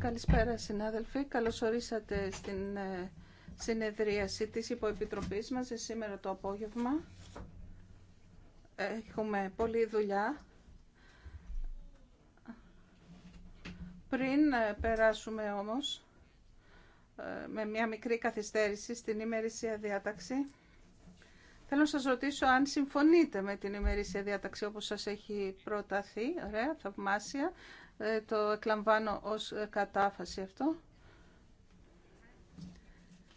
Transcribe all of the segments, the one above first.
Καλησπέρα συνάδελφοι. Καλώς ορίσατε στην ε, συνεδρίαση της υποεπιτροπής μας σήμερα το απόγευμα. Έχουμε πολλή δουλειά. Πριν ε, περάσουμε όμως ε, με μια μικρή καθυστέρηση στην ημερησία διάταξη, Θέλω να σας ρωτήσω αν συμφωνείτε με την ημερήσια διάταξη όπως σας έχει προταθεί. Ωραία, θαυμάσια. Ε, το εκλαμβάνω ως κατάφαση αυτό.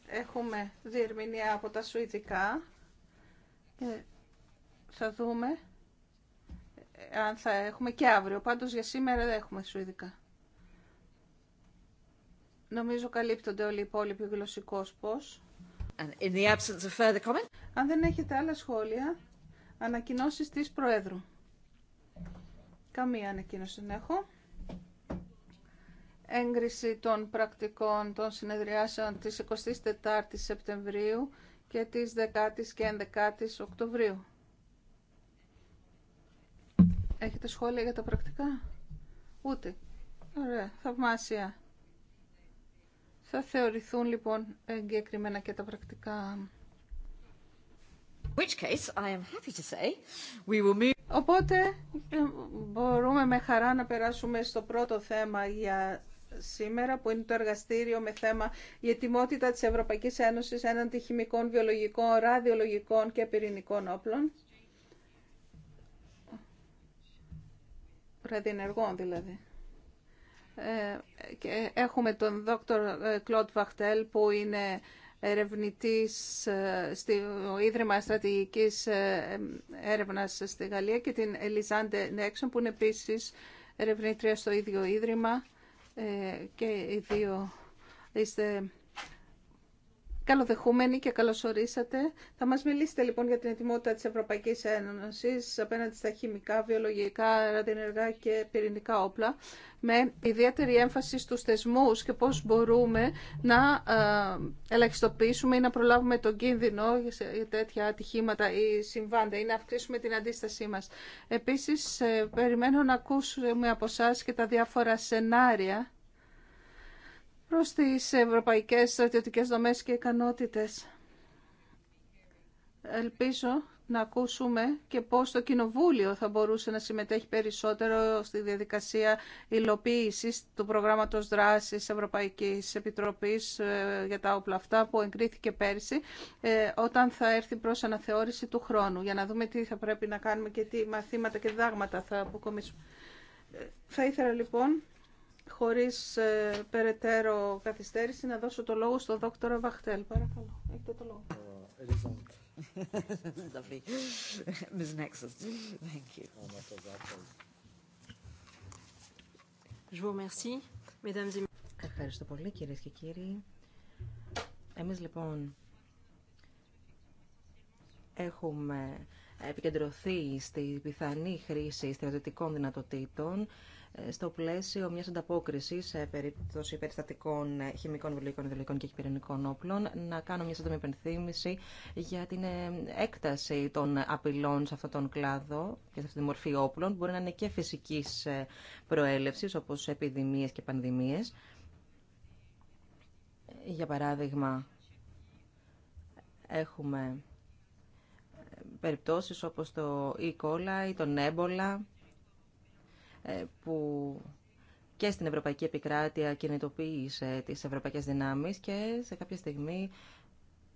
Έχουμε διερμηνία από τα Σουηδικά. Ε, θα δούμε ε, αν θα έχουμε και αύριο. Πάντως για σήμερα δεν έχουμε Σουηδικά. Νομίζω καλύπτονται όλοι οι υπόλοιποι γλωσσικός πώς. Αν δεν έχετε άλλα σχόλια, ανακοινώσεις της Προέδρου. Καμία ανακοίνωση δεν έχω. Έγκριση των πρακτικών των συνεδριάσεων της 24ης Σεπτεμβρίου και της 10ης και 11ης Οκτωβρίου. Έχετε σχόλια για τα πρακτικά? Ούτε. Ωραία. Θαυμάσια. Θα θεωρηθούν λοιπόν εγκεκριμένα και τα πρακτικά. Which case, I am happy to say, we will move... Οπότε ε, μπορούμε με χαρά να περάσουμε στο πρώτο θέμα για σήμερα που είναι το εργαστήριο με θέμα η ετοιμότητα της Ευρωπαϊκής Ένωσης έναντι χημικών, βιολογικών, ραδιολογικών και πυρηνικών όπλων. Ραδιενεργών δηλαδή. Ε, έχουμε τον δόκτωρ ε, Κλοντ Βαχτέλ που είναι ερευνητής ε, στο Ίδρυμα Στρατηγικής Έρευνας στη Γαλλία και την Ελιζάντε Νέξον που είναι επίσης ερευνητρία στο ίδιο Ίδρυμα και οι Καλοδεχούμενοι και καλωσορίσατε. Θα μας μιλήσετε λοιπόν για την ετοιμότητα της Ευρωπαϊκής Ένωσης απέναντι στα χημικά, βιολογικά, ραδιενεργά και πυρηνικά όπλα με ιδιαίτερη έμφαση στους θεσμούς και πώς μπορούμε να ε, ελαχιστοποιήσουμε ή να προλάβουμε τον κίνδυνο για τέτοια ατυχήματα ή συμβάντα ή να αυξήσουμε την αντίστασή μας. Επίσης, ε, περιμένω να ακούσουμε από εσά και τα διάφορα σενάρια προς τις ευρωπαϊκές στρατιωτικές δομές και ικανότητες. Ελπίζω να ακούσουμε και πώς το Κοινοβούλιο θα μπορούσε να συμμετέχει περισσότερο στη διαδικασία υλοποίησης του προγράμματος δράσης Ευρωπαϊκής Επιτροπής ε, για τα όπλα αυτά που εγκρίθηκε πέρσι ε, όταν θα έρθει προς αναθεώρηση του χρόνου για να δούμε τι θα πρέπει να κάνουμε και τι μαθήματα και διδάγματα θα αποκομίσουμε. Ε, θα ήθελα λοιπόν χωρίς ε, περαιτέρω καθυστέρηση να δώσω το λόγο στον δόκτωρα Βαχτέλ. Παρακαλώ, έχετε το λόγο. thank you. Je vous remercie, mesdames et Ευχαριστώ πολύ κυρίες και κύριοι. Εμείς λοιπόν έχουμε επικεντρωθεί στη πιθανή χρήση στρατιωτικών δυνατοτήτων στο πλαίσιο μιας ανταπόκριση σε περίπτωση περιστατικών χημικών, βιολογικών, ιδεολογικών και πυρηνικών όπλων να κάνω μια σύντομη υπενθύμηση για την ε, έκταση των απειλών σε αυτόν τον κλάδο και σε αυτή τη μορφή όπλων μπορεί να είναι και φυσικής ε, προέλευση, όπως επιδημίε και πανδημίες. Για παράδειγμα, έχουμε ε, περιπτώσεις όπως το E. coli, τον έμπολα, ε, που και στην Ευρωπαϊκή Επικράτεια κινητοποίησε τις ευρωπαϊκές δυνάμεις και σε κάποια στιγμή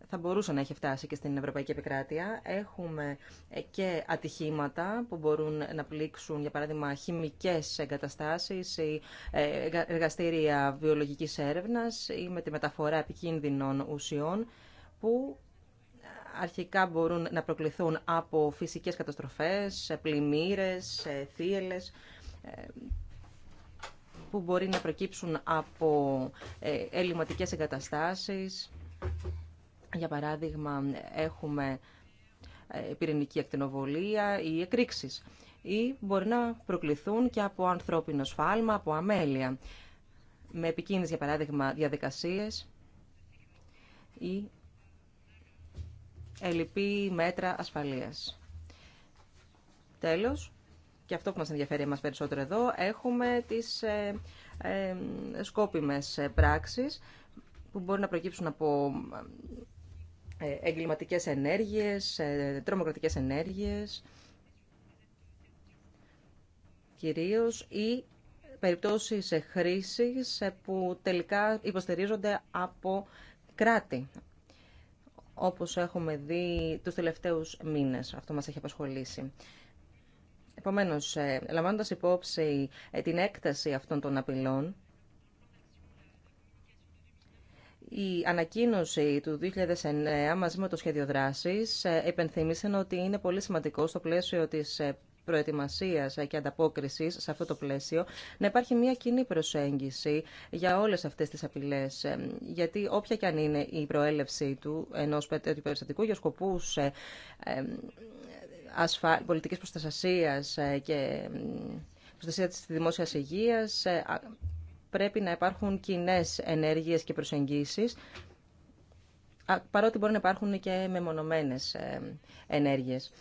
θα μπορούσε να έχει φτάσει και στην Ευρωπαϊκή Επικράτεια. Έχουμε ε, και ατυχήματα που μπορούν να πλήξουν, για παράδειγμα, χημικές εγκαταστάσεις ή ε, εργαστήρια βιολογικής έρευνας ή με τη μεταφορά επικίνδυνων ουσιών που αρχικά μπορούν να προκληθούν από φυσικές καταστροφές, πλημμύρες, θύελες που μπορεί να προκύψουν από ε, ελληματικές εγκαταστάσεις. Για παράδειγμα, έχουμε ε, πυρηνική ακτινοβολία ή εκρήξεις. Ή μπορεί να προκληθούν και από ανθρώπινο σφάλμα, από αμέλεια. Με επικίνδυνες, για παράδειγμα, διαδικασίες ή ελλειπή μέτρα ασφαλείας. Τέλος, και αυτό που μας ενδιαφέρει μας περισσότερο εδώ, έχουμε τις ε, ε, σκόπιμες ε, πράξεις που μπορεί να προκύψουν από ε, εγκληματικές ενέργειες, ε, τρομοκρατικές ενέργειες, κυρίως ή περιπτώσεις χρήσης που τελικά υποστηρίζονται από κράτη, όπως έχουμε δει τους τελευταίους μήνες. Αυτό μας έχει απασχολήσει. Επομένως, ε, λαμβάνοντα υπόψη ε, την έκταση αυτών των απειλών, η ανακοίνωση του 2009 μαζί με το σχέδιο δράση, ε, επενθύμησε ότι είναι πολύ σημαντικό στο πλαίσιο της προετοιμασία και ανταπόκριση σε αυτό το πλαίσιο να υπάρχει μια κοινή προσέγγιση για όλες αυτέ τι απειλέ. Γιατί όποια και αν είναι η προέλευση του ενό περιστατικού για ασφα... πολιτικής προστασίας ε, και προστασία της δημόσιας υγείας ε, πρέπει να υπάρχουν κοινέ ενέργειες και προσεγγίσεις παρότι μπορεί να υπάρχουν και μεμονωμένες ε, ενέργειες.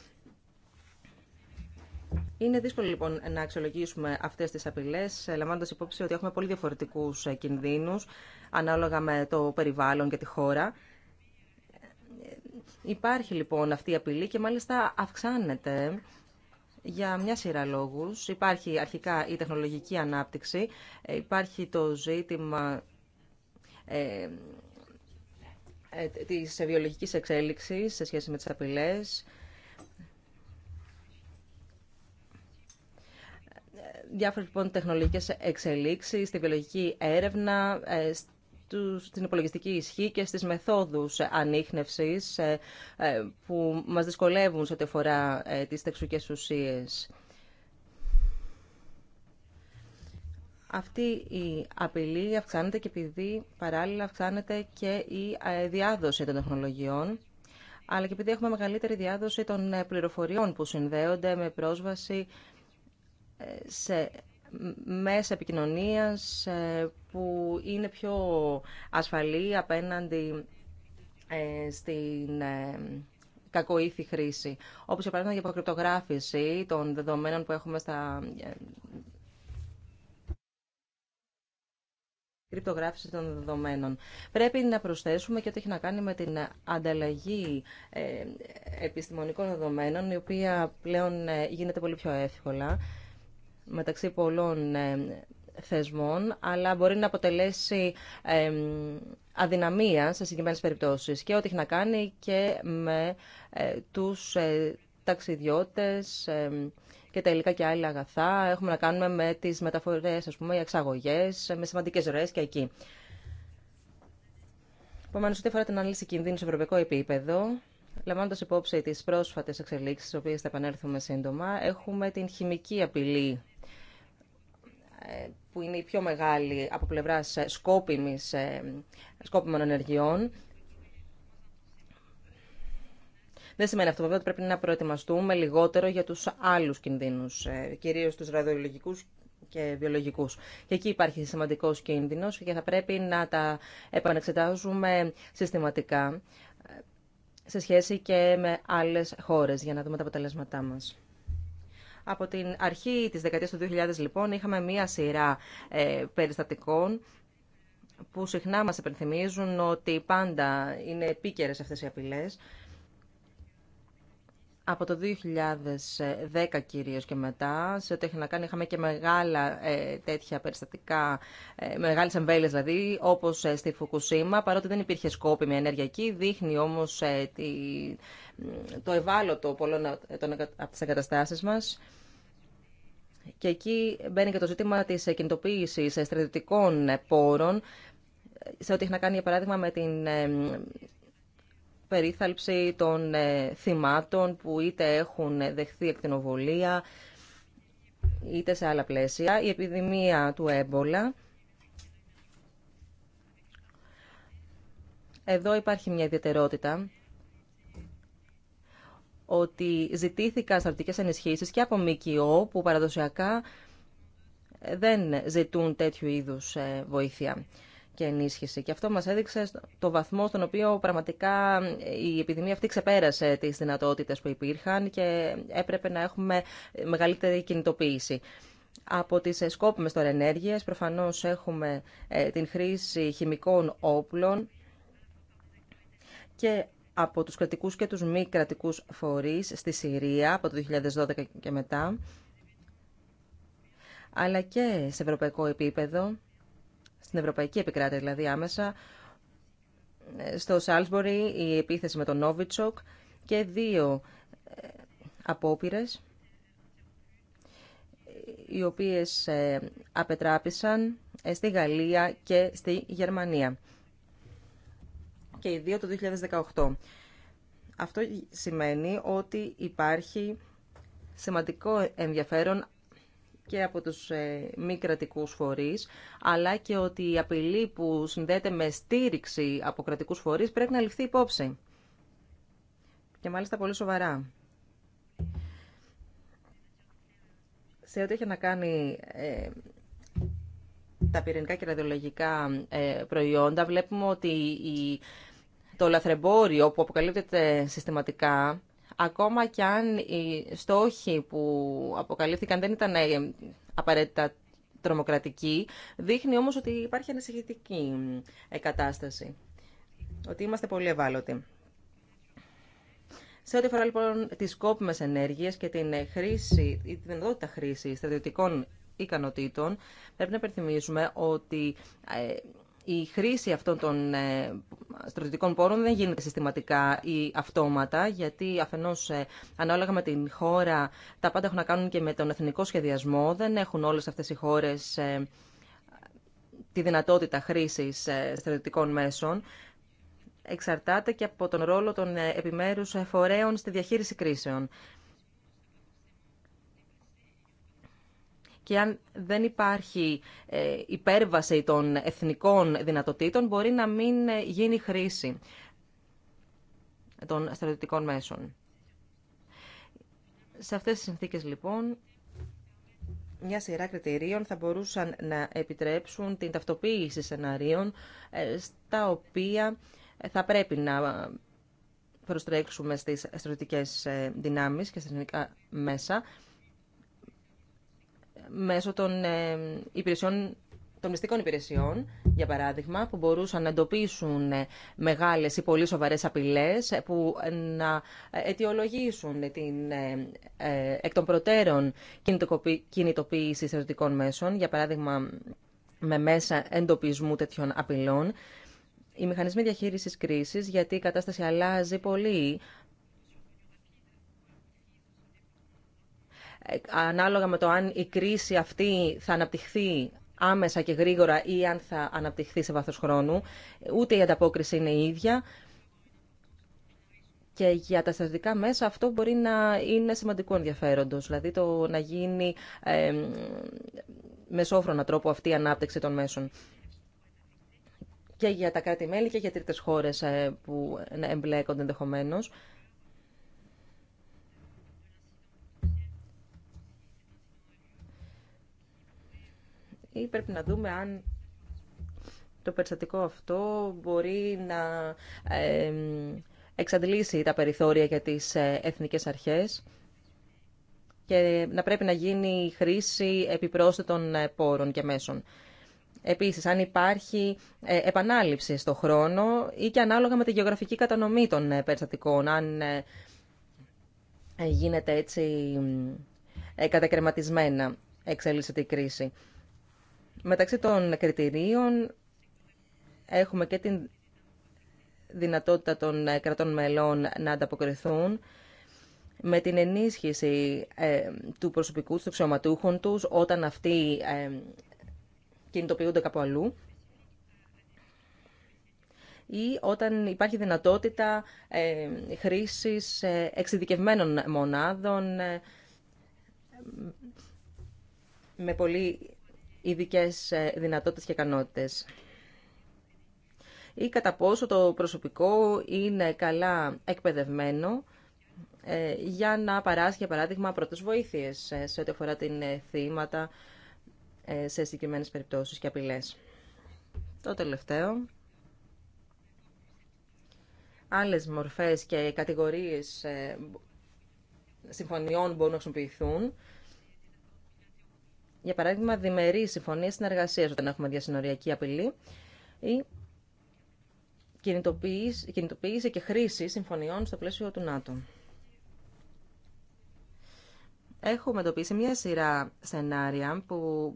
Είναι δύσκολο λοιπόν να αξιολογήσουμε αυτέ τι απειλέ, λαμβάνοντα υπόψη ότι έχουμε πολύ διαφορετικού κινδύνους, ανάλογα με το περιβάλλον και τη χώρα. Υπάρχει λοιπόν αυτή η απειλή και μάλιστα αυξάνεται για μια σειρά λόγους. Υπάρχει αρχικά η τεχνολογική ανάπτυξη, ε, υπάρχει το ζήτημα ε, ε, της βιολογικής εξέλιξης σε σχέση με τις απειλές. Διάφορες λοιπόν τεχνολογικές εξελίξεις, στη βιολογική έρευνα, ε, στην υπολογιστική ισχύ και στις μεθόδους ανείχνευσης ε, ε, που μας δυσκολεύουν σε ό,τι αφορά ε, τις τεξουκές ουσίες. Αυτή η απειλή αυξάνεται και επειδή παράλληλα αυξάνεται και η διάδοση των τεχνολογιών αλλά και επειδή έχουμε μεγαλύτερη διάδοση των πληροφοριών που συνδέονται με πρόσβαση σε μέσα επικοινωνίας ε, που είναι πιο ασφαλή απέναντι ε, στην ε, κακοήθη χρήση. Όπως για παράδειγμα για αποκρυπτογράφηση των δεδομένων που έχουμε στα... κρυπτογράφηση των δεδομένων. Πρέπει να προσθέσουμε και ό,τι έχει να κάνει με την ανταλλαγή επιστημονικών δεδομένων, η οποία πλέον γίνεται πολύ πιο εύκολα μεταξύ πολλών ε, θεσμών, αλλά μπορεί να αποτελέσει αδυναμία σε συγκεκριμένες περιπτώσεις και ό,τι έχει να κάνει και με ε, τους ε, ταξιδιώτες και τα υλικά και άλλα αγαθά. Έχουμε να κάνουμε με τις μεταφορές, ας πούμε, οι εξαγωγές, με σημαντικές ροές και εκεί. Επομένω, ό,τι αφορά την ανάλυση κινδύνου σε ευρωπαϊκό επίπεδο, λαμβάνοντα υπόψη τι πρόσφατε εξελίξει, τι οποίε θα επανέλθουμε σύντομα, έχουμε την χημική απειλή ε, που είναι η πιο μεγάλη από πλευρά ε, σκόπιμης, ε, σκόπιμων ενεργειών. Δεν σημαίνει αυτό βέβαια ότι πρέπει να προετοιμαστούμε λιγότερο για τους άλλους κινδύνους, κυρίως τους ραδιολογικούς και βιολογικούς. Και εκεί υπάρχει σημαντικός κίνδυνος και θα πρέπει να τα επανεξετάζουμε συστηματικά σε σχέση και με άλλες χώρες για να δούμε τα αποτελέσματά μας. Από την αρχή της δεκαετίας του 2000 λοιπόν είχαμε μία σειρά ε, περιστατικών που συχνά μας επενθυμίζουν ότι πάντα είναι επίκαιρες αυτές οι απειλές. Από το 2010 κυρίως και μετά, σε ό,τι έχει να κάνει, είχαμε και μεγάλα ε, τέτοια περιστατικά, ε, μεγάλες εμβέλειες δηλαδή, όπως ε, στη Φουκουσίμα, παρότι δεν υπήρχε σκόπιμη εκεί. δείχνει όμως τη, το ευάλωτο πολλών από τις εγκαταστάσεις μας. Και εκεί μπαίνει και το ζήτημα της κινητοποίησης στρατιωτικών πόρων σε ό,τι έχει να κάνει, για παράδειγμα, με την ε, περίθαλψη των ε, θυμάτων που είτε έχουν δεχθεί εκτινοβολία είτε σε άλλα πλαίσια. Η επιδημία του έμπολα. Εδώ υπάρχει μια ιδιαιτερότητα ότι ζητήθηκαν στρατιωτικές ενισχύσει και από ΜΚΟ που παραδοσιακά ε, δεν ζητούν τέτοιου είδους ε, βοήθεια και ενίσχυση. Και αυτό μας έδειξε το βαθμό στον οποίο πραγματικά ε, η επιδημία αυτή ξεπέρασε τις δυνατότητες που υπήρχαν και έπρεπε να έχουμε μεγαλύτερη κινητοποίηση. Από τις σκόπιμες τώρα ενέργειες προφανώς έχουμε την χρήση χημικών όπλων και από τους κρατικούς και τους μη κρατικούς φορείς στη Συρία από το 2012 και μετά, αλλά και σε ευρωπαϊκό επίπεδο, στην ευρωπαϊκή επικράτεια δηλαδή άμεσα, στο Σάλσμπορι η επίθεση με τον Νόβιτσοκ και δύο ε, απόπειρες οι οποίες ε, απετράπησαν ε, στη Γαλλία και στη Γερμανία και το 2018. Αυτό σημαίνει ότι υπάρχει σημαντικό ενδιαφέρον και από τους ε, μη κρατικού φορείς, αλλά και ότι η απειλή που συνδέεται με στήριξη από κρατικού φορείς πρέπει να ληφθεί υπόψη. Και μάλιστα πολύ σοβαρά. Σε ό,τι έχει να κάνει ε, τα πυρηνικά και ραδιολογικά ε, προϊόντα, βλέπουμε ότι η το λαθρεμπόριο που αποκαλύπτεται συστηματικά, ακόμα κι αν οι στόχοι που αποκαλύφθηκαν δεν ήταν ε, απαραίτητα τρομοκρατικοί, δείχνει όμως ότι υπάρχει ανησυχητική ε, κατάσταση, ότι είμαστε πολύ ευάλωτοι. Σε ό,τι αφορά λοιπόν τι σκόπιμε ενέργειε και την ε, χρήση ή τη δυνατότητα χρήση στρατιωτικών ικανοτήτων, πρέπει να υπενθυμίσουμε ότι η χρήση αυτών των ε, στρατιωτικών πόρων δεν γίνεται συστηματικά ή αυτόματα, γιατί αφενός ε, ανάλογα με την χώρα τα πάντα έχουν να κάνουν και με τον εθνικό σχεδιασμό. Δεν έχουν όλες αυτές οι χώρες ε, τη δυνατότητα χρήσης στρατιωτικών μέσων. Εξαρτάται και από τον ρόλο των επιμέρους φορέων στη διαχείριση κρίσεων. και αν δεν υπάρχει ε, υπέρβαση των εθνικών δυνατοτήτων μπορεί να μην ε, γίνει χρήση των στρατιωτικών μέσων. Σε αυτές τις συνθήκες λοιπόν μια σειρά κριτηρίων θα μπορούσαν να επιτρέψουν την ταυτοποίηση σενάριων ε, στα οποία θα πρέπει να προστρέξουμε στις στρατιωτικές δυνάμεις και στα εθνικά μέσα μέσω των ε, υπηρεσιών των μυστικών υπηρεσιών, για παράδειγμα, που μπορούσαν να εντοπίσουν ε, μεγάλες ή πολύ σοβαρές απειλές ε, που να αιτιολογήσουν την εκ των προτέρων κινητοποίηση ερωτικών μέσων, για παράδειγμα με μέσα εντοπισμού τέτοιων απειλών. Οι μηχανισμοί διαχείρισης κρίσης, γιατί η κατάσταση αλλάζει πολύ ανάλογα με το αν η κρίση αυτή θα αναπτυχθεί άμεσα και γρήγορα ή αν θα αναπτυχθεί σε βάθος χρόνου. Ούτε η ανταπόκριση είναι η ίδια. Και για τα στρατιωτικά μέσα αυτό μπορεί να είναι σημαντικό ενδιαφέροντος. Δηλαδή το να γίνει ε, μεσόφρονα τρόπο αυτή η ανάπτυξη των μέσων. Και για τα κράτη-μέλη και για τρίτες χώρες ε, που εμπλέκονται ενδεχομένω. ή πρέπει να δούμε αν το περιστατικό αυτό μπορεί να εξαντλήσει τα περιθώρια για τις ε, εθνικές αρχές και να πρέπει να γίνει χρήση επιπρόσθετων ε, πόρων και μέσων. Επίσης, αν υπάρχει ε, επανάληψη στο χρόνο ή και ανάλογα με τη γεωγραφική κατανομή των περιστατικών, αν γίνεται έτσι κατακρεματισμένα εξελίσσεται τη κρίση. Μεταξύ των κριτηρίων έχουμε και την δυνατότητα των ε, κρατών μελών να ανταποκριθούν με την ενίσχυση ε, του προσωπικού του των αξιωματούχων τους, όταν αυτοί ε, κινητοποιούνται κάπου αλλού ή όταν υπάρχει δυνατότητα ε, χρήσης ε, εξειδικευμένων μονάδων με πολύ ειδικέ ε, δυνατότητες και ικανότητε. ή κατά πόσο το προσωπικό είναι καλά εκπαιδευμένο ε, για να παράσχει, για παράδειγμα, πρώτε βοήθειες ε, σε ό,τι αφορά την θύματα σε συγκεκριμένε περιπτώσεις και απειλέ. Το τελευταίο. Άλλες μορφές και κατηγορίες συμφωνιών μπορούν να χρησιμοποιηθούν για παράδειγμα, διμερεί συμφωνίε συνεργασία όταν έχουμε διασυνοριακή απειλή ή κινητοποίηση, κινητοποίηση και χρήση συμφωνιών στο πλαίσιο του ΝΑΤΟ. Έχουμε εντοπίσει μια σειρά σενάρια που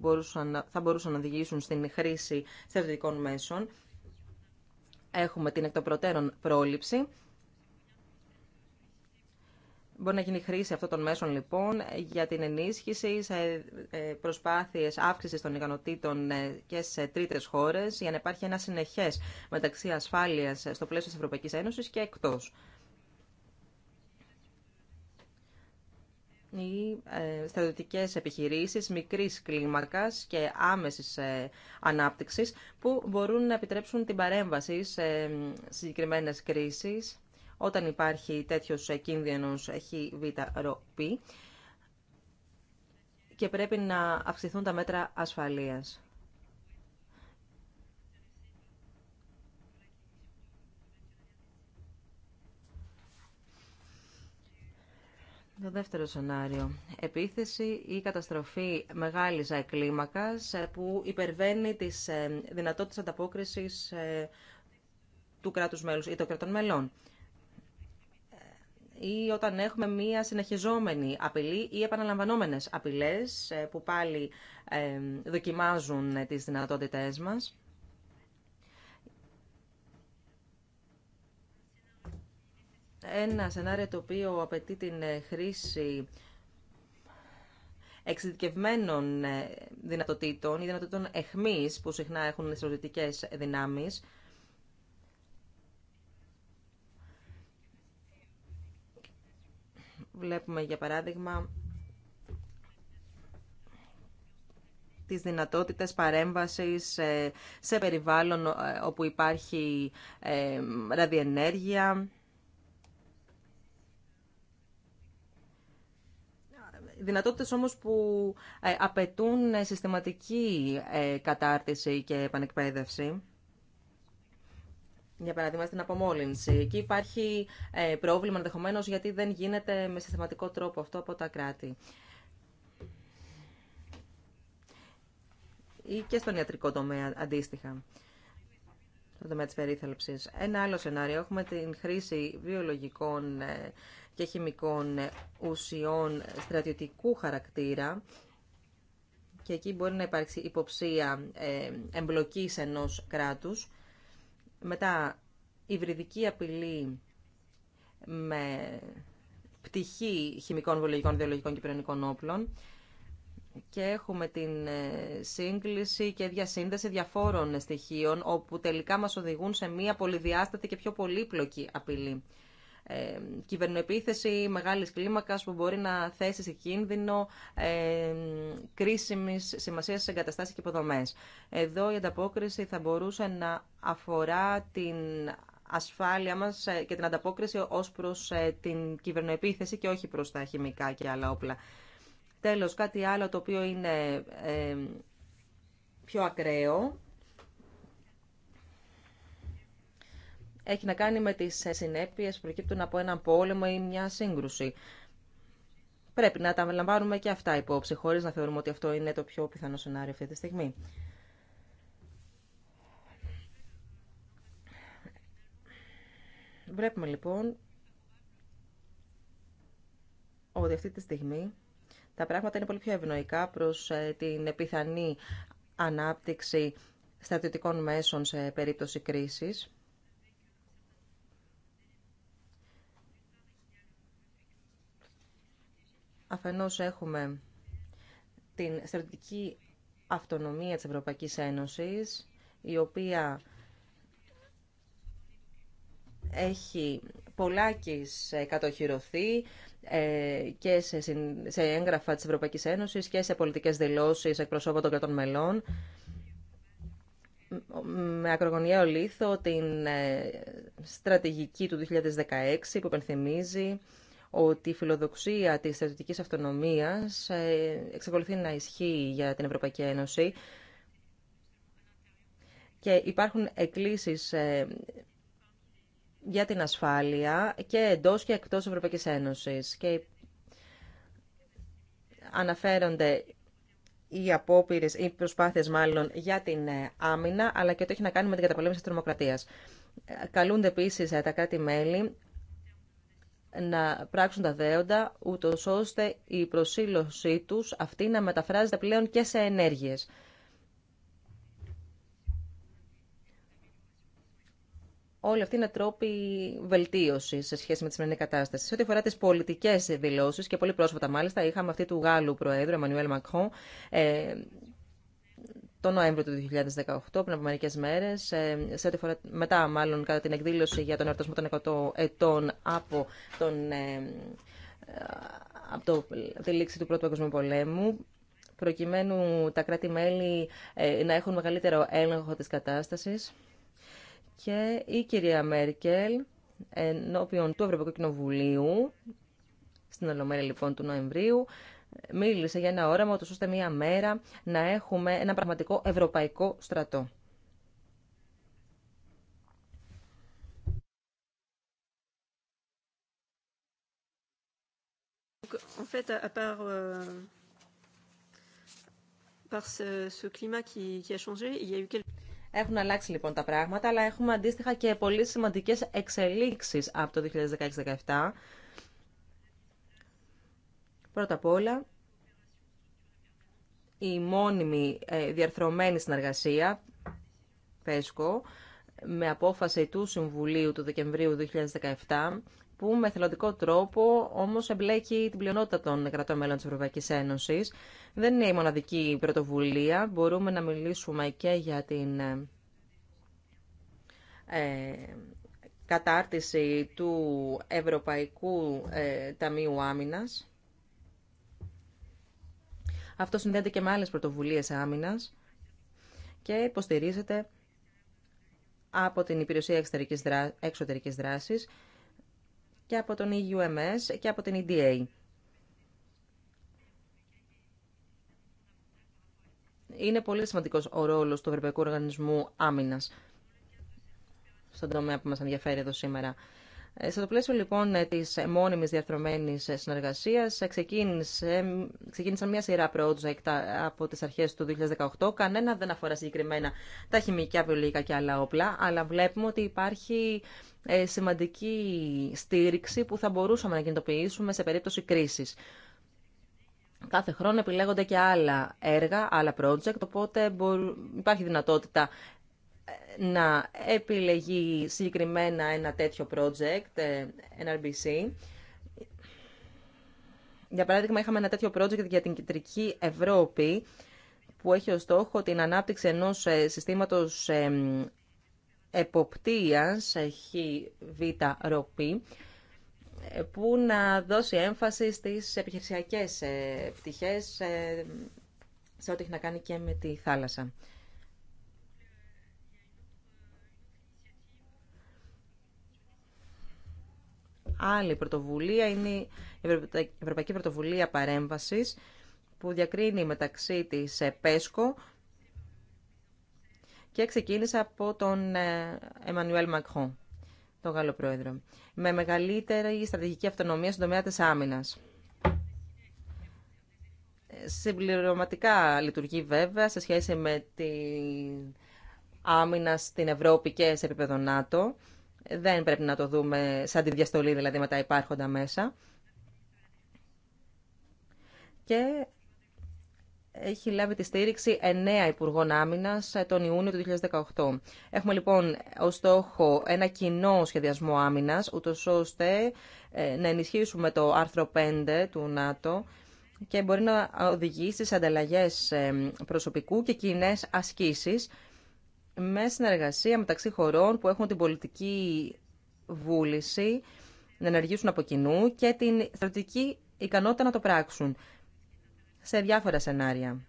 θα μπορούσαν να οδηγήσουν στην χρήση στρατιωτικών μέσων. Έχουμε την εκ των προτέρων πρόληψη, Μπορεί να γίνει χρήση αυτών των μέσων λοιπόν για την ενίσχυση σε ε, προσπάθειες αύξηση των ικανοτήτων ε, και σε τρίτες χώρε για να υπάρχει ένα συνεχέ μεταξύ ασφάλεια στο πλαίσιο τη Ευρωπαϊκή Ένωση και εκτό. Οι ε, στρατιωτικέ επιχειρήσει μικρή κλίμακα και άμεση ανάπτυξη, που μπορούν να επιτρέψουν την παρέμβαση σε συγκεκριμένε κρίσει όταν υπάρχει τέτοιος κίνδυνος ροπή και πρέπει να αυξηθούν τα μέτρα ασφαλείας. Το δεύτερο σενάριο. Επίθεση ή καταστροφή μεγάλης κλίμακας ε, που υπερβαίνει τις ε, δυνατότητες ανταπόκρισης ε, του κράτους μέλους ή των κρατών μελών ή όταν έχουμε μία συνεχιζόμενη απειλή ή επαναλαμβανόμενες απειλές ε, που πάλι ε, δοκιμάζουν ε, τις δυνατότητές μας. Ένα σενάριο το οποίο απαιτεί την χρήση εξειδικευμένων δυνατοτήτων ή δυνατοτήτων εχμής που συχνά έχουν στρατιωτικές δυνάμεις Βλέπουμε για παράδειγμα τις δυνατότητες παρέμβασης σε περιβάλλον ε, όπου υπάρχει ε, ραδιενέργεια. Δυνατότητες όμως που ε, απαιτούν συστηματική κατάρτιση και επανεκπαίδευση για παράδειγμα στην απομόλυνση. Εκεί υπάρχει ε, πρόβλημα ενδεχομένω γιατί δεν γίνεται με συστηματικό τρόπο αυτό από τα κράτη. Ή και στον ιατρικό τομέα αντίστοιχα, στον τομέα της περίθαλψη. Ένα άλλο σενάριο, έχουμε την χρήση βιολογικών ε, και χημικών ε, ουσιών στρατιωτικού χαρακτήρα και εκεί μπορεί να υπάρξει υποψία εμπλοκής ενός κράτους μετά, υβριδική απειλή με πτυχή χημικών, βιολογικών, βιολογικών και πυρονικών όπλων και έχουμε την ε, σύγκληση και διασύνδεση διαφόρων στοιχείων όπου τελικά μας οδηγούν σε μία πολυδιάστατη και πιο πολύπλοκη απειλή ε, κυβερνοεπίθεση μεγάλης κλίμακας που μπορεί να θέσει σε κίνδυνο ε, κρίσιμης σημασίας σε εγκαταστάσεις και υποδομές. Εδώ η ανταπόκριση θα μπορούσε να αφορά την ασφάλεια μας ε, και την ανταπόκριση ως προς ε, την κυβερνοεπίθεση και όχι προς τα χημικά και άλλα όπλα. Τέλος, κάτι άλλο το οποίο είναι ε, πιο ακραίο έχει να κάνει με τις ε, συνέπειες που προκύπτουν από έναν πόλεμο ή μια σύγκρουση. Πρέπει να τα λαμβάνουμε και αυτά υπόψη, χωρίς να θεωρούμε ότι αυτό είναι το πιο πιθανό σενάριο αυτή τη στιγμή. Βλέπουμε λοιπόν ότι αυτή τη στιγμή τα πράγματα είναι πολύ πιο ευνοϊκά προς ε, την επιθανή ανάπτυξη στρατιωτικών μέσων σε περίπτωση κρίσης. Αφενός έχουμε την στρατηγική αυτονομία της Ευρωπαϊκής Ένωσης, η οποία έχει πολλάκις κατοχυρωθεί ε, και σε έγγραφα της Ευρωπαϊκής Ένωσης και σε πολιτικές δηλώσεις εκπροσώπων των κρατών μελών με ακρογωνιαίο λίθο την ε, στρατηγική του 2016 που υπενθυμίζει ότι η φιλοδοξία της στρατιωτικής αυτονομίας ε, εξακολουθεί να ισχύει για την Ευρωπαϊκή Ένωση και υπάρχουν εκκλήσεις ε, για την ασφάλεια και εντός και εκτός Ευρωπαϊκής Ένωσης. Και αναφέρονται οι απόπειρε ή προσπάθειε μάλλον για την ε, άμυνα, αλλά και το έχει να κάνει με την καταπολέμηση τη τρομοκρατία. Καλούνται επίση τα κράτη-μέλη να πράξουν τα δέοντα, ούτω ώστε η προσήλωσή τους αυτή να μεταφράζεται πλέον και σε ενέργειες. Όλοι αυτοί είναι τρόποι βελτίωση σε σχέση με τη σημερινή κατάσταση. Σε ό,τι αφορά τι πολιτικέ δηλώσει, και πολύ πρόσφατα μάλιστα είχαμε αυτή του Γάλλου Προέδρου, Εμμανουέλ Μακρόν, το Νοέμβριο του 2018, πριν από μερικέ μέρε, ε, σε ό,τι φορά μετά, μάλλον κατά την εκδήλωση για τον εορτασμό των 100 ετών από, τον, ε, από, τη λήξη του Πρώτου Παγκοσμίου Πολέμου, προκειμένου τα κράτη-μέλη ε, να έχουν μεγαλύτερο έλεγχο της κατάστασης. Και η κυρία Μέρκελ, ενώπιον του Ευρωπαϊκού Κοινοβουλίου, στην Ολομέλεια λοιπόν του Νοεμβρίου, μίλησε για ένα όραμα, ώστε μία μέρα να έχουμε ένα πραγματικό ευρωπαϊκό στρατό. En Έχουν αλλάξει λοιπόν τα πράγματα, αλλά έχουμε αντίστοιχα και πολύ σημαντικές εξελίξεις από το 2016-2017 Πρώτα απ' όλα, η μόνιμη ε, διαρθρωμένη συνεργασία, ΠΕΣΚΟ, με απόφαση του Συμβουλίου του Δεκεμβρίου 2017, που με θελοντικό τρόπο όμως εμπλέκει την πλειονότητα των κρατών μέλων της Ευρωπαϊκής Ένωσης. Δεν είναι η μοναδική πρωτοβουλία. Μπορούμε να μιλήσουμε και για την ε, ε, κατάρτιση του Ευρωπαϊκού Ταμείου Άμυνας αυτό συνδέεται και με άλλες πρωτοβουλίες άμυνας και υποστηρίζεται από την Υπηρεσία Εξωτερικής, δράση και από τον EUMS και από την EDA. Είναι πολύ σημαντικός ο ρόλος του Ευρωπαϊκού Οργανισμού Άμυνας στον τομέα που μας ενδιαφέρει εδώ σήμερα. Σε το πλαίσιο λοιπόν ε, τη μόνιμη διαρθρωμένη ε, συνεργασία ε, ξεκίνησαν μια σειρά project από τις αρχές του 2018. Κανένα δεν αφορά συγκεκριμένα τα χημικά, βιολογικά και άλλα όπλα, αλλά βλέπουμε ότι υπάρχει σημαντική στήριξη που θα μπορούσαμε να κινητοποιήσουμε σε περίπτωση κρίση. Κάθε χρόνο επιλέγονται και άλλα έργα, άλλα project, οπότε υπάρχει δυνατότητα να επιλεγεί συγκεκριμένα ένα τέτοιο project, ε, NRBC. Για παράδειγμα, είχαμε ένα τέτοιο project για την Κεντρική Ευρώπη, που έχει ως στόχο την ανάπτυξη ενός ε, συστήματος εποπτείας, ε, ροπή, που να δώσει έμφαση στις επιχειρησιακές πτυχές σε ό,τι έχει να κάνει και με τη θάλασσα. άλλη πρωτοβουλία είναι η Ευρωπαϊκή Πρωτοβουλία Παρέμβασης που διακρίνει μεταξύ της ε, ΠΕΣΚΟ και ξεκίνησε από τον Εμμανουέλ Μακρόν, τον Γάλλο Πρόεδρο, με μεγαλύτερη στρατηγική αυτονομία στον τομέα της άμυνας. Συμπληρωματικά λειτουργεί βέβαια σε σχέση με την άμυνα στην Ευρώπη και σε επίπεδο ΝΑΤΟ δεν πρέπει να το δούμε σαν τη διαστολή δηλαδή με τα υπάρχοντα μέσα. Και έχει λάβει τη στήριξη 9 Υπουργών Άμυνα ε, τον Ιούνιο του 2018. Έχουμε λοιπόν ω στόχο ένα κοινό σχεδιασμό άμυνα, ούτω ώστε ε, να ενισχύσουμε το άρθρο 5 του ΝΑΤΟ και μπορεί να οδηγήσει σε ανταλλαγέ ε, προσωπικού και κοινέ ασκήσεις με συνεργασία μεταξύ χωρών που έχουν την πολιτική βούληση να ενεργήσουν από κοινού και την στρατητική ικανότητα να το πράξουν σε διάφορα σενάρια.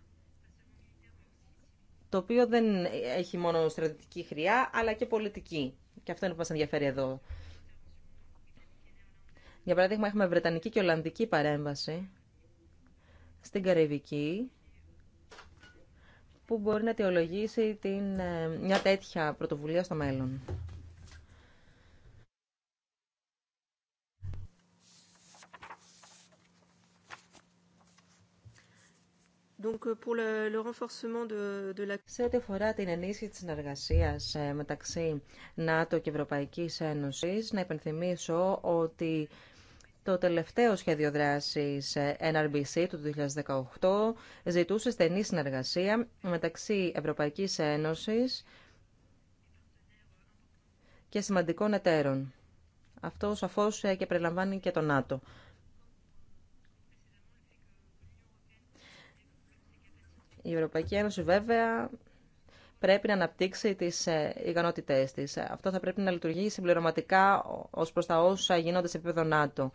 Το οποίο δεν έχει μόνο στρατηγική χρειά, αλλά και πολιτική. Και αυτό είναι που μας ενδιαφέρει εδώ. Για παράδειγμα, έχουμε Βρετανική και Ολλανδική παρέμβαση στην Καραϊβική, που μπορεί να αιτιολογήσει την, ε, μια τέτοια πρωτοβουλία στο μέλλον. Σε ό,τι αφορά την ενίσχυση της συνεργασίας ε, μεταξύ ΝΑΤΟ και Ευρωπαϊκής Ένωσης, να υπενθυμίσω ότι το τελευταίο σχέδιο δράσης NRBC του 2018 ζητούσε στενή συνεργασία μεταξύ Ευρωπαϊκής Ένωσης και σημαντικών εταίρων. Αυτό σαφώς ε, και περιλαμβάνει και το ΝΑΤΟ. Η Ευρωπαϊκή Ένωση βέβαια πρέπει να αναπτύξει τις ε, ικανότητές τη. Αυτό θα πρέπει να λειτουργεί συμπληρωματικά ως προ τα όσα γίνονται σε επίπεδο ΝΑΤΟ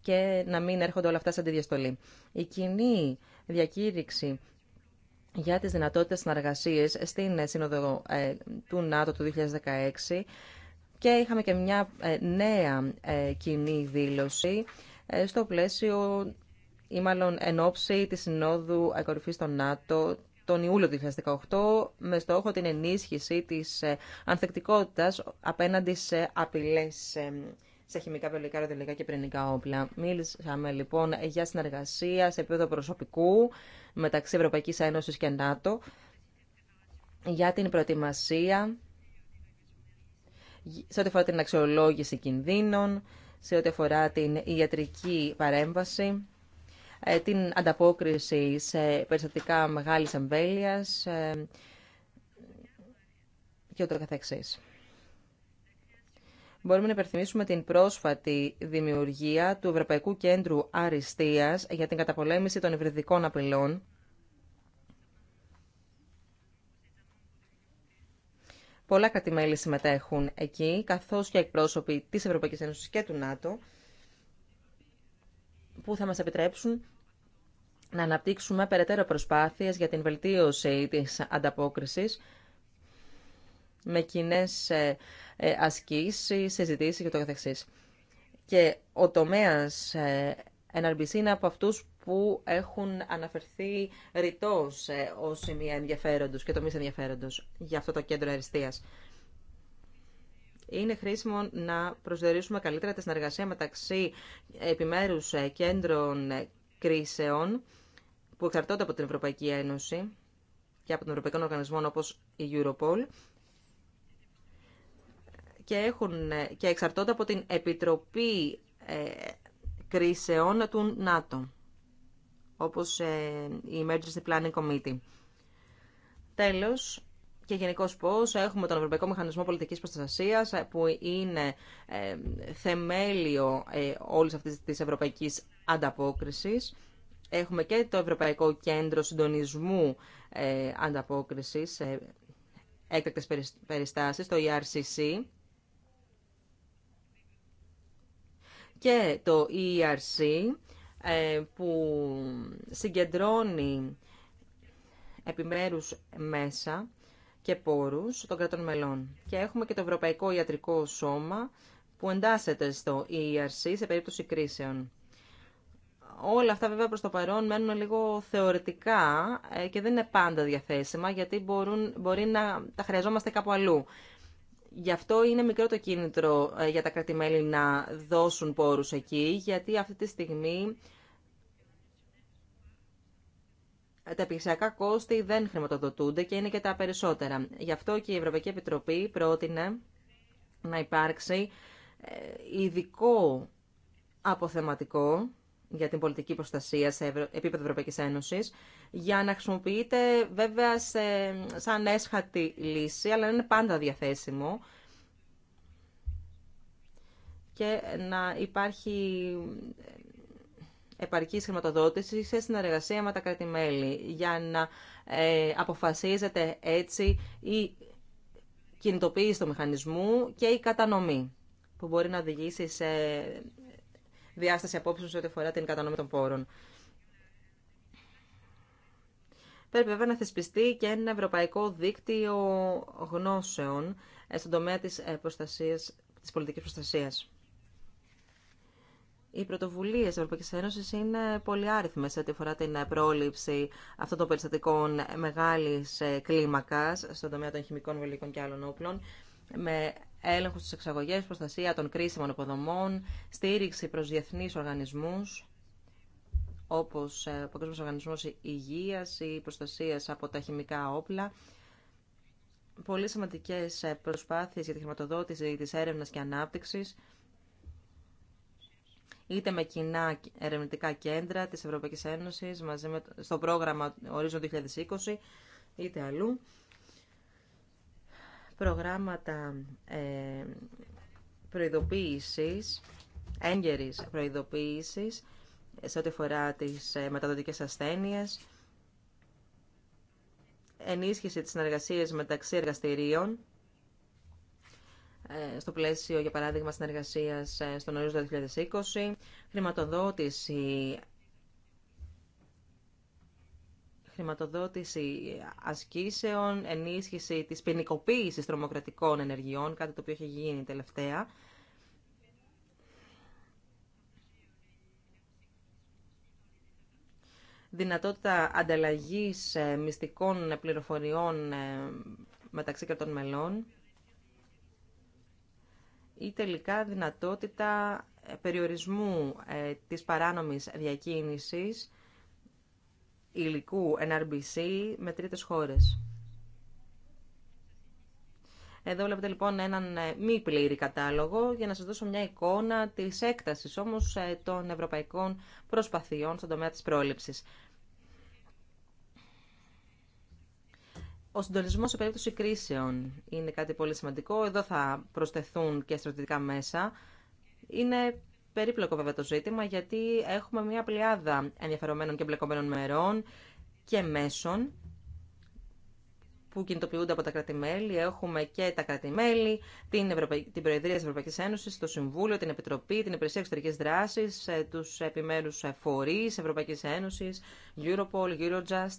και να μην έρχονται όλα αυτά σε αντιδιαστολή. Η κοινή διακήρυξη για τις δυνατότητες συνεργασίες στην Σύνοδο ε, του ΝΑΤΟ του 2016 και είχαμε και μια ε, νέα κοινή δήλωση στο πλαίσιο ή μάλλον εν ώψη της Συνόδου Ακορυφής των ΝΑΤΟ τον Ιούλιο του 2018 με στόχο την ενίσχυση της ε, ανθεκτικότητας απέναντι σε απειλές ε, σε χημικά, βιολογικά, ροδιολογικά και πυρηνικά όπλα. Μίλησαμε λοιπόν για συνεργασία σε επίπεδο προσωπικού μεταξύ Ευρωπαϊκής Ένωσης και ΝΑΤΟ για την προετοιμασία σε ό,τι αφορά την αξιολόγηση κινδύνων, σε ό,τι αφορά την ιατρική παρέμβαση ε, την ανταπόκριση σε περιστατικά μεγάλης εμβέλεια ε, και ούτω καθεξής. Μπορούμε να υπερθυμίσουμε την πρόσφατη δημιουργία του Ευρωπαϊκού Κέντρου Αριστείας για την καταπολέμηση των υβριδικών απειλών, Πολλά κατημέλη συμμετέχουν εκεί, καθώς και εκπρόσωποι της Ευρωπαϊκής Ένωσης και του ΝΑΤΟ, που θα μας επιτρέψουν να αναπτύξουμε περαιτέρω προσπάθειες για την βελτίωση της ανταπόκρισης με κοινέ ε, ε, ασκήσεις, συζητήσεις και το καθεξής. Και ο τομέας NRBC ε, είναι από αυτούς που έχουν αναφερθεί ρητός ως σημεία ενδιαφέροντος και τομείς ενδιαφέροντος για αυτό το κέντρο αριστείας. Είναι χρήσιμο να προσδιορίσουμε καλύτερα τη συνεργασία μεταξύ επιμέρους κέντρων κρίσεων που εξαρτώνται από την Ευρωπαϊκή Ένωση και από τον Ευρωπαϊκό Οργανισμό όπως η Europol και, έχουν, και εξαρτώνται από την Επιτροπή ε, Κρίσεων του ΝΑΤΟ όπως ε, η Emergency Planning Committee. Τέλος, και γενικώ πώς έχουμε τον Ευρωπαϊκό Μηχανισμό Πολιτικής Προστασία, ε, που είναι θεμέλιο όλης αυτής της ευρωπαϊκής ανταπόκριση Έχουμε και το Ευρωπαϊκό Κέντρο Συντονισμού ε, Ανταπόκρισης σε έκτακτες περιστάσεις, το ERCC. Και το ERC ε, που συγκεντρώνει επιμέρους μέσα και πόρους των κρατών μελών. Και έχουμε και το Ευρωπαϊκό Ιατρικό Σώμα που εντάσσεται στο ERC σε περίπτωση κρίσεων όλα αυτά βέβαια προς το παρόν μένουν λίγο θεωρητικά ε, και δεν είναι πάντα διαθέσιμα γιατί μπορούν, μπορεί να τα χρειαζόμαστε κάπου αλλού. Γι' αυτό είναι μικρό το κίνητρο ε, για τα κρατημέλη να δώσουν πόρους εκεί γιατί αυτή τη στιγμή ε, τα επιχειρησιακά κόστη δεν χρηματοδοτούνται και είναι και τα περισσότερα. Γι' αυτό και η Ευρωπαϊκή Επιτροπή πρότεινε να υπάρξει ειδικό αποθεματικό για την πολιτική προστασία σε επίπεδο Ευρωπαϊκής Ένωσης, για να χρησιμοποιείται βέβαια σε, σαν έσχατη λύση, αλλά να είναι πάντα διαθέσιμο και να υπάρχει επαρκή χρηματοδότηση σε συνεργασία με τα κράτη-μέλη για να ε, αποφασίζεται έτσι η κινητοποίηση του μηχανισμού και η κατανομή που μπορεί να οδηγήσει σε διάσταση απόψεων σε ό,τι αφορά την κατανομή των πόρων. Πρέπει βέβαια να θεσπιστεί και ένα ευρωπαϊκό δίκτυο γνώσεων ε, στον τομέα της, ε, προστασίας, της πολιτικής προστασίας. Οι πρωτοβουλίε τη Ευρωπαϊκή Ένωση είναι πολυάριθμε σε ό,τι αφορά την ε, πρόληψη αυτών των περιστατικών μεγάλη κλίμακα στον τομέα των χημικών, βιολογικών και άλλων όπλων, με έλεγχο στι εξαγωγέ, προστασία των κρίσιμων υποδομών, στήριξη προ διεθνεί οργανισμού, όπω ε, ο Παγκόσμιο Οργανισμό Υγεία ή προστασία από τα χημικά όπλα, πολύ σημαντικέ ε, προσπάθειε για τη χρηματοδότηση τη έρευνα και ανάπτυξη. είτε με κοινά ερευνητικά κέντρα της Ευρωπαϊκής Ένωσης μαζί με, στο πρόγραμμα Ορίζον 2020, είτε αλλού προγράμματα ε, προειδοποίησης, έγκαιρης προειδοποίησης σε ό,τι αφορά τις ε, μεταδοτικές ασθένειες, ενίσχυση της συνεργασίας μεταξύ εργαστηρίων, ε, στο πλαίσιο, για παράδειγμα, συνεργασίας ε, στον ορίζοντα 2020, χρηματοδότηση χρηματοδότηση ασκήσεων, ενίσχυση της ποινικοποίηση τρομοκρατικών ενεργειών, κάτι το οποίο έχει γίνει τελευταία. Δυνατότητα ανταλλαγής ε, μυστικών πληροφοριών ε, μεταξύ κρατών μελών ή τελικά δυνατότητα περιορισμού ε, της παράνομης διακίνησης υλικού NRBC με τρίτες χώρες. Εδώ βλέπετε λοιπόν έναν ε, μη πλήρη κατάλογο για να σας δώσω μια εικόνα της έκτασης όμως ε, των ευρωπαϊκών προσπαθειών στον τομέα της πρόληψης. Ο συντονισμός σε περίπτωση κρίσεων είναι κάτι πολύ σημαντικό. Εδώ θα προσθεθούν και στρατιωτικά μέσα. Είναι περίπλοκο βέβαια το ζήτημα γιατί έχουμε μια πλειάδα ενδιαφερομένων και εμπλεκομένων μερών και μέσων που κινητοποιούνται από τα κράτη-μέλη. Έχουμε και τα κράτη-μέλη, την, την Προεδρία της Ευρωπαϊκής Ένωσης, το Συμβούλιο, την Επιτροπή, την Επιτροπή Εξωτερικής Δράσης, ε, του επιμέρου ε, φορεί Ευρωπαϊκής Ένωσης, Europol, Eurojust.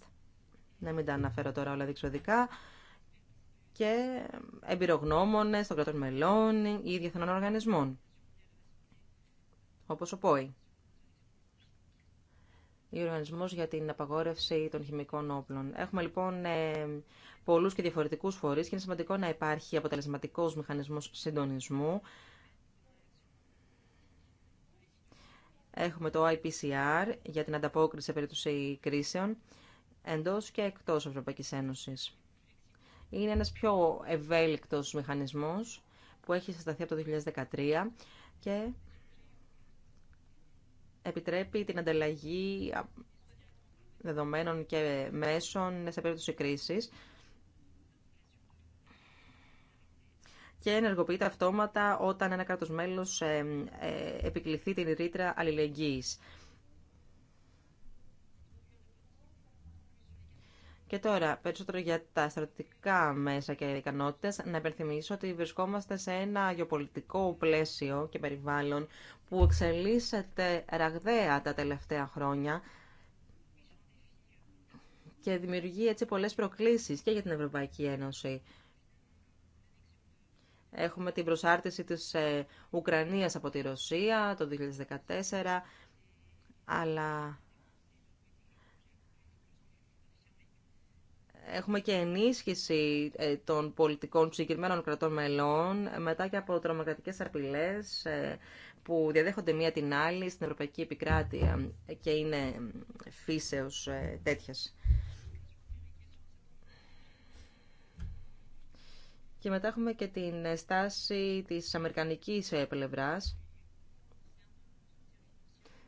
Να μην τα αναφέρω τώρα όλα διεξοδικά. Και εμπειρογνώμονε των κρατών μελών ή διεθνών οργανισμών όπως ο ΠΟΗ. Ο Οργανισμός για την Απαγόρευση των Χημικών Όπλων. Έχουμε λοιπόν ε, πολλούς και διαφορετικούς φορείς και είναι σημαντικό να υπάρχει αποτελεσματικός μηχανισμός συντονισμού. Έχουμε το IPCR για την ανταπόκριση σε περίπτωση κρίσεων εντός και εκτός Ευρωπαϊκής Ένωσης. Είναι ένας πιο ευέλικτος μηχανισμός που έχει συσταθεί από το 2013 και επιτρέπει την ανταλλαγή δεδομένων και μέσων σε περίπτωση κρίσης και ενεργοποιείται αυτόματα όταν ένα κράτος μέλος ε, ε, επικληθεί την ρήτρα αλληλεγγύης. Και τώρα, περισσότερο για τα στρατιωτικά μέσα και ικανότητε, να υπενθυμίσω ότι βρισκόμαστε σε ένα γεωπολιτικό πλαίσιο και περιβάλλον που εξελίσσεται ραγδαία τα τελευταία χρόνια και δημιουργεί έτσι πολλές προκλήσεις και για την Ευρωπαϊκή Ένωση. Έχουμε την προσάρτηση της ε, Ουκρανίας από τη Ρωσία το 2014, αλλά Έχουμε και ενίσχυση ε, των πολιτικών συγκεκριμένων κρατών μελών μετά και από τρομοκρατικές απειλές ε, που διαδέχονται μία την άλλη στην Ευρωπαϊκή Επικράτεια και είναι φύσεως ε, τέτοιας. Και μετά έχουμε και την στάση της αμερικανικής πλευράς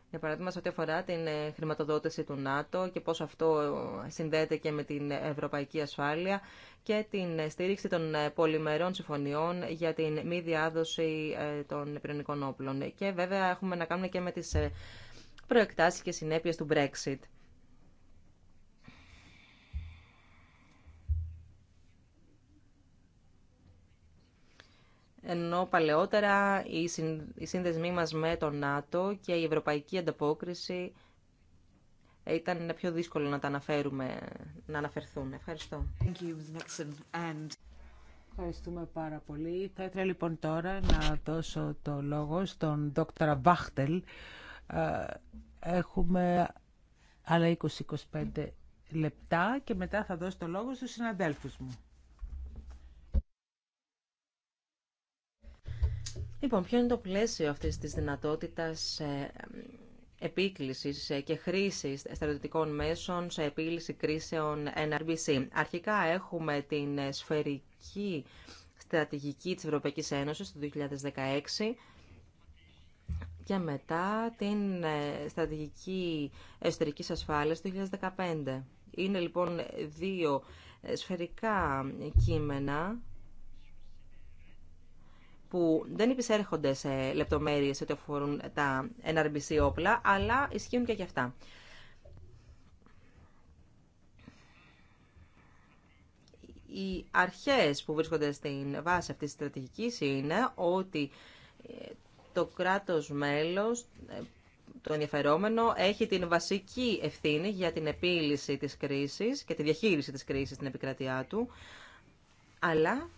για παράδειγμα σε ό,τι αφορά την ε, χρηματοδότηση του ΝΑΤΟ και πώς αυτό συνδέεται και με την ευρωπαϊκή ασφάλεια και την ε, στήριξη των ε, πολυμερών συμφωνιών για την μη διάδοση των πυρηνικών όπλων. Και βέβαια έχουμε να κάνουμε και με τις προεκτάσεις και συνέπειες του Brexit. ενώ παλαιότερα οι σύνδεσμοί μας με το ΝΑΤΟ και η ευρωπαϊκή ανταπόκριση ήταν πιο δύσκολο να τα αναφέρουμε, να αναφερθούν. Ευχαριστώ. Thank you, And... Ευχαριστούμε πάρα πολύ. Θα ήθελα λοιπόν τώρα να δώσω το λόγο στον δόκτωρα Βάχτελ. Ε, έχουμε άλλα 20-25 λεπτά και μετά θα δώσω το λόγο στους συναδέλφους μου. Λοιπόν, ποιο είναι το πλαίσιο αυτής της δυνατότητας ε, ε, επίκλησης ε, και χρήσης στρατιωτικών μέσων σε επίλυση κρίσεων NRBC. Αρχικά έχουμε την σφαιρική στρατηγική της Ευρωπαϊκής Ένωσης του 2016 και μετά την στρατηγική εσωτερικής ασφάλειας του 2015. Είναι λοιπόν δύο σφαιρικά κείμενα που δεν υπησέρχονται σε λεπτομέρειες ότι αφορούν τα NRBC όπλα, αλλά ισχύουν και για αυτά. Οι αρχές που βρίσκονται στην βάση αυτής της στρατηγικής είναι ότι ε, το κράτος μέλος, ε, το ενδιαφερόμενο, έχει την βασική ευθύνη για την επίλυση της κρίσης και τη διαχείριση της κρίσης στην επικρατειά του, αλλά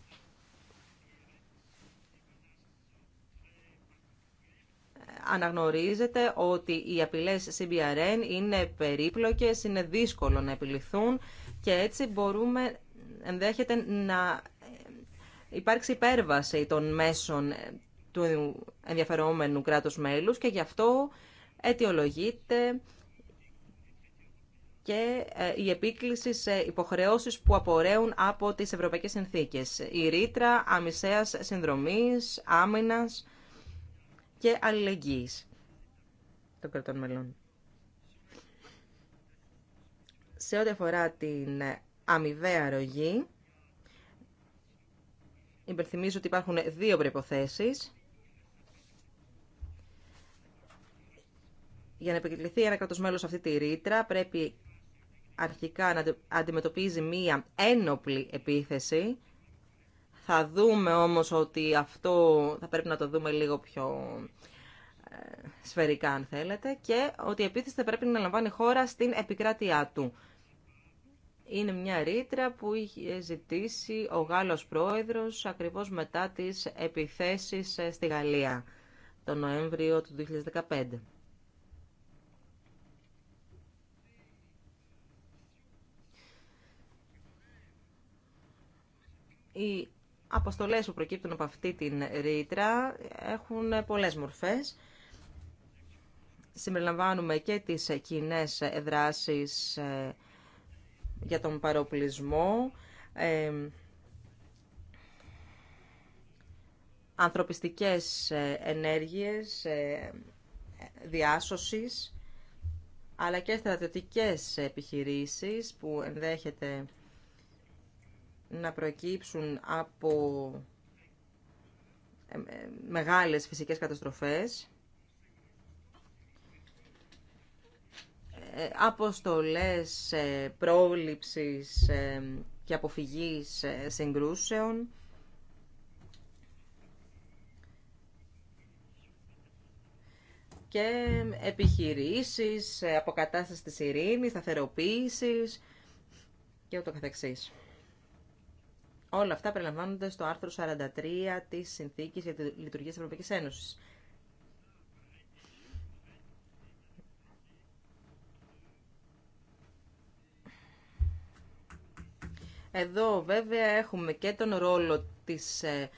αναγνωρίζεται ότι οι απειλές CBRN είναι περίπλοκες, είναι δύσκολο να επιληθούν και έτσι μπορούμε ενδέχεται να υπάρξει υπέρβαση των μέσων του ενδιαφερόμενου κράτους μέλους και γι' αυτό αιτιολογείται και ε, η επίκληση σε υποχρεώσεις που απορρέουν από τις ευρωπαϊκές συνθήκες. Η ρήτρα αμυσαίας συνδρομής, άμυνας, και αλληλεγγύης των κρατών μελών. Σε ό,τι αφορά την αμοιβαία αρρωγή, υπενθυμίζω ότι υπάρχουν δύο προϋποθέσεις. Για να επικληθεί ένα κράτος μέλος αυτή τη ρήτρα, πρέπει αρχικά να αντιμετωπίζει μία ένοπλη επίθεση θα δούμε όμως ότι αυτό θα πρέπει να το δούμε λίγο πιο ε, σφαιρικά αν θέλετε και ότι η επίθεση θα πρέπει να λαμβάνει χώρα στην επικράτειά του. Είναι μια ρήτρα που είχε ζητήσει ο Γάλλος πρόεδρος ακριβώς μετά τις επιθέσεις ε, στη Γαλλία τον Νοέμβριο του 2015. Η αποστολές που προκύπτουν από αυτή την ρήτρα έχουν πολλές μορφές. Συμπεριλαμβάνουμε και τις κοινέ δράσεις ε, για τον παροπλισμό, ε, ανθρωπιστικές ε, ενέργειες διάσωσης, αλλά και στρατιωτικές επιχειρήσεις που ενδέχεται να προκύψουν από ε, ε, μεγάλες φυσικές καταστροφές, ε, αποστολές πρόληψης και αποφυγής συγκρούσεων, και επιχειρήσεις, αποκατάσταση της ειρήνης, σταθεροποίησης και ούτω καθεξής. Όλα αυτά περιλαμβάνονται στο άρθρο 43 της Συνθήκης για τη Λειτουργία της Ευρωπαϊκής Ένωσης. Εδώ βέβαια έχουμε και τον ρόλο της ε,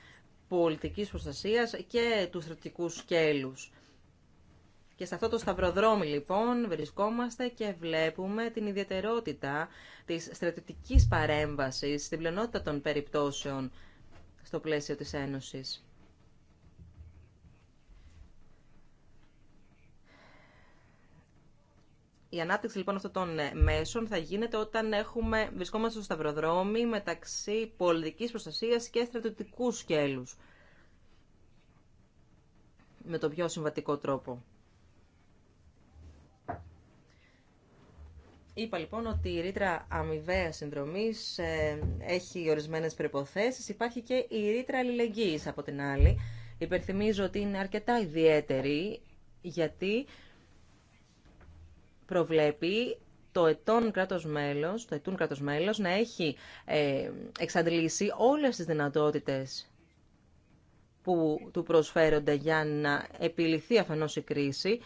πολιτικής προστασίας και του στρατικού σκέλους. Και σε αυτό το σταυροδρόμι λοιπόν βρισκόμαστε και βλέπουμε την ιδιαιτερότητα της στρατιωτικής παρέμβασης στην πλειονότητα των περιπτώσεων στο πλαίσιο της Ένωσης. Η ανάπτυξη λοιπόν αυτών των ε, μέσων θα γίνεται όταν έχουμε, βρισκόμαστε στο σταυροδρόμι μεταξύ πολιτικής προστασίας και στρατιωτικού σκέλους. Με το πιο συμβατικό τρόπο. Είπα λοιπόν ότι η ρήτρα αμοιβαία συνδρομή ε, έχει ορισμένε προποθέσει. Υπάρχει και η ρήτρα αλληλεγγύη από την άλλη. Υπερθυμίζω ότι είναι αρκετά ιδιαίτερη γιατί προβλέπει το ετών κράτος μέλος, το ετούν κράτος μέλος να έχει ε, εξαντλήσει όλες τις δυνατότητες που του προσφέρονται για να επιληθεί αφενός η κρίση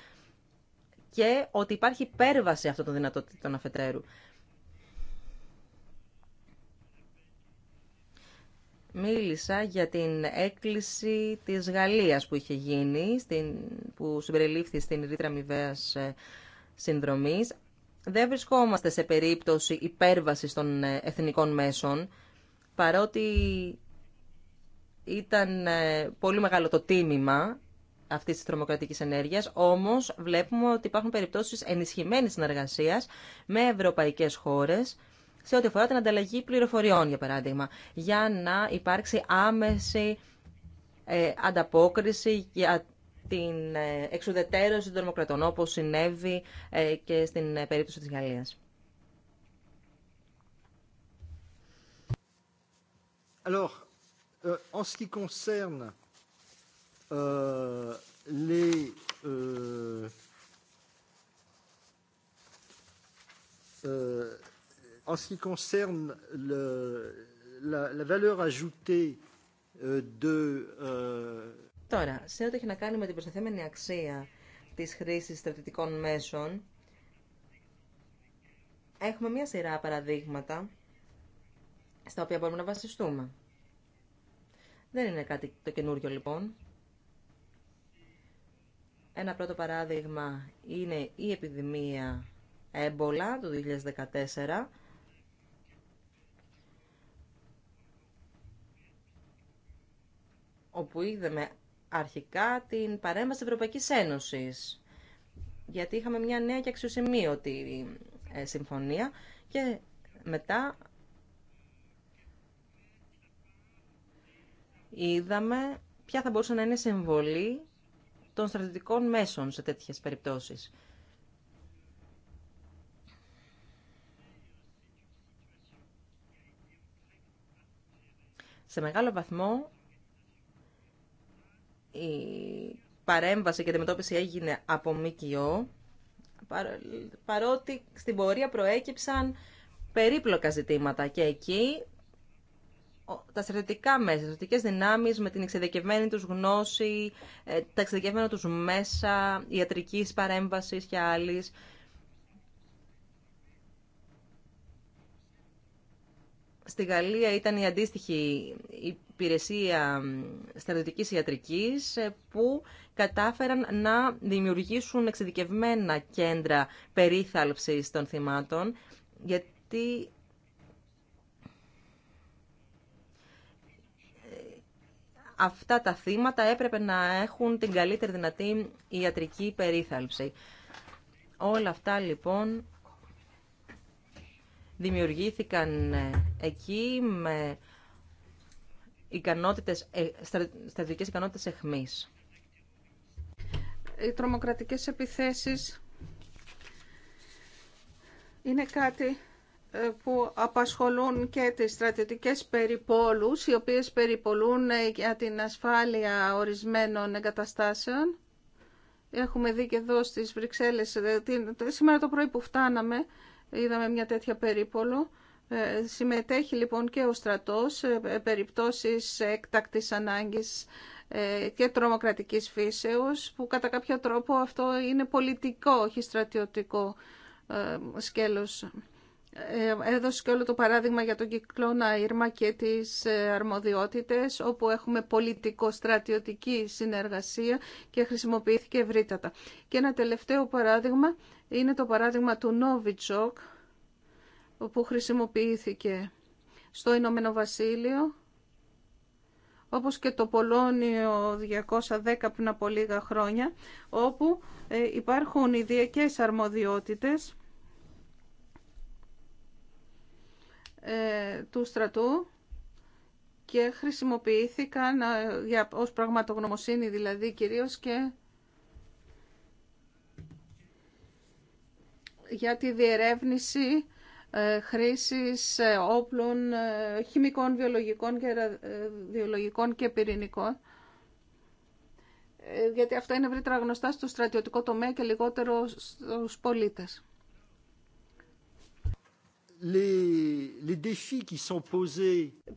και ότι υπάρχει υπέρβαση αυτών των δυνατοτήτων αφετέρου. Μίλησα για την έκκληση της Γαλλίας που είχε γίνει, στην, που συμπεριλήφθη στην ρήτρα ε, συνδρομής. Δεν βρισκόμαστε σε περίπτωση υπέρβασης των ε, εθνικών μέσων, παρότι ήταν ε, πολύ μεγάλο το τίμημα αυτή τη τρομοκρατική ενέργεια. Όμω, βλέπουμε ότι υπάρχουν περιπτώσει ενισχυμένη συνεργασία με ευρωπαϊκέ χώρε σε ό,τι αφορά την ανταλλαγή πληροφοριών, για παράδειγμα, για να υπάρξει άμεση ε, ανταπόκριση για την ε, εξουδετέρωση των τρομοκρατών, όπως συνέβη ε, και στην περίπτωση της Γαλλία. Alors, euh, en ce qui concerne Euh, les euh, euh, en ce qui concerne Τώρα, σε ό,τι έχει να κάνει με την προσταθέμενη αξία της χρήσης στρατητικών μέσων, έχουμε μία σειρά παραδείγματα στα οποία μπορούμε να βασιστούμε. Δεν είναι κάτι το καινούριο λοιπόν. Ένα πρώτο παράδειγμα είναι η επιδημία έμπολα του 2014, όπου είδαμε αρχικά την παρέμβαση Ευρωπαϊκής Ένωσης, γιατί είχαμε μια νέα και αξιοσημείωτη ε, συμφωνία και μετά είδαμε ποια θα μπορούσε να είναι συμβολή των στρατιωτικών μέσων σε τέτοιες περιπτώσεις. Σε μεγάλο βαθμό η παρέμβαση και αντιμετώπιση έγινε από ΜΚΟ, παρότι στην πορεία προέκυψαν περίπλοκα ζητήματα και εκεί τα στρατιωτικά μέσα, οι στρατιωτικές δυνάμεις με την εξειδικευμένη τους γνώση, ε, τα εξειδικευμένα τους μέσα, ιατρικής παρέμβαση και άλλη. Στη Γαλλία ήταν η αντίστοιχη υπηρεσία στρατιωτικής ιατρικής ε, που κατάφεραν να δημιουργήσουν εξειδικευμένα κέντρα περίθαλψης των θυμάτων γιατί αυτά τα θύματα έπρεπε να έχουν την καλύτερη δυνατή ιατρική περίθαλψη. Όλα αυτά λοιπόν δημιουργήθηκαν ε, εκεί με ικανότητες, ε, στρατηγικές ικανότητες εχμής. Οι τρομοκρατικές επιθέσεις είναι κάτι που απασχολούν και τις στρατιωτικές περιπόλους, οι οποίες περιπολούν για την ασφάλεια ορισμένων εγκαταστάσεων. Έχουμε δει και εδώ στις Βρυξέλλες, ε, σήμερα το πρωί που φτάναμε, είδαμε μια τέτοια περίπολο. Ε, συμμετέχει λοιπόν και ο στρατός, ε, περιπτώσεις έκτακτης ανάγκης και τρομοκρατικής φύσεως, που κατά κάποιο τρόπο αυτό είναι πολιτικό, όχι στρατιωτικό σκέλος. Ε, έδωσε και όλο το παράδειγμα για τον κυκλώνα Ήρμα και τις ε, αρμοδιότητες, όπου έχουμε πολιτικο-στρατιωτική συνεργασία και χρησιμοποιήθηκε ευρύτατα. Και ένα τελευταίο παράδειγμα είναι το παράδειγμα του Νόβιτσοκ, που χρησιμοποιήθηκε στο Ηνωμένο Βασίλειο, όπως και το Πολώνιο 210 πριν από λίγα χρόνια, όπου ε, υπάρχουν ιδιαικές αρμοδιότητες Ε, του στρατού και χρησιμοποιήθηκαν ε, για, ως πραγματογνωμοσύνη δηλαδή κυρίως και για τη διερεύνηση ε, χρήσης όπλων χημικών, βιολογικών και βιολογικών και πυρηνικών γιατί αυτά είναι ευρύτερα γνωστά στο στρατιωτικό τομέα και λιγότερο στους πολίτες.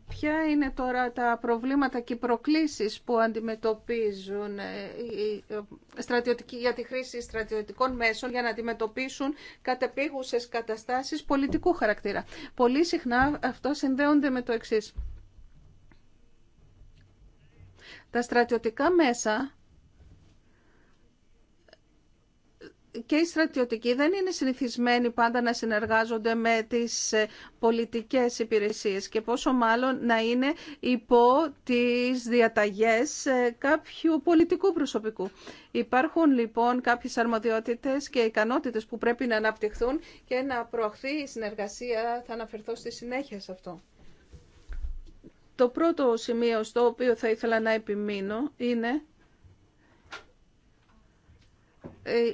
Ποια είναι τώρα τα προβλήματα και οι προκλήσεις που αντιμετωπίζουν ε, ε, για τη χρήση στρατιωτικών μέσων για να αντιμετωπίσουν κατεπίγουσες καταστάσεις πολιτικού χαρακτήρα. Πολύ συχνά αυτό συνδέονται με το εξής. Τα στρατιωτικά μέσα και οι στρατιωτικοί δεν είναι συνηθισμένοι πάντα να συνεργάζονται με τις ε, πολιτικές υπηρεσίες και πόσο μάλλον να είναι υπό τις διαταγές ε, κάποιου πολιτικού προσωπικού. Υπάρχουν λοιπόν κάποιες αρμοδιότητες και ικανότητες που πρέπει να αναπτυχθούν και να προαχθεί η συνεργασία. Θα αναφερθώ στη συνέχεια σε αυτό. Το πρώτο σημείο στο οποίο θα ήθελα να επιμείνω είναι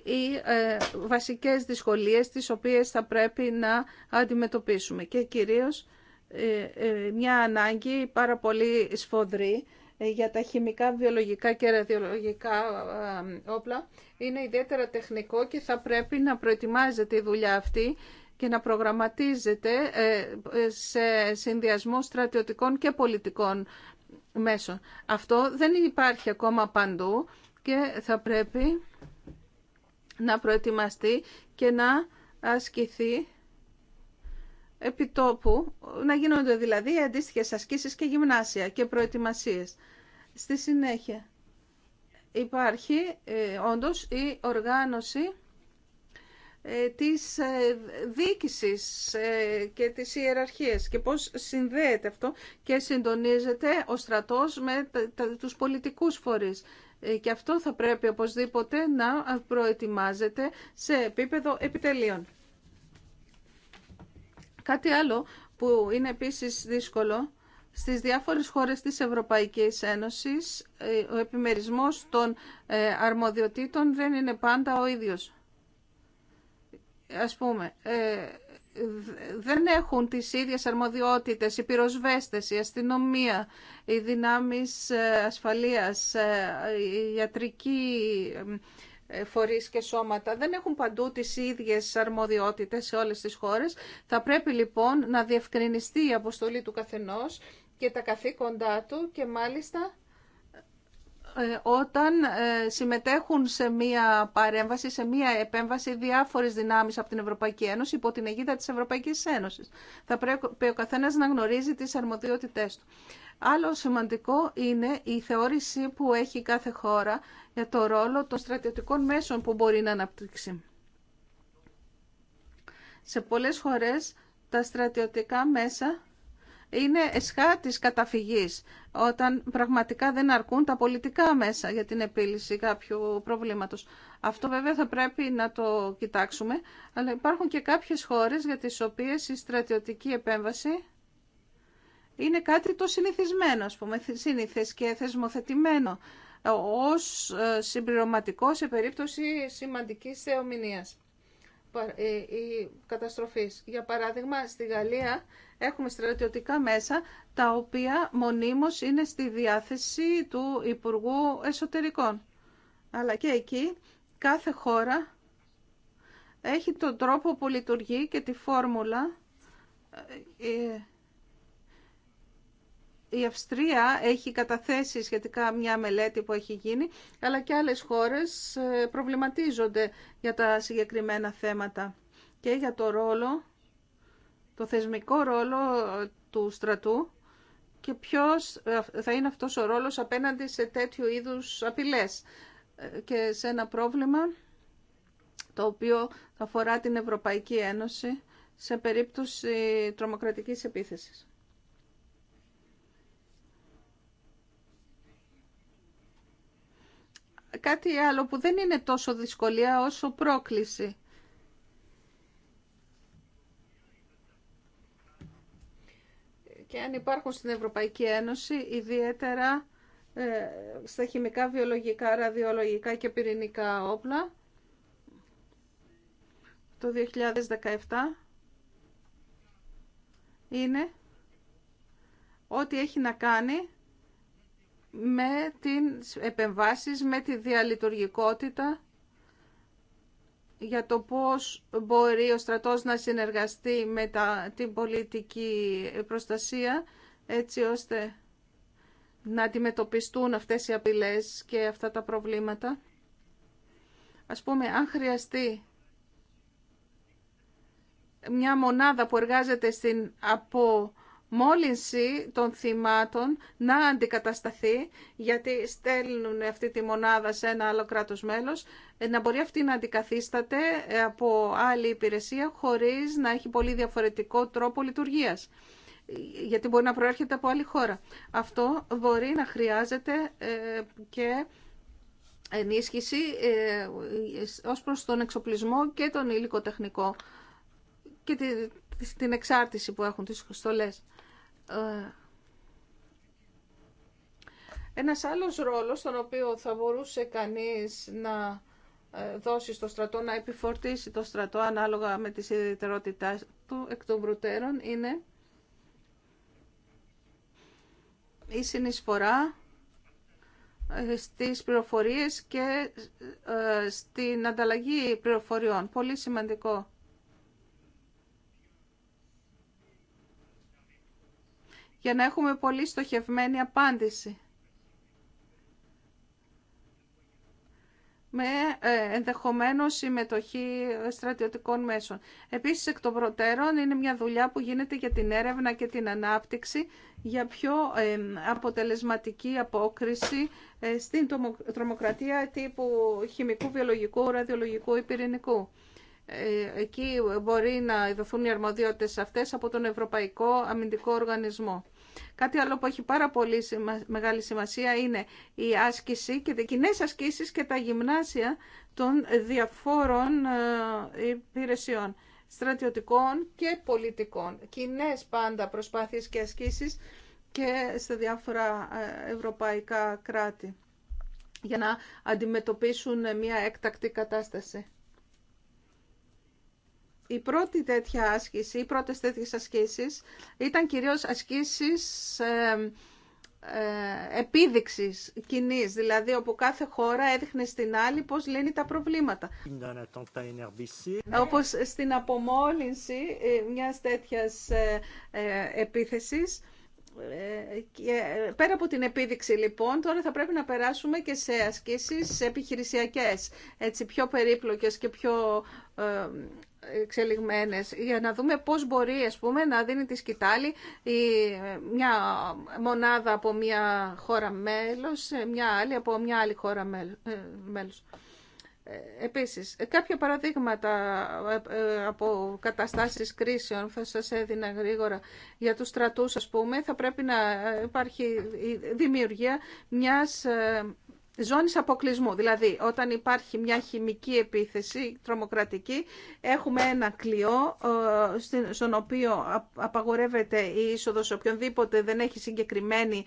οι ε, βασικές δυσκολίες τις οποίες θα πρέπει να αντιμετωπίσουμε και κυρίως ε, ε, μια ανάγκη πάρα πολύ σφοδρή για τα χημικά, βιολογικά και ραδιολογικά όπλα. Είναι ιδιαίτερα τεχνικό και θα πρέπει να προετοιμάζεται η δουλειά αυτή και να προγραμματίζεται σε συνδυασμό στρατιωτικών και πολιτικών μέσων. Αυτό δεν υπάρχει ακόμα παντού και θα πρέπει να προετοιμαστεί και να ασκηθεί επιτόπου, να γίνονται δηλαδή αντίστοιχε ασκήσεις και γυμνάσια και προετοιμασίες. Στη συνέχεια υπάρχει ε, όντως η οργάνωση ε, της ε, ε, και της ιεραρχίας και πώς συνδέεται αυτό και συντονίζεται ο στρατός με τους πολιτικούς φορείς. Ε, και αυτό θα πρέπει οπωσδήποτε να προετοιμάζεται σε επίπεδο επιτελείων. Κάτι άλλο που είναι επίσης δύσκολο, στις διάφορες χώρες της Ευρωπαϊκής Ένωσης ε, ο επιμερισμός των ε, αρμοδιοτήτων δεν είναι πάντα ο ίδιος. Ας πούμε, δεν έχουν τις ίδιες αρμοδιότητες, οι πυροσβέστες, η αστυνομία, οι δυνάμεις ε, ασφαλείας, ε, οι ιατρικοί ε, φορείς και σώματα δεν έχουν παντού τις ίδιες αρμοδιότητες σε όλες τις χώρες. Θα πρέπει λοιπόν να διευκρινιστεί η αποστολή του καθενός και τα καθήκοντά του και μάλιστα ε, όταν ε, συμμετέχουν σε μία παρέμβαση, σε μία επέμβαση διάφορες δυνάμεις από την Ευρωπαϊκή Ένωση υπό την αιγίδα της Ευρωπαϊκής Ένωσης. Θα πρέπει ο καθένας να γνωρίζει τις αρμοδιότητές του. Άλλο σημαντικό είναι η θεώρηση που έχει κάθε χώρα για το ρόλο των στρατιωτικών μέσων που μπορεί να αναπτύξει. Σε πολλές χώρες τα στρατιωτικά μέσα είναι εσχά της καταφυγής όταν πραγματικά δεν αρκούν τα πολιτικά μέσα για την επίλυση κάποιου προβλήματος. Αυτό βέβαια θα πρέπει να το κοιτάξουμε, αλλά υπάρχουν και κάποιες χώρες για τις οποίες η στρατιωτική επέμβαση είναι κάτι το συνηθισμένο, ας πούμε, σύνηθες και θεσμοθετημένο ως ε, συμπληρωματικό σε περίπτωση σημαντικής θεομηνίας. Ε, ε, ε, καταστροφής. Για παράδειγμα, στη Γαλλία έχουμε στρατιωτικά μέσα τα οποία μονίμως είναι στη διάθεση του Υπουργού Εσωτερικών. Αλλά και εκεί κάθε χώρα έχει τον τρόπο που λειτουργεί και τη φόρμουλα η Αυστρία έχει καταθέσει σχετικά μια μελέτη που έχει γίνει, αλλά και άλλες χώρες ε, προβληματίζονται για τα συγκεκριμένα θέματα και για το ρόλο, το θεσμικό ρόλο ε, του στρατού και ποιος ε, θα είναι αυτός ο ρόλος απέναντι σε τέτοιου είδους απειλές και σε ένα πρόβλημα το οποίο αφορά την Ευρωπαϊκή Ένωση σε περίπτωση τρομοκρατικής επίθεσης. κάτι άλλο που δεν είναι τόσο δυσκολία όσο πρόκληση. Και αν υπάρχουν στην Ευρωπαϊκή Ένωση, ιδιαίτερα ε, στα χημικά, βιολογικά, ραδιολογικά και πυρηνικά όπλα, το 2017 είναι ό,τι έχει να κάνει με την επεμβάσεις, με τη διαλειτουργικότητα για το πώς μπορεί ο στρατός να συνεργαστεί με τα, την πολιτική προστασία έτσι ώστε να αντιμετωπιστούν αυτές οι απειλές και αυτά τα προβλήματα. Ας πούμε, αν χρειαστεί μια μονάδα που εργάζεται στην από μόλυνση των θυμάτων να αντικατασταθεί, γιατί στέλνουν αυτή τη μονάδα σε ένα άλλο κράτος μέλος, ε, να μπορεί αυτή να αντικαθίσταται ε, από άλλη υπηρεσία χωρίς να έχει πολύ διαφορετικό τρόπο λειτουργίας ε, γιατί μπορεί να προέρχεται από άλλη χώρα. Αυτό μπορεί να χρειάζεται και ενίσχυση ως προς τον εξοπλισμό και τον υλικοτεχνικό και την εξάρτηση που έχουν τις στολές. Ε, ένας άλλος ρόλος, τον οποίο θα μπορούσε κανείς να ε, δώσει στο στρατό, να επιφορτήσει το στρατό ανάλογα με τις ιδιαιτερότητά του εκ των προτέρων, είναι η συνεισφορά ε, στις πληροφορίες και στην ανταλλαγή πληροφοριών. Πολύ σημαντικό. για να έχουμε πολύ στοχευμένη απάντηση. με ε, ενδεχομένως συμμετοχή στρατιωτικών μέσων. Επίσης, εκ των προτέρων, είναι μια δουλειά που γίνεται για την έρευνα και την ανάπτυξη για πιο ε, αποτελεσματική απόκριση ε, στην τρομοκρατία τύπου χημικού, βιολογικού, ραδιολογικού ή πυρηνικού. Εκεί μπορεί να δοθούν οι αρμοδιότητες αυτές από τον Ευρωπαϊκό Αμυντικό Οργανισμό. Κάτι άλλο που έχει πάρα πολύ μεγάλη σημασία είναι η άσκηση και οι κοινέ ασκήσεις και τα γυμνάσια των διαφόρων ε, υπηρεσιών στρατιωτικών και πολιτικών. Κοινέ πάντα προσπάθειες και ασκήσεις και στα διάφορα ε, ευρωπαϊκά κράτη για να αντιμετωπίσουν μια έκτακτη κατάσταση η πρώτη τέτοια άσκηση, οι πρώτες τέτοιες ασκήσεις ήταν κυρίως ασκήσεις ε, επίδειξης κοινή, δηλαδή όπου κάθε χώρα έδειχνε στην άλλη πώς λύνει τα προβλήματα. Όπως στην απομόλυνση ε, μια τέτοιας ε, ε, επίθεσης, ε, πέρα από την επίδειξη λοιπόν, τώρα θα πρέπει να περάσουμε και σε ασκήσεις επιχειρησιακές, έτσι πιο περίπλοκες και πιο ε, εξελιγμένες, για να δούμε πώς μπορεί ας να δίνει τη σκητάλη η, μια μονάδα από μια χώρα μέλος, μια άλλη από μια άλλη χώρα ε, μέλος. Επίσης, κάποια παραδείγματα ε, ε, από καταστάσεις κρίσεων θα σας έδινα γρήγορα για τους στρατούς, ας πούμε, θα πρέπει να υπάρχει η δημιουργία μιας ε, ζώνης αποκλεισμού. Δηλαδή, όταν υπάρχει μια χημική επίθεση τρομοκρατική, έχουμε ένα κλειό στον οποίο απαγορεύεται η είσοδος οποιονδήποτε δεν έχει συγκεκριμένη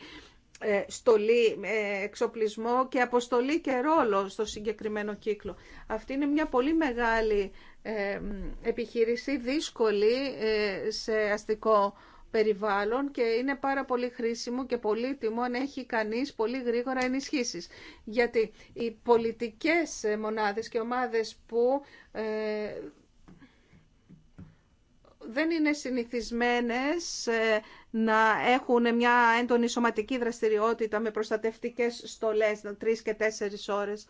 ε, στολή, ε, εξοπλισμό και αποστολή και ρόλο στο συγκεκριμένο κύκλο. Αυτή είναι μια πολύ μεγάλη ε, επιχείρηση, δύσκολη σε αστικό περιβάλλον και είναι πάρα πολύ χρήσιμο και πολύτιμο αν έχει κανείς πολύ γρήγορα ενισχύσεις. Γιατί οι πολιτικές μονάδες και ομάδες που δεν είναι συνηθισμένες ε, να έχουν μια έντονη σωματική δραστηριότητα με προστατευτικές στολές, τρεις και τέσσερις ώρες.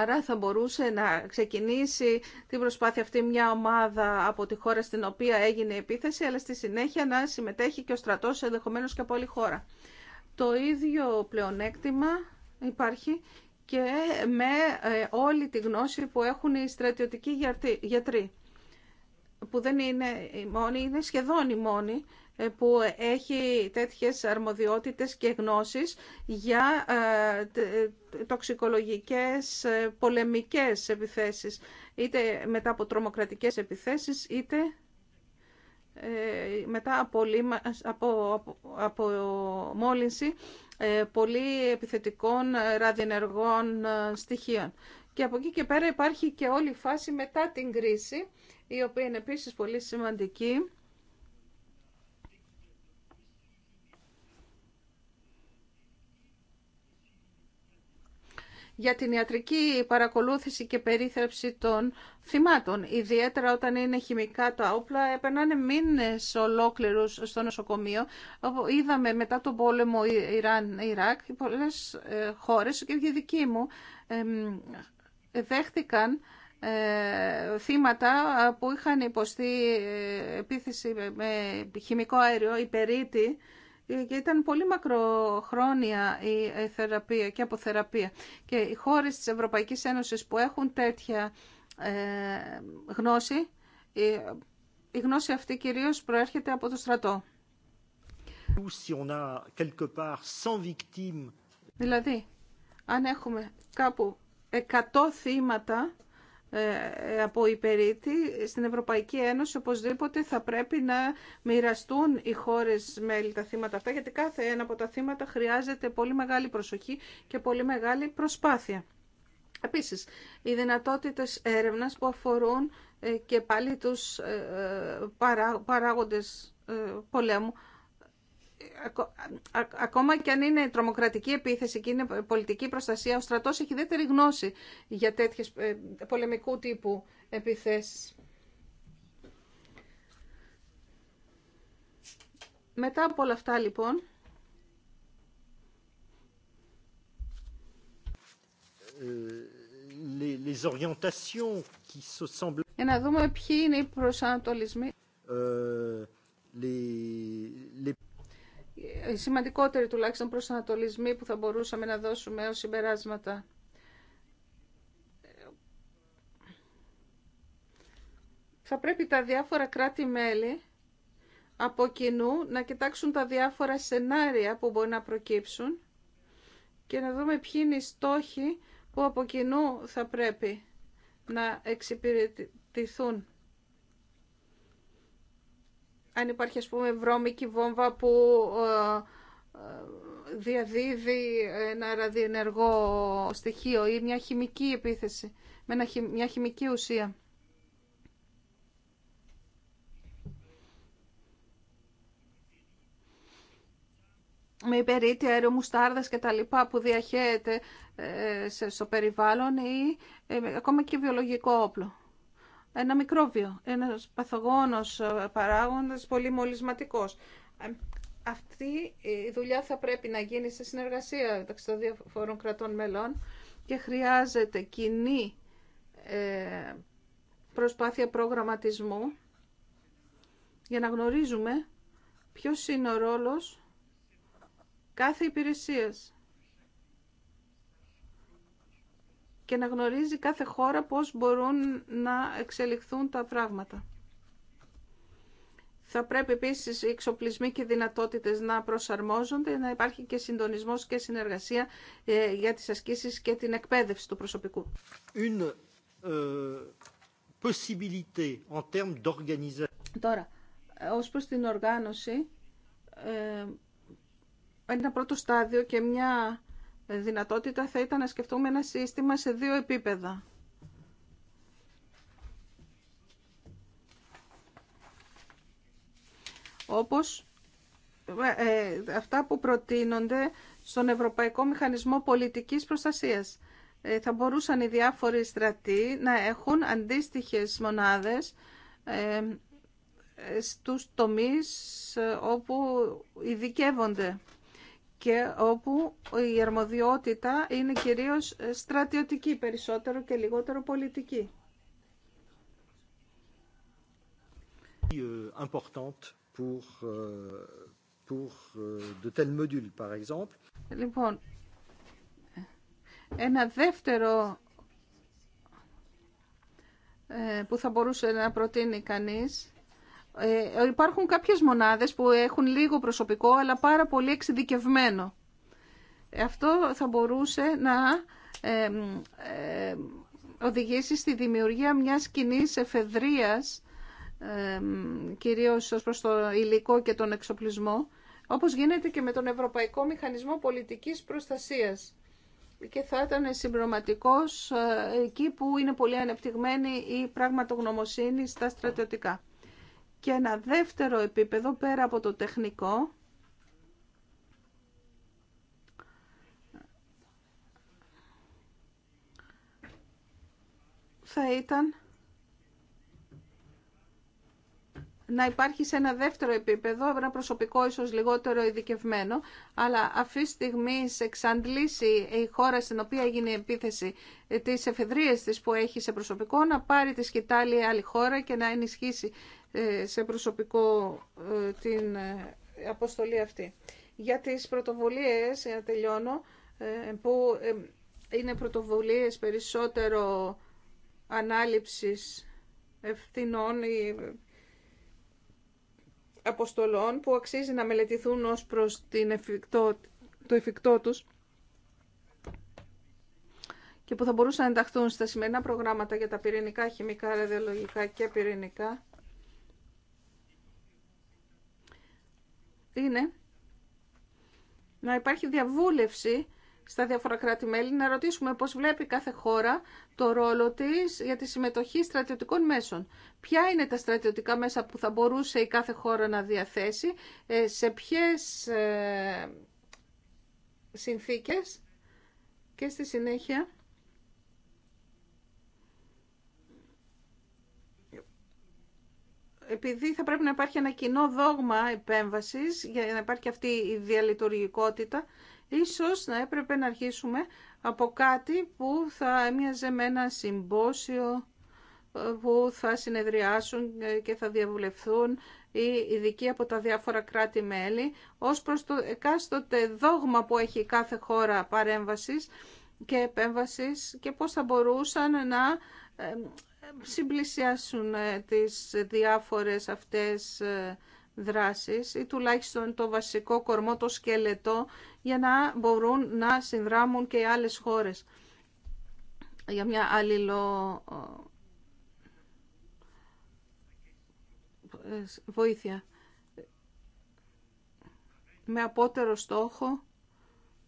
Άρα θα μπορούσε να ξεκινήσει την προσπάθεια αυτή μια ομάδα από τη χώρα στην οποία έγινε η επίθεση, αλλά στη συνέχεια να συμμετέχει και ο στρατός ενδεχομένως και από όλη χώρα. Το ίδιο πλεονέκτημα υπάρχει και με ε, όλη τη γνώση που έχουν οι στρατιωτικοί γιατροί που δεν είναι η μόνη, είναι σχεδόν η μόνη ε, που έχει τέτοιες αρμοδιότητες και γνώσεις για ε, ε, τοξικολογικές πολεμικές επιθέσεις, είτε μετά από τρομοκρατικές επιθέσεις, είτε μετά από, από, από, μόλυνση πολύ επιθετικών ραδιενεργών στοιχείων. Και από εκεί και πέρα υπάρχει και όλη η φάση μετά την κρίση, η οποία είναι επίσης πολύ σημαντική. για την ιατρική παρακολούθηση και περίθρεψη των θυμάτων. Ιδιαίτερα όταν είναι χημικά τα όπλα, έπαιρνανε μήνες ολόκληρους στο νοσοκομείο. Είδαμε μετά τον πόλεμο Ιράν-Ιράκ, πολλές ε, χώρες και η δική μου δέχτηκαν ε, θύματα που είχαν υποστεί ε, επίθεση με χημικό αέριο, υπερίτη, ε, και ήταν πολύ μακροχρόνια η θεραπεία και αποθεραπεία. Και οι χώρες της Ευρωπαϊκής Ένωσης που έχουν τέτοια γνώση, η γνώση αυτή κυρίως προέρχεται από το στρατό. Δηλαδή, αν έχουμε κάπου 100 θύματα ε, ε, από υπερίτη στην Ευρωπαϊκή Ένωση οπωσδήποτε θα πρέπει να μοιραστούν οι χώρες μέλη τα θύματα αυτά γιατί κάθε ένα από τα θύματα χρειάζεται πολύ μεγάλη προσοχή και πολύ μεγάλη προσπάθεια. Επίσης, οι δυνατότητες έρευνας που αφορούν ε, και πάλι τους παράγοντες πολέμου ακόμα και αν είναι τρομοκρατική επίθεση και είναι πολιτική προστασία, ο στρατός έχει ιδιαίτερη γνώση για τέτοιες ε, πολεμικού τύπου επιθέσεις. Μετά από όλα αυτά, λοιπόν, ε, για να δούμε ποιοι είναι οι προσανατολισμοί. Ε, les σημαντικότεροι τουλάχιστον προσανατολισμοί που θα μπορούσαμε να δώσουμε ως συμπεράσματα. Θα πρέπει τα διάφορα κράτη-μέλη από κοινού να κοιτάξουν τα διάφορα σενάρια που μπορεί να προκύψουν και να δούμε ποιοι είναι οι στόχοι που από κοινού θα πρέπει να εξυπηρετηθούν αν υπάρχει ας πούμε βρώμικη βόμβα που ε, ε, διαδίδει ένα ραδιενεργό στοιχείο ή μια χημική επίθεση με μια χημική ουσία. με υπερήτη αερομουστάρδας και τα λοιπά που διαχέεται ε, στο περιβάλλον ή ακόμα και βιολογικό όπλο ένα μικρόβιο, ένας παθογόνος ε, παράγοντας, πολύ μολυσματικός. Ε, αυτή η δουλειά θα πρέπει να γίνει σε συνεργασία μεταξύ των διαφορών κρατών μελών και χρειάζεται κοινή ε, προσπάθεια προγραμματισμού για να γνωρίζουμε ποιος είναι ο ρόλος κάθε υπηρεσίας και να γνωρίζει κάθε χώρα πώς μπορούν να εξελιχθούν τα πράγματα. Θα πρέπει επίσης οι εξοπλισμοί και οι δυνατότητες να προσαρμόζονται, να υπάρχει και συντονισμός και συνεργασία ε, για τις ασκήσεις και την εκπαίδευση του προσωπικού. Une, ε, en Τώρα, ως προς την οργάνωση, ε, ένα πρώτο στάδιο και μια δυνατότητα θα ήταν να σκεφτούμε ένα σύστημα σε δύο επίπεδα. Όπως ε, ε, αυτά που προτείνονται στον Ευρωπαϊκό Μηχανισμό Πολιτικής Προστασίας. Ε, θα μπορούσαν οι διάφοροι στρατοί να έχουν αντίστοιχες μονάδες στους τομείς όπου ειδικεύονται και όπου η αρμοδιότητα είναι κυρίως στρατιωτική περισσότερο και λιγότερο πολιτική. Euh, euh, euh, λοιπόν, ένα δεύτερο ε, που θα μπορούσε να προτείνει κανείς ε, υπάρχουν κάποιες μονάδες που έχουν λίγο προσωπικό αλλά πάρα πολύ εξειδικευμένο. Ε, αυτό θα μπορούσε να ε, οδηγήσει στη δημιουργία μιας κοινή εφεδρείας κυρίως ως προς το υλικό και τον εξοπλισμό όπως γίνεται και με τον Ευρωπαϊκό Μηχανισμό Πολιτικής Προστασίας και θα ήταν συμπληρωματικό εκεί που είναι πολύ ανεπτυγμένη η πραγματογνωμοσύνη στα στρατιωτικά και ένα δεύτερο επίπεδο πέρα από το τεχνικό θα ήταν να υπάρχει σε ένα δεύτερο επίπεδο, ένα προσωπικό ίσως λιγότερο ειδικευμένο, αλλά αυτή τη στιγμή εξαντλήσει η χώρα στην οποία έγινε η επίθεση ε, τις εφεδρίες της που έχει σε προσωπικό, να πάρει τη σκητάλη άλλη χώρα και να ενισχύσει ε, σε προσωπικό ε, την αποστολή αυτή. Για τις πρωτοβουλίες, να τελειώνω, που είναι πρωτοβουλίες περισσότερο ανάληψης ευθυνών ή αποστολών που αξίζει να μελετηθούν ως προς την εφικτό, το εφικτό τους και που θα μπορούσαν να ενταχθούν στα σημερινά προγράμματα για τα πυρηνικά, χημικά, ραδιολογικά και πυρηνικά είναι να υπάρχει διαβούλευση στα διάφορα κράτη-μέλη να ρωτήσουμε πώς βλέπει κάθε χώρα το ρόλο της για τη συμμετοχή στρατιωτικών μέσων. Ποια είναι τα στρατιωτικά μέσα που θα μπορούσε η κάθε χώρα να διαθέσει, ε, σε ποιες ε, συνθήκες και στη συνέχεια... επειδή θα πρέπει να υπάρχει ένα κοινό δόγμα επέμβασης για να υπάρχει αυτή η διαλειτουργικότητα, Ίσως να έπρεπε να αρχίσουμε από κάτι που θα έμοιαζε με ένα συμπόσιο ε, που θα συνεδριάσουν ε, και θα διαβουλευθούν οι ειδικοί από τα διάφορα κράτη-μέλη ως προς το εκάστοτε δόγμα που έχει κάθε χώρα παρέμβασης και επέμβασης και πώς θα μπορούσαν να ε, συμπλησιάσουν τις διάφορες αυτές δράσεις ή τουλάχιστον το βασικό κορμό, το σκελετό, για να μπορούν να συνδράμουν και οι άλλες χώρες για μια αλληλο βοήθεια. Με απότερο στόχο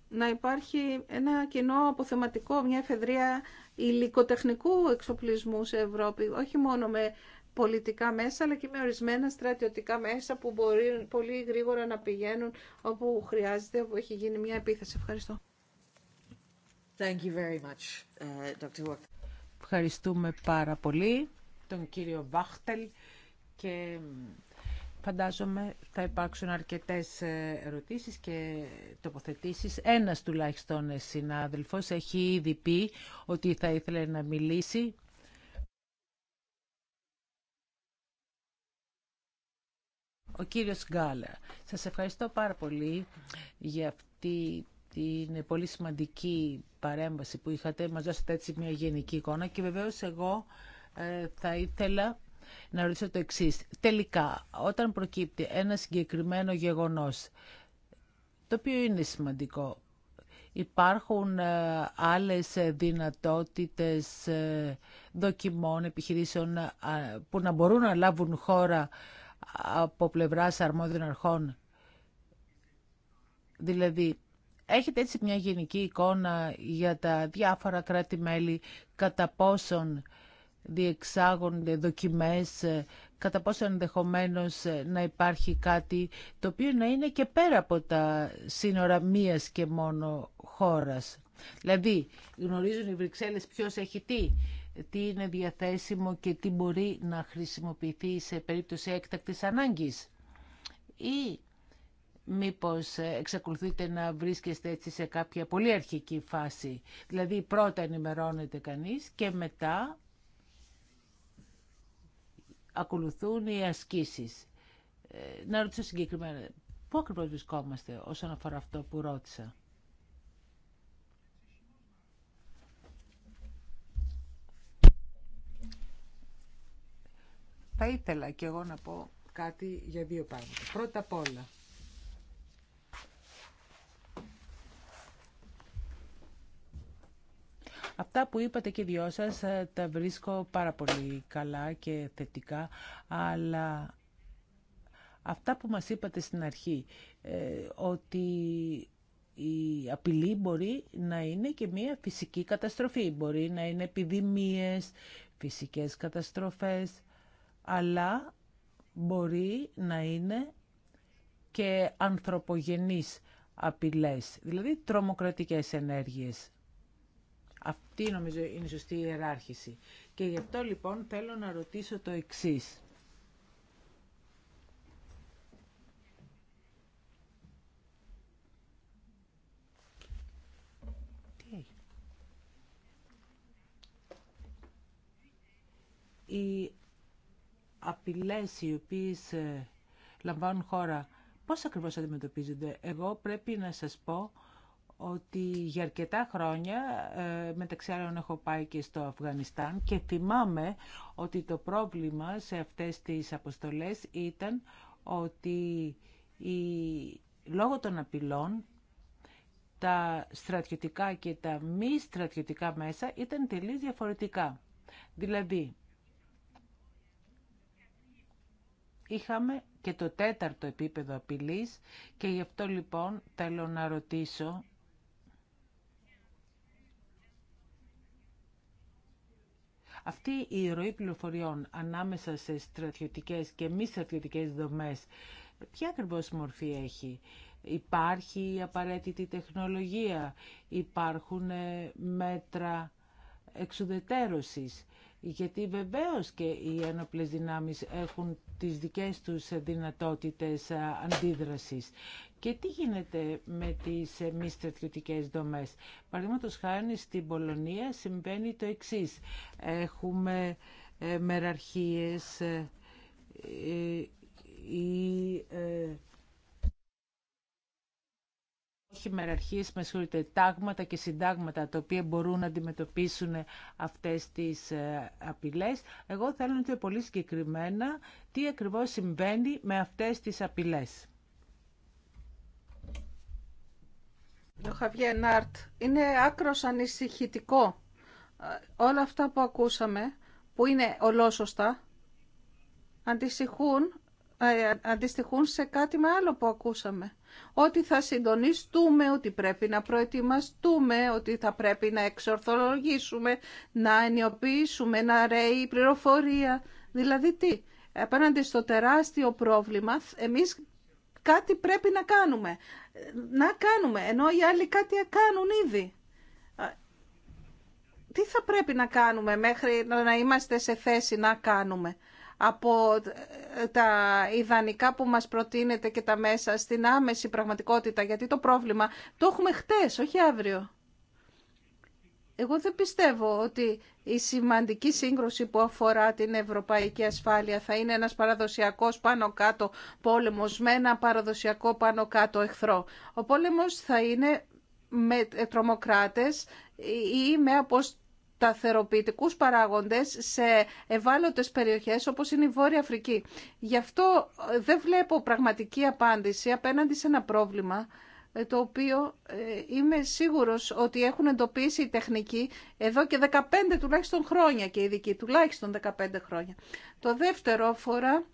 να υπάρχει ένα κοινό αποθεματικό, μια εφεδρεία υλικοτεχνικού εξοπλισμού σε Ευρώπη, όχι μόνο με πολιτικά μέσα αλλά και με ορισμένα στρατιωτικά μέσα που μπορεί πολύ γρήγορα να πηγαίνουν όπου χρειάζεται, όπου έχει γίνει μια επίθεση. Ευχαριστώ. Thank you very much, uh, Dr. Ευχαριστούμε πάρα πολύ τον κύριο Βάχτελ και φαντάζομαι θα υπάρξουν αρκετές ε, ερωτήσεις και τοποθετήσεις. Ένας τουλάχιστον ε, συνάδελφος έχει ήδη πει ότι θα ήθελε να μιλήσει. Ο κύριος Γκάλα, σας ευχαριστώ πάρα πολύ για αυτή την πολύ σημαντική παρέμβαση που είχατε. Μας δώσατε έτσι μια γενική εικόνα και βεβαίως εγώ ε, θα ήθελα να ρωτήσω το εξή. Τελικά, όταν προκύπτει ένα συγκεκριμένο γεγονός, το οποίο είναι σημαντικό, Υπάρχουν ε, άλλες δυνατότητες ε, δοκιμών επιχειρήσεων που να μπορούν να λάβουν χώρα από πλευρά αρμόδιων αρχών. Δηλαδή, έχετε έτσι μια γενική εικόνα για τα διάφορα κράτη-μέλη, κατά πόσον διεξάγονται δοκιμές, κατά πόσο ενδεχομένω να υπάρχει κάτι το οποίο να είναι και πέρα από τα σύνορα μίας και μόνο χώρας. Δηλαδή, γνωρίζουν οι Βρυξέλλες ποιος έχει τι τι είναι διαθέσιμο και τι μπορεί να χρησιμοποιηθεί σε περίπτωση έκτακτης ανάγκης. Ή μήπως εξακολουθείτε να βρίσκεστε έτσι σε κάποια πολύ αρχική φάση. Δηλαδή πρώτα ενημερώνεται κανείς και μετά ακολουθούν οι ασκήσεις. Ε, να ρωτήσω συγκεκριμένα, πού ακριβώς βρισκόμαστε όσον αφορά αυτό που ρώτησα. Θα ήθελα και εγώ να πω κάτι για δύο πράγματα. Πρώτα απ' όλα, Αυτά που είπατε και οι δυο σας ε, τα βρίσκω πάρα πολύ καλά και θετικά, αλλά αυτά που μας είπατε στην αρχή, ε, ότι η απειλή μπορεί να είναι και μια φυσική καταστροφή, μπορεί να είναι επιδημίες, φυσικές καταστροφές, αλλά μπορεί να είναι και ανθρωπογενείς απειλές, δηλαδή τρομοκρατικές ενέργειες. Αυτή νομίζω είναι η σωστή ιεράρχηση. Και γι' αυτό λοιπόν θέλω να ρωτήσω το εξής. η απειλές οι οποίες ε, λαμβάνουν χώρα, πώς ακριβώς αντιμετωπίζονται. Εγώ πρέπει να σας πω ότι για αρκετά χρόνια, ε, μεταξύ άλλων έχω πάει και στο Αφγανιστάν και θυμάμαι ότι το πρόβλημα σε αυτές τις αποστολές ήταν ότι η, λόγω των απειλών τα στρατιωτικά και τα μη στρατιωτικά μέσα ήταν τελείως διαφορετικά. Δηλαδή, είχαμε και το τέταρτο επίπεδο απειλής και γι' αυτό λοιπόν θέλω να ρωτήσω Αυτή η ροή πληροφοριών ανάμεσα σε στρατιωτικές και μη στρατιωτικές δομές, ποια ακριβώ μορφή έχει. Υπάρχει η απαραίτητη τεχνολογία, υπάρχουν ε, μέτρα εξουδετέρωσης γιατί βεβαίως και οι ένοπλες δυνάμεις έχουν τις δικές τους δυνατότητες ε, αντίδρασης. Και τι γίνεται με τις ε, μη στρατιωτικέ δομές. Παραδείγματος χάρη στην Πολωνία συμβαίνει το εξής. Έχουμε ε, μεραρχίες ή όχι μεραρχίες, με συγχωρείτε, τάγματα και συντάγματα τα οποία μπορούν να αντιμετωπίσουν αυτές τις ε, απειλές. Εγώ θέλω να το πολύ συγκεκριμένα τι ακριβώς συμβαίνει με αυτές τις απειλές. Το Χαβιέ Νάρτ, είναι άκρος ανησυχητικό. Ε, όλα αυτά που ακούσαμε, που είναι ολόσωστα, αντιστοιχούν, ε, αντιστοιχούν σε κάτι με άλλο που ακούσαμε ότι θα συντονιστούμε, ότι πρέπει να προετοιμαστούμε, ότι θα πρέπει να εξορθολογήσουμε, να ενιοποιήσουμε, να ρέει η πληροφορία. Δηλαδή τι, απέναντι στο τεράστιο πρόβλημα, εμείς κάτι πρέπει να κάνουμε. Να κάνουμε, ενώ οι άλλοι κάτι κάνουν ήδη. Τι θα πρέπει να κάνουμε μέχρι να είμαστε σε θέση να κάνουμε από τα ιδανικά που μας προτείνεται και τα μέσα στην άμεση πραγματικότητα, γιατί το πρόβλημα το έχουμε χτες, όχι αύριο. Εγώ δεν πιστεύω ότι η σημαντική σύγκρουση που αφορά την ευρωπαϊκή ασφάλεια θα είναι ένας παραδοσιακός πάνω-κάτω πόλεμος με ένα παραδοσιακό πάνω-κάτω εχθρό. Ο πόλεμος θα είναι με τρομοκράτες ή με αποστολές τα θεραπευτικούς παράγοντες σε ευάλωτες περιοχές όπως είναι η Βόρεια Αφρική. Γι' αυτό ε, δεν βλέπω πραγματική απάντηση απέναντι σε ένα πρόβλημα ε, το οποίο ε, είμαι σίγουρος ότι έχουν εντοπίσει οι τεχνικοί εδώ και 15 τουλάχιστον χρόνια και οι ειδικοί, τουλάχιστον 15 χρόνια. Το δεύτερο αφορά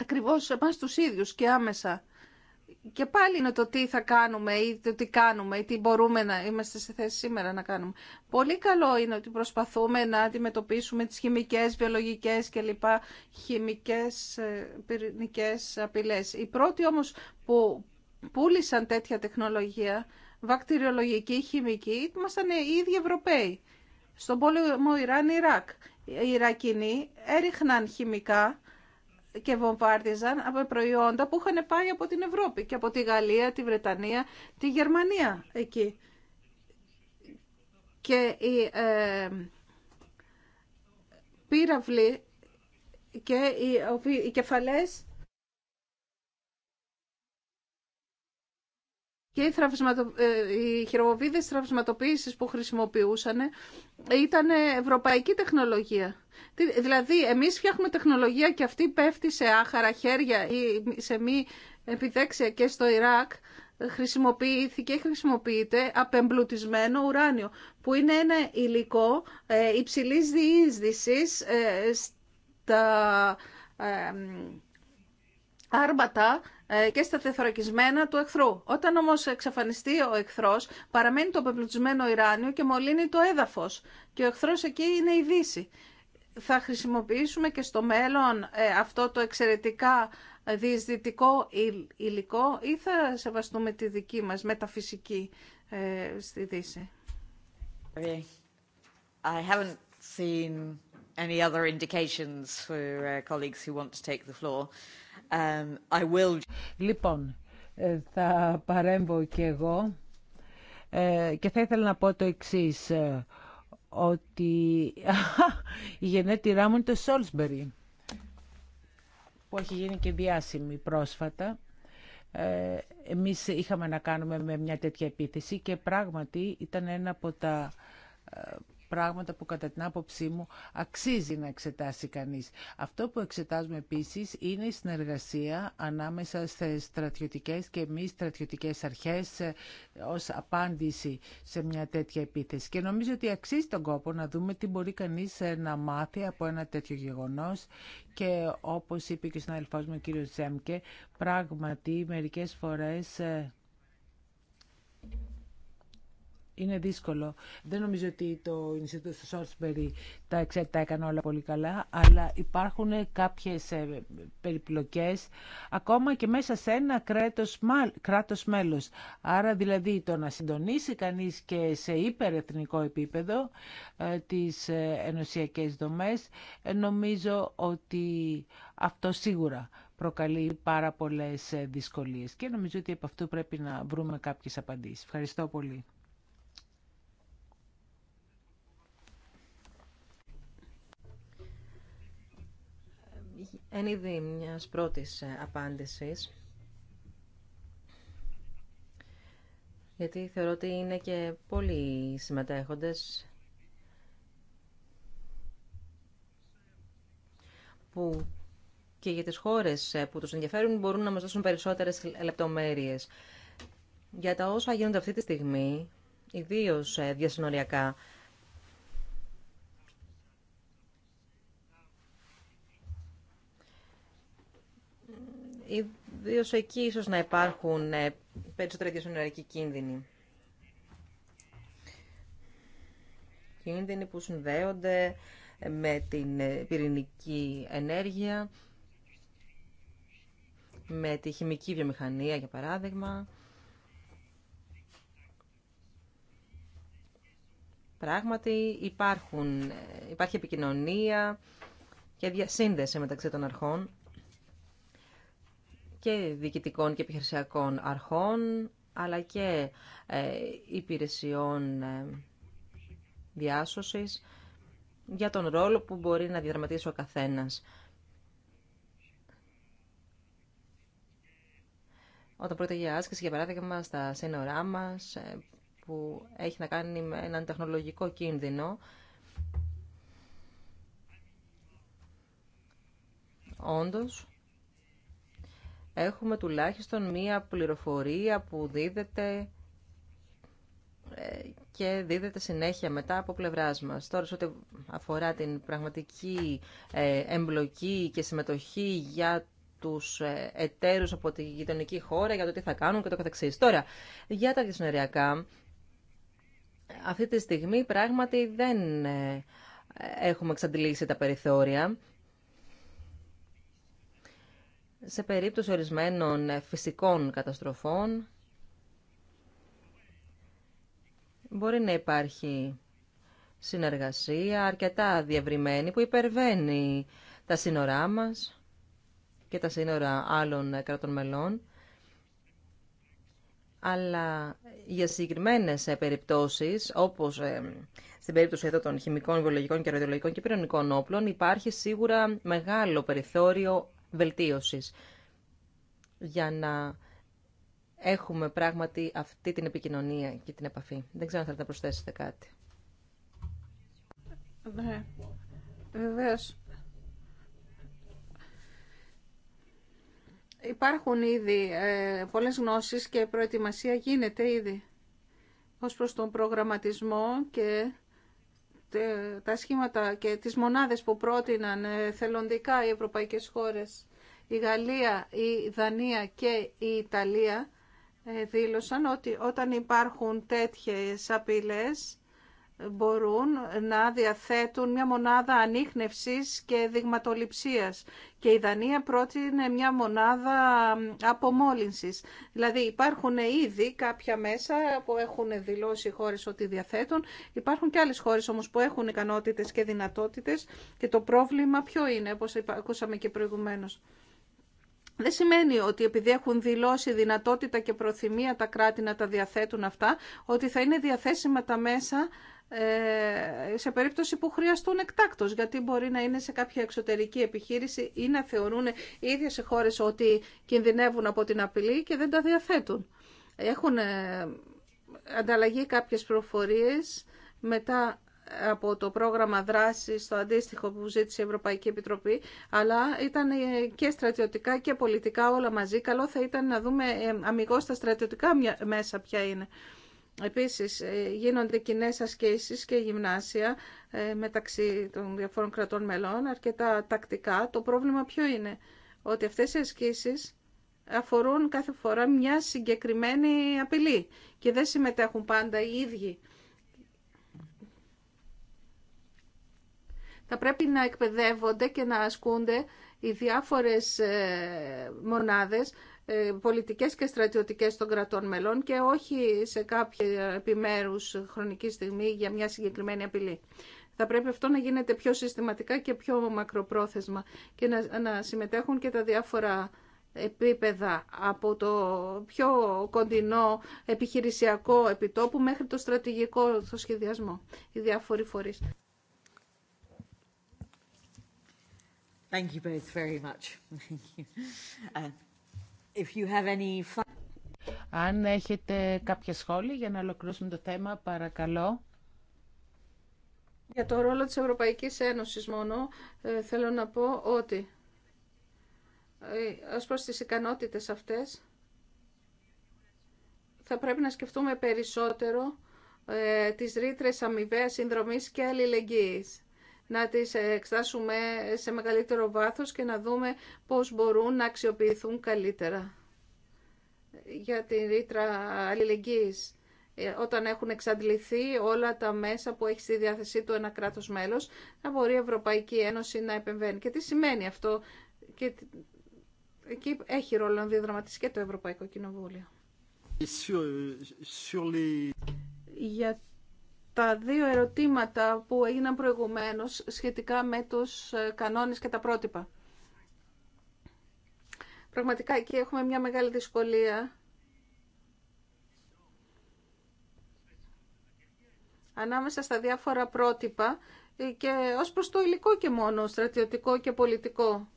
ακριβώς εμάς τους ίδιους και άμεσα και πάλι είναι το τι θα κάνουμε ή το τι κάνουμε ή τι μπορούμε να είμαστε σε θέση σήμερα να κάνουμε. Πολύ καλό είναι ότι προσπαθούμε να αντιμετωπίσουμε τις χημικές, βιολογικές και λοιπά χημικές ε, πυρηνικές απειλές. Οι πρώτοι όμως που πούλησαν τέτοια τεχνολογία, βακτηριολογική, χημική, ήμασταν οι ίδιοι Ευρωπαίοι. Στον πόλεμο Ιράν-Ιράκ. Οι Ιρακινοί έριχναν χημικά και βομβάρδιζαν από προϊόντα που είχαν πάει από την Ευρώπη και από τη Γαλλία, τη Βρετανία, τη Γερμανία εκεί. Και οι ε, πύραυλοι και οι, οι κεφαλές και οι, θραυσματο... Ε, οι χειροβοβίδες τραυσματοποίησης που χρησιμοποιούσαν ήταν ευρωπαϊκή τεχνολογία. Δηλαδή, εμείς φτιάχνουμε τεχνολογία και αυτή πέφτει σε άχαρα χέρια ή σε μη επιδέξια και στο Ιράκ χρησιμοποιήθηκε και χρησιμοποιείται απεμπλουτισμένο ουράνιο, που είναι ένα υλικό ε, υψηλής διείσδυσης ε, στα ε, άρματα και στα θεθωρακισμένα του εχθρού. Όταν όμως εξαφανιστεί ο εχθρός, παραμένει το απεμπλουτισμένο ουράνιο και μολύνει το έδαφος. Και ο εχθρός εκεί είναι η Δύση θα χρησιμοποιήσουμε και στο μέλλον ε, αυτό το εξαιρετικά διεισδυτικό υλικό ή θα σεβαστούμε τη δική μας μεταφυσική ε, στη Δύση. I haven't seen any other indications for uh, colleagues who want to take the floor. Um, I will... Λοιπόν, ε, θα παρέμβω και εγώ και θα ήθελα να πω το εξής ότι η γενέτειρά μου είναι το Σόλσμπερι που έχει γίνει και διάσημη πρόσφατα. Ε, εμείς είχαμε να κάνουμε με μια τέτοια επίθεση και πράγματι ήταν ένα από τα ε, πράγματα που κατά την άποψή μου αξίζει να εξετάσει κανείς. Αυτό που εξετάζουμε επίσης είναι η συνεργασία ανάμεσα σε στρατιωτικές και μη στρατιωτικές αρχές ε, ως απάντηση σε μια τέτοια επίθεση. Και νομίζω ότι αξίζει τον κόπο να δούμε τι μπορεί κανείς ε, να μάθει από ένα τέτοιο γεγονός και όπως είπε και ο συνάδελφός μου ο κύριος Ζέμκε, πράγματι μερικές φορές ε, είναι δύσκολο. Δεν νομίζω ότι το Ινστιτούτο του Σόρσμπερι τα, τα έκανε όλα πολύ καλά, αλλά υπάρχουν κάποιες ε, περιπλοκές ακόμα και μέσα σε ένα κράτος, μέλο. μέλος. Άρα δηλαδή το να συντονίσει κανείς και σε υπερεθνικό επίπεδο ε, τις ε, ενωσιακές δομές, νομίζω ότι αυτό σίγουρα προκαλεί πάρα πολλές δυσκολίες και νομίζω ότι από αυτού πρέπει να βρούμε κάποιες απαντήσεις. Ευχαριστώ πολύ. Εν είδη μιας πρώτης ε, απάντησης, γιατί θεωρώ ότι είναι και πολλοί συμμετέχοντες που και για τις χώρες ε, που τους ενδιαφέρουν μπορούν να μας δώσουν περισσότερες λεπτομέρειες. Για τα όσα γίνονται αυτή τη στιγμή, ιδίως ε, διασυνοριακά, Ιδίω εκεί ίσως να υπάρχουν ε, περισσότερα κίνδυνη κίνδυνοι. Κίνδυνοι που συνδέονται ε, με την ε, πυρηνική ενέργεια, με τη χημική βιομηχανία, για παράδειγμα. Πράγματι υπάρχουν, υπάρχει επικοινωνία και διασύνδεση μεταξύ των αρχών και διοικητικών και επιχειρησιακών αρχών, αλλά και ε, υπηρεσιών ε, διάσωσης για τον ρόλο που μπορεί να διαδραματίσει ο καθένας. Όταν πρόκειται για άσκηση, για παράδειγμα, στα σύνορά μας, ε, που έχει να κάνει με έναν τεχνολογικό κίνδυνο, όντως, έχουμε τουλάχιστον μία πληροφορία που δίδεται ε, και δίδεται συνέχεια μετά από πλευράς μας. Τώρα, σε ό,τι αφορά την πραγματική ε, εμπλοκή και συμμετοχή για τους ε, εταίρους από τη γειτονική χώρα, για το τι θα κάνουν και το καθεξής. Τώρα, για τα διασυνοριακά, αυτή τη στιγμή πράγματι δεν έχουμε εξαντλήσει τα περιθώρια σε περίπτωση ορισμένων ε, φυσικών καταστροφών μπορεί να υπάρχει συνεργασία αρκετά διευρυμένη που υπερβαίνει τα σύνορά μας και τα σύνορα άλλων ε, κρατών μελών. Αλλά για συγκεκριμένες ε, περιπτώσεις, όπως στην περίπτωση εδώ των χημικών, βιολογικών και ροδιολογικών και πυρονικών όπλων, υπάρχει σίγουρα μεγάλο περιθώριο βελτίωσης για να έχουμε πράγματι αυτή την επικοινωνία και την επαφή. Δεν ξέρω αν θέλετε να προσθέσετε κάτι. Ναι, Υπάρχουν ήδη ε, πολλές γνώσεις και προετοιμασία γίνεται ήδη ως προς τον προγραμματισμό και ε, τα σχήματα και τις μονάδες που πρότειναν ε, θελοντικά οι ευρωπαϊκές χώρες, η Γαλλία, η Δανία και η Ιταλία, ε, δήλωσαν ότι όταν υπάρχουν τέτοιες απειλές μπορούν να διαθέτουν μια μονάδα ανείχνευσης και δειγματοληψίας. Και η Δανία πρότεινε μια μονάδα απομόλυνσης. Δηλαδή υπάρχουν ήδη κάποια μέσα που έχουν δηλώσει οι χώρες ότι διαθέτουν. Υπάρχουν και άλλες χώρες όμως που έχουν ικανότητες και δυνατότητες. Και το πρόβλημα ποιο είναι, όπως ακούσαμε και προηγουμένως. Δεν σημαίνει ότι επειδή έχουν δηλώσει δυνατότητα και προθυμία τα κράτη να τα διαθέτουν αυτά, ότι θα είναι διαθέσιμα τα μέσα ε, σε περίπτωση που χρειαστούν εκτάκτως, γιατί μπορεί να είναι σε κάποια εξωτερική επιχείρηση ή να θεωρούν οι ίδιες σε χώρες ότι κινδυνεύουν από την απειλή και δεν τα διαθέτουν. Έχουν ε, ανταλλαγεί κάποιες προφορίες μετά από το πρόγραμμα δράσης, το αντίστοιχο που ζήτησε η Ευρωπαϊκή Επιτροπή, αλλά ήταν ε, και στρατιωτικά και πολιτικά όλα μαζί. Καλό θα ήταν να δούμε αμυγός τα στρατιωτικά μέσα ποια είναι. Επίσης ε, γίνονται κοινέ ασκήσεις και γυμνάσια ε, μεταξύ των διαφόρων κρατών μελών, αρκετά τακτικά. Το πρόβλημα ποιο είναι, ότι αυτές οι ασκήσεις αφορούν κάθε φορά μια συγκεκριμένη απειλή και δεν συμμετέχουν πάντα οι ίδιοι. Θα πρέπει να εκπαιδεύονται και να ασκούνται οι διάφορες ε, μονάδες ε, πολιτικές και στρατιωτικές των κρατών μελών και όχι σε κάποια επιμέρους χρονική στιγμή για μια συγκεκριμένη απειλή. Θα πρέπει αυτό να γίνεται πιο συστηματικά και πιο μακροπρόθεσμα και να, να συμμετέχουν και τα διάφορα επίπεδα από το πιο κοντινό επιχειρησιακό επιτόπου μέχρι το στρατηγικό σχεδιασμό, οι διάφοροι φορείς. Thank you both very much. Thank you. Uh, If you Αν έχετε κάποια σχόλια για να ολοκληρώσουμε το θέμα, παρακαλώ. Για το ρόλο της Ευρωπαϊκής Ένωσης μόνο, ε, θέλω να πω ότι ε, ως προς τις ικανότητες αυτές, θα πρέπει να σκεφτούμε περισσότερο ε, τις ρήτρες αμοιβαίας συνδρομής και αλληλεγγύης να τις εξετάσουμε σε μεγαλύτερο βάθος και να δούμε πώς μπορούν να αξιοποιηθούν καλύτερα για την ρήτρα αλληλεγγύης ε, όταν έχουν εξαντληθεί όλα τα μέσα που έχει στη διάθεσή του ένα κράτος μέλος, να μπορεί η Ευρωπαϊκή Ένωση να επεμβαίνει. Και τι σημαίνει αυτό, και εκεί έχει ρόλο να διαδραματίσει και το Ευρωπαϊκό Κοινοβούλιο. Για τα δύο ερωτήματα που έγιναν προηγουμένως σχετικά με τους ε, κανόνες και τα πρότυπα. Πραγματικά εκεί έχουμε μια μεγάλη δυσκολία. Ανάμεσα στα διάφορα πρότυπα ε, και ως προς το υλικό και μόνο, στρατιωτικό και πολιτικό.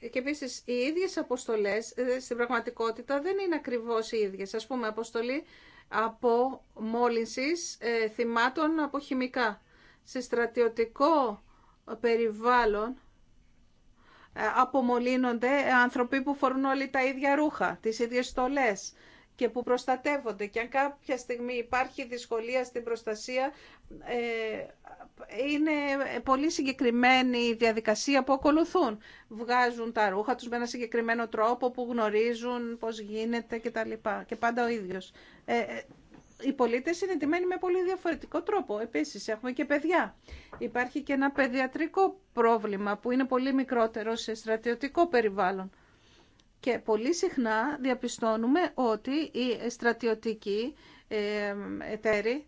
Ε, και επίση οι ίδιες αποστολές στην πραγματικότητα δεν είναι ακριβώς οι ίδιες. Ας πούμε, αποστολή από μόλυνσης ε, θυμάτων από χημικά. Σε στρατιωτικό περιβάλλον ε, απομολύνονται άνθρωποι που φορούν όλοι τα ίδια ρούχα, τις ίδιες στολές και που προστατεύονται. Και αν κάποια στιγμή υπάρχει δυσκολία στην προστασία, ε, είναι πολύ συγκεκριμένη η διαδικασία που ακολουθούν. Βγάζουν τα ρούχα τους με ένα συγκεκριμένο τρόπο που γνωρίζουν πώς γίνεται κτλ. Και πάντα ο ίδιος. Ε, ε, οι πολίτες είναι εντυμένοι με πολύ διαφορετικό τρόπο. Επίσης έχουμε και παιδιά. Υπάρχει και ένα παιδιατρικό πρόβλημα που είναι πολύ μικρότερο σε στρατιωτικό περιβάλλον. Και πολύ συχνά διαπιστώνουμε ότι οι στρατιωτικοί ε, εταίροι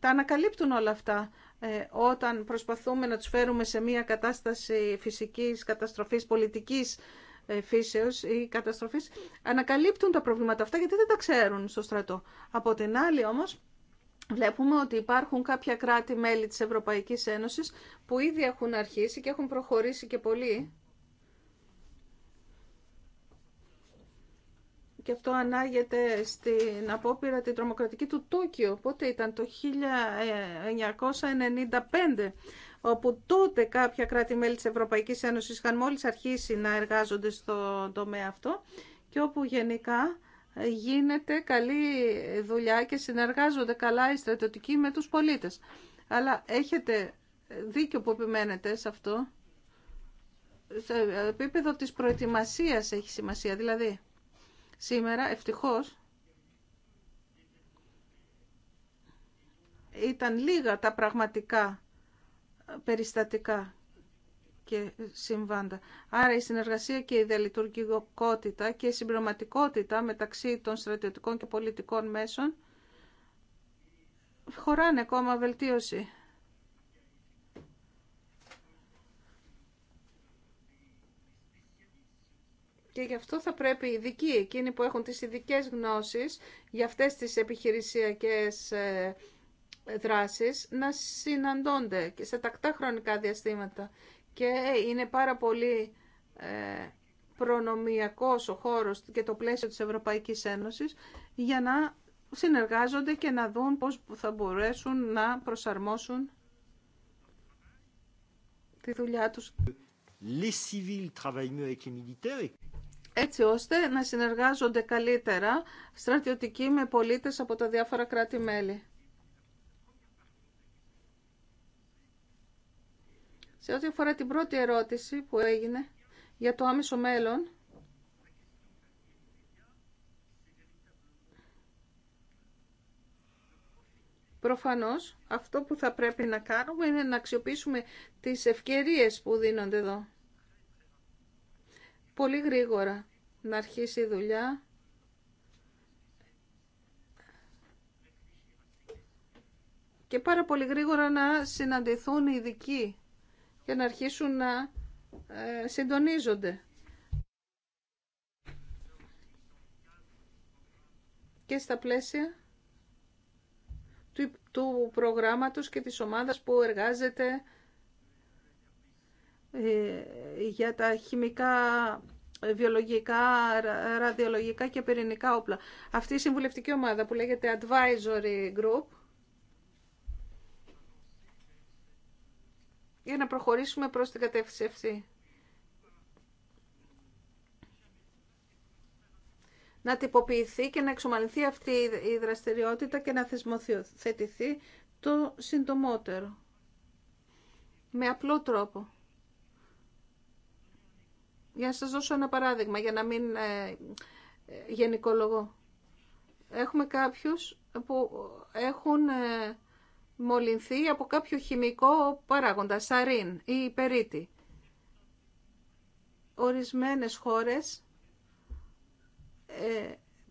τα ανακαλύπτουν όλα αυτά ε, όταν προσπαθούμε να τους φέρουμε σε μια κατάσταση φυσικής καταστροφής, πολιτικής ε, φύσεως ή καταστροφής, ανακαλύπτουν τα προβλήματα αυτά γιατί δεν τα ξέρουν στο στρατό. Από την άλλη όμως, Βλέπουμε ότι υπάρχουν κάποια κράτη-μέλη της Ευρωπαϊκής Ένωσης που ήδη έχουν αρχίσει και έχουν προχωρήσει και πολύ και αυτό ανάγεται στην απόπειρα την τρομοκρατική του Τόκιο. Πότε ήταν το 1995 όπου τότε κάποια κράτη-μέλη της Ευρωπαϊκής Ένωσης είχαν μόλις αρχίσει να εργάζονται στον τομέα αυτό και όπου γενικά γίνεται καλή δουλειά και συνεργάζονται καλά οι στρατιωτικοί με τους πολίτες. Αλλά έχετε δίκιο που επιμένετε σε αυτό. σε επίπεδο της προετοιμασίας έχει σημασία, δηλαδή Σήμερα, ευτυχώς, ήταν λίγα τα πραγματικά περιστατικά και συμβάντα. Άρα η συνεργασία και η διαλειτουργικότητα και η συμπληρωματικότητα μεταξύ των στρατιωτικών και πολιτικών μέσων χωράνε ακόμα βελτίωση. Και γι' αυτό θα πρέπει οι ειδικοί, εκείνοι που έχουν τις ειδικέ γνώσεις για αυτές τις επιχειρησιακές ε, δράσεις, να συναντώνται και σε τακτά χρονικά διαστήματα. Και ε, είναι πάρα πολύ ε, προνομιακός ο χώρος και το πλαίσιο της Ευρωπαϊκής Ένωσης για να συνεργάζονται και να δουν πώς θα μπορέσουν να προσαρμόσουν τη δουλειά τους έτσι ώστε να συνεργάζονται καλύτερα στρατιωτικοί με πολίτες από τα διάφορα κράτη-μέλη. Σε ό,τι αφορά την πρώτη ερώτηση που έγινε για το άμεσο μέλλον, προφανώς αυτό που θα πρέπει να κάνουμε είναι να αξιοποιήσουμε τις ευκαιρίες που δίνονται εδώ πολύ γρήγορα να αρχίσει η δουλειά. Και πάρα πολύ γρήγορα να συναντηθούν οι ειδικοί και να αρχίσουν να ε, συντονίζονται. Και στα πλαίσια του προγράμματος και της ομάδας που εργάζεται ε, για τα χημικά, βιολογικά, ραδιολογικά και πυρηνικά όπλα. Αυτή η συμβουλευτική ομάδα που λέγεται Advisory Group για να προχωρήσουμε προς την κατεύθυνση αυτή. να τυποποιηθεί και να εξομαλυνθεί αυτή η δραστηριότητα και να θεσμοθετηθεί το συντομότερο. Με απλό τρόπο. Για να σας δώσω ένα παράδειγμα, για να μην ε, ε, γενικολογώ. Έχουμε κάποιους που έχουν ε, μολυνθεί από κάποιο χημικό παράγοντα, σαρίν ή υπερίτη. Ορισμένες χώρες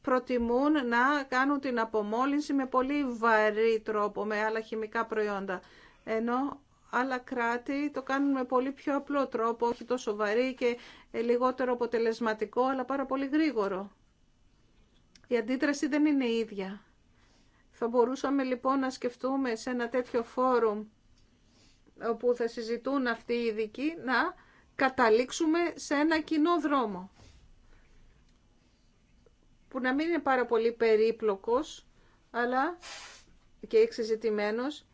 προτιμούν να κάνουν την απομόλυνση με πολύ βαρύ τρόπο, με άλλα χημικά προϊόντα. Ενώ άλλα κράτη το κάνουν με πολύ πιο απλό τρόπο, όχι τόσο βαρύ και ε, λιγότερο αποτελεσματικό, αλλά πάρα πολύ γρήγορο. Η αντίδραση δεν είναι ίδια. Θα μπορούσαμε λοιπόν να σκεφτούμε σε ένα τέτοιο φόρουμ όπου θα συζητούν αυτοί οι ειδικοί να καταλήξουμε σε ένα κοινό δρόμο που να μην είναι πάρα πολύ περίπλοκος αλλά και εξεζητημένος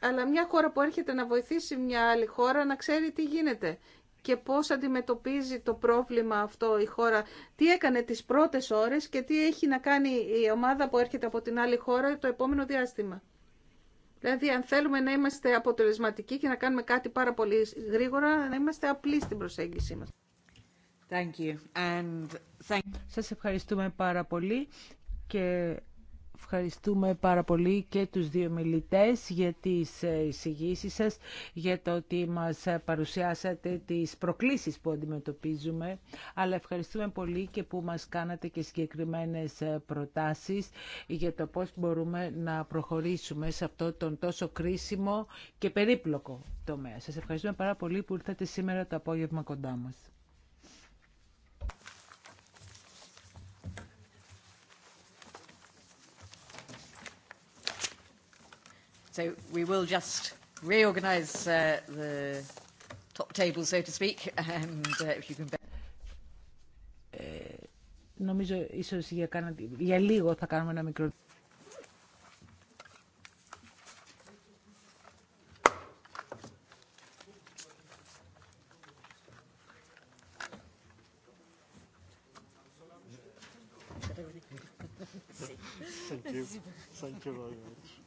αλλά μια χώρα που έρχεται να βοηθήσει μια άλλη χώρα να ξέρει τι γίνεται και πώς αντιμετωπίζει το πρόβλημα αυτό η χώρα, τι έκανε τις πρώτες ώρες και τι έχει να κάνει η ομάδα που έρχεται από την άλλη χώρα το επόμενο διάστημα. Δηλαδή, αν θέλουμε να είμαστε αποτελεσματικοί και να κάνουμε κάτι πάρα πολύ γρήγορα, να είμαστε απλοί στην προσέγγιση μας. Thank you. And thank... Σας ευχαριστούμε πάρα πολύ και Ευχαριστούμε πάρα πολύ και τους δύο μιλητές για τις ε, εισηγήσεις σας, για το ότι μας ε, παρουσιάσατε τις προκλήσεις που αντιμετωπίζουμε, αλλά ευχαριστούμε πολύ και που μας κάνατε και συγκεκριμένες ε, προτάσεις για το πώς μπορούμε να προχωρήσουμε σε αυτό τον τόσο κρίσιμο και περίπλοκο τομέα. Σας ευχαριστούμε πάρα πολύ που ήρθατε σήμερα το απόγευμα κοντά μας. So we will just reorganize the top table, so to speak, and if you can νομίζω ίσως για, κάνα, για λίγο θα κάνουμε ένα μικρό... Thank you. Thank you very much.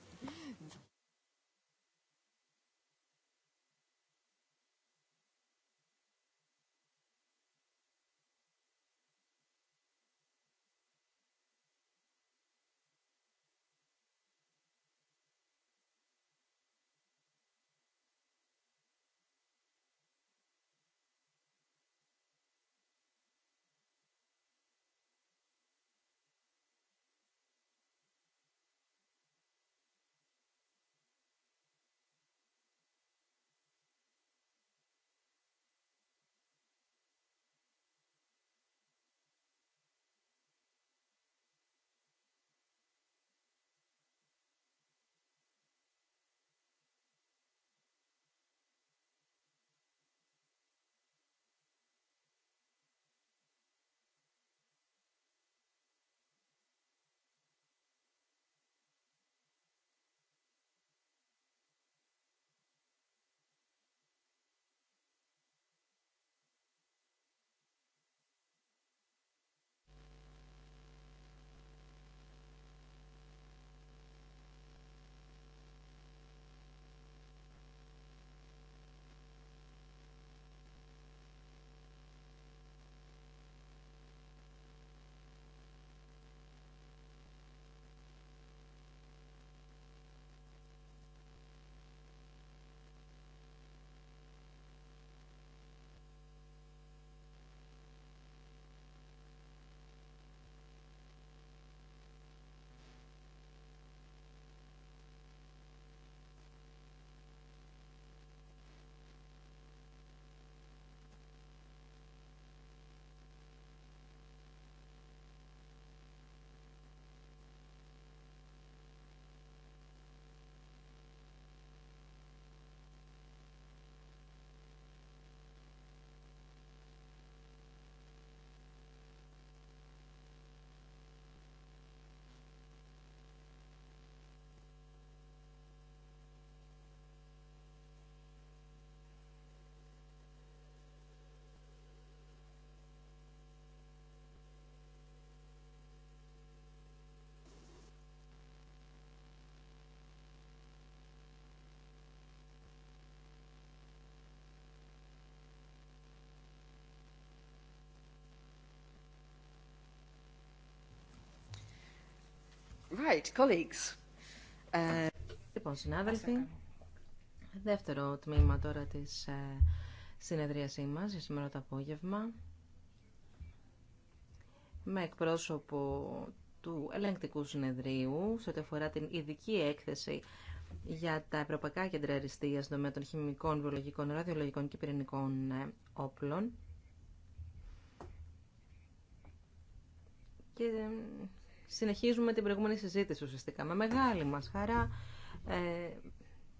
Right, colleagues. Ε, λοιπόν, συνάδελφοι, δεύτερο τμήμα τώρα της ε, συνεδρίασή μας για σήμερα το απόγευμα με εκπρόσωπο του ελεγκτικού συνεδρίου σε ό,τι αφορά την ειδική έκθεση για τα Ευρωπαϊκά Κέντρα Αριστείας στον τομέα των χημικών, βιολογικών, ραδιολογικών και πυρηνικών ε, όπλων. Και ε, συνεχίζουμε την προηγούμενη συζήτηση ουσιαστικά. Με μεγάλη μας χαρά ε,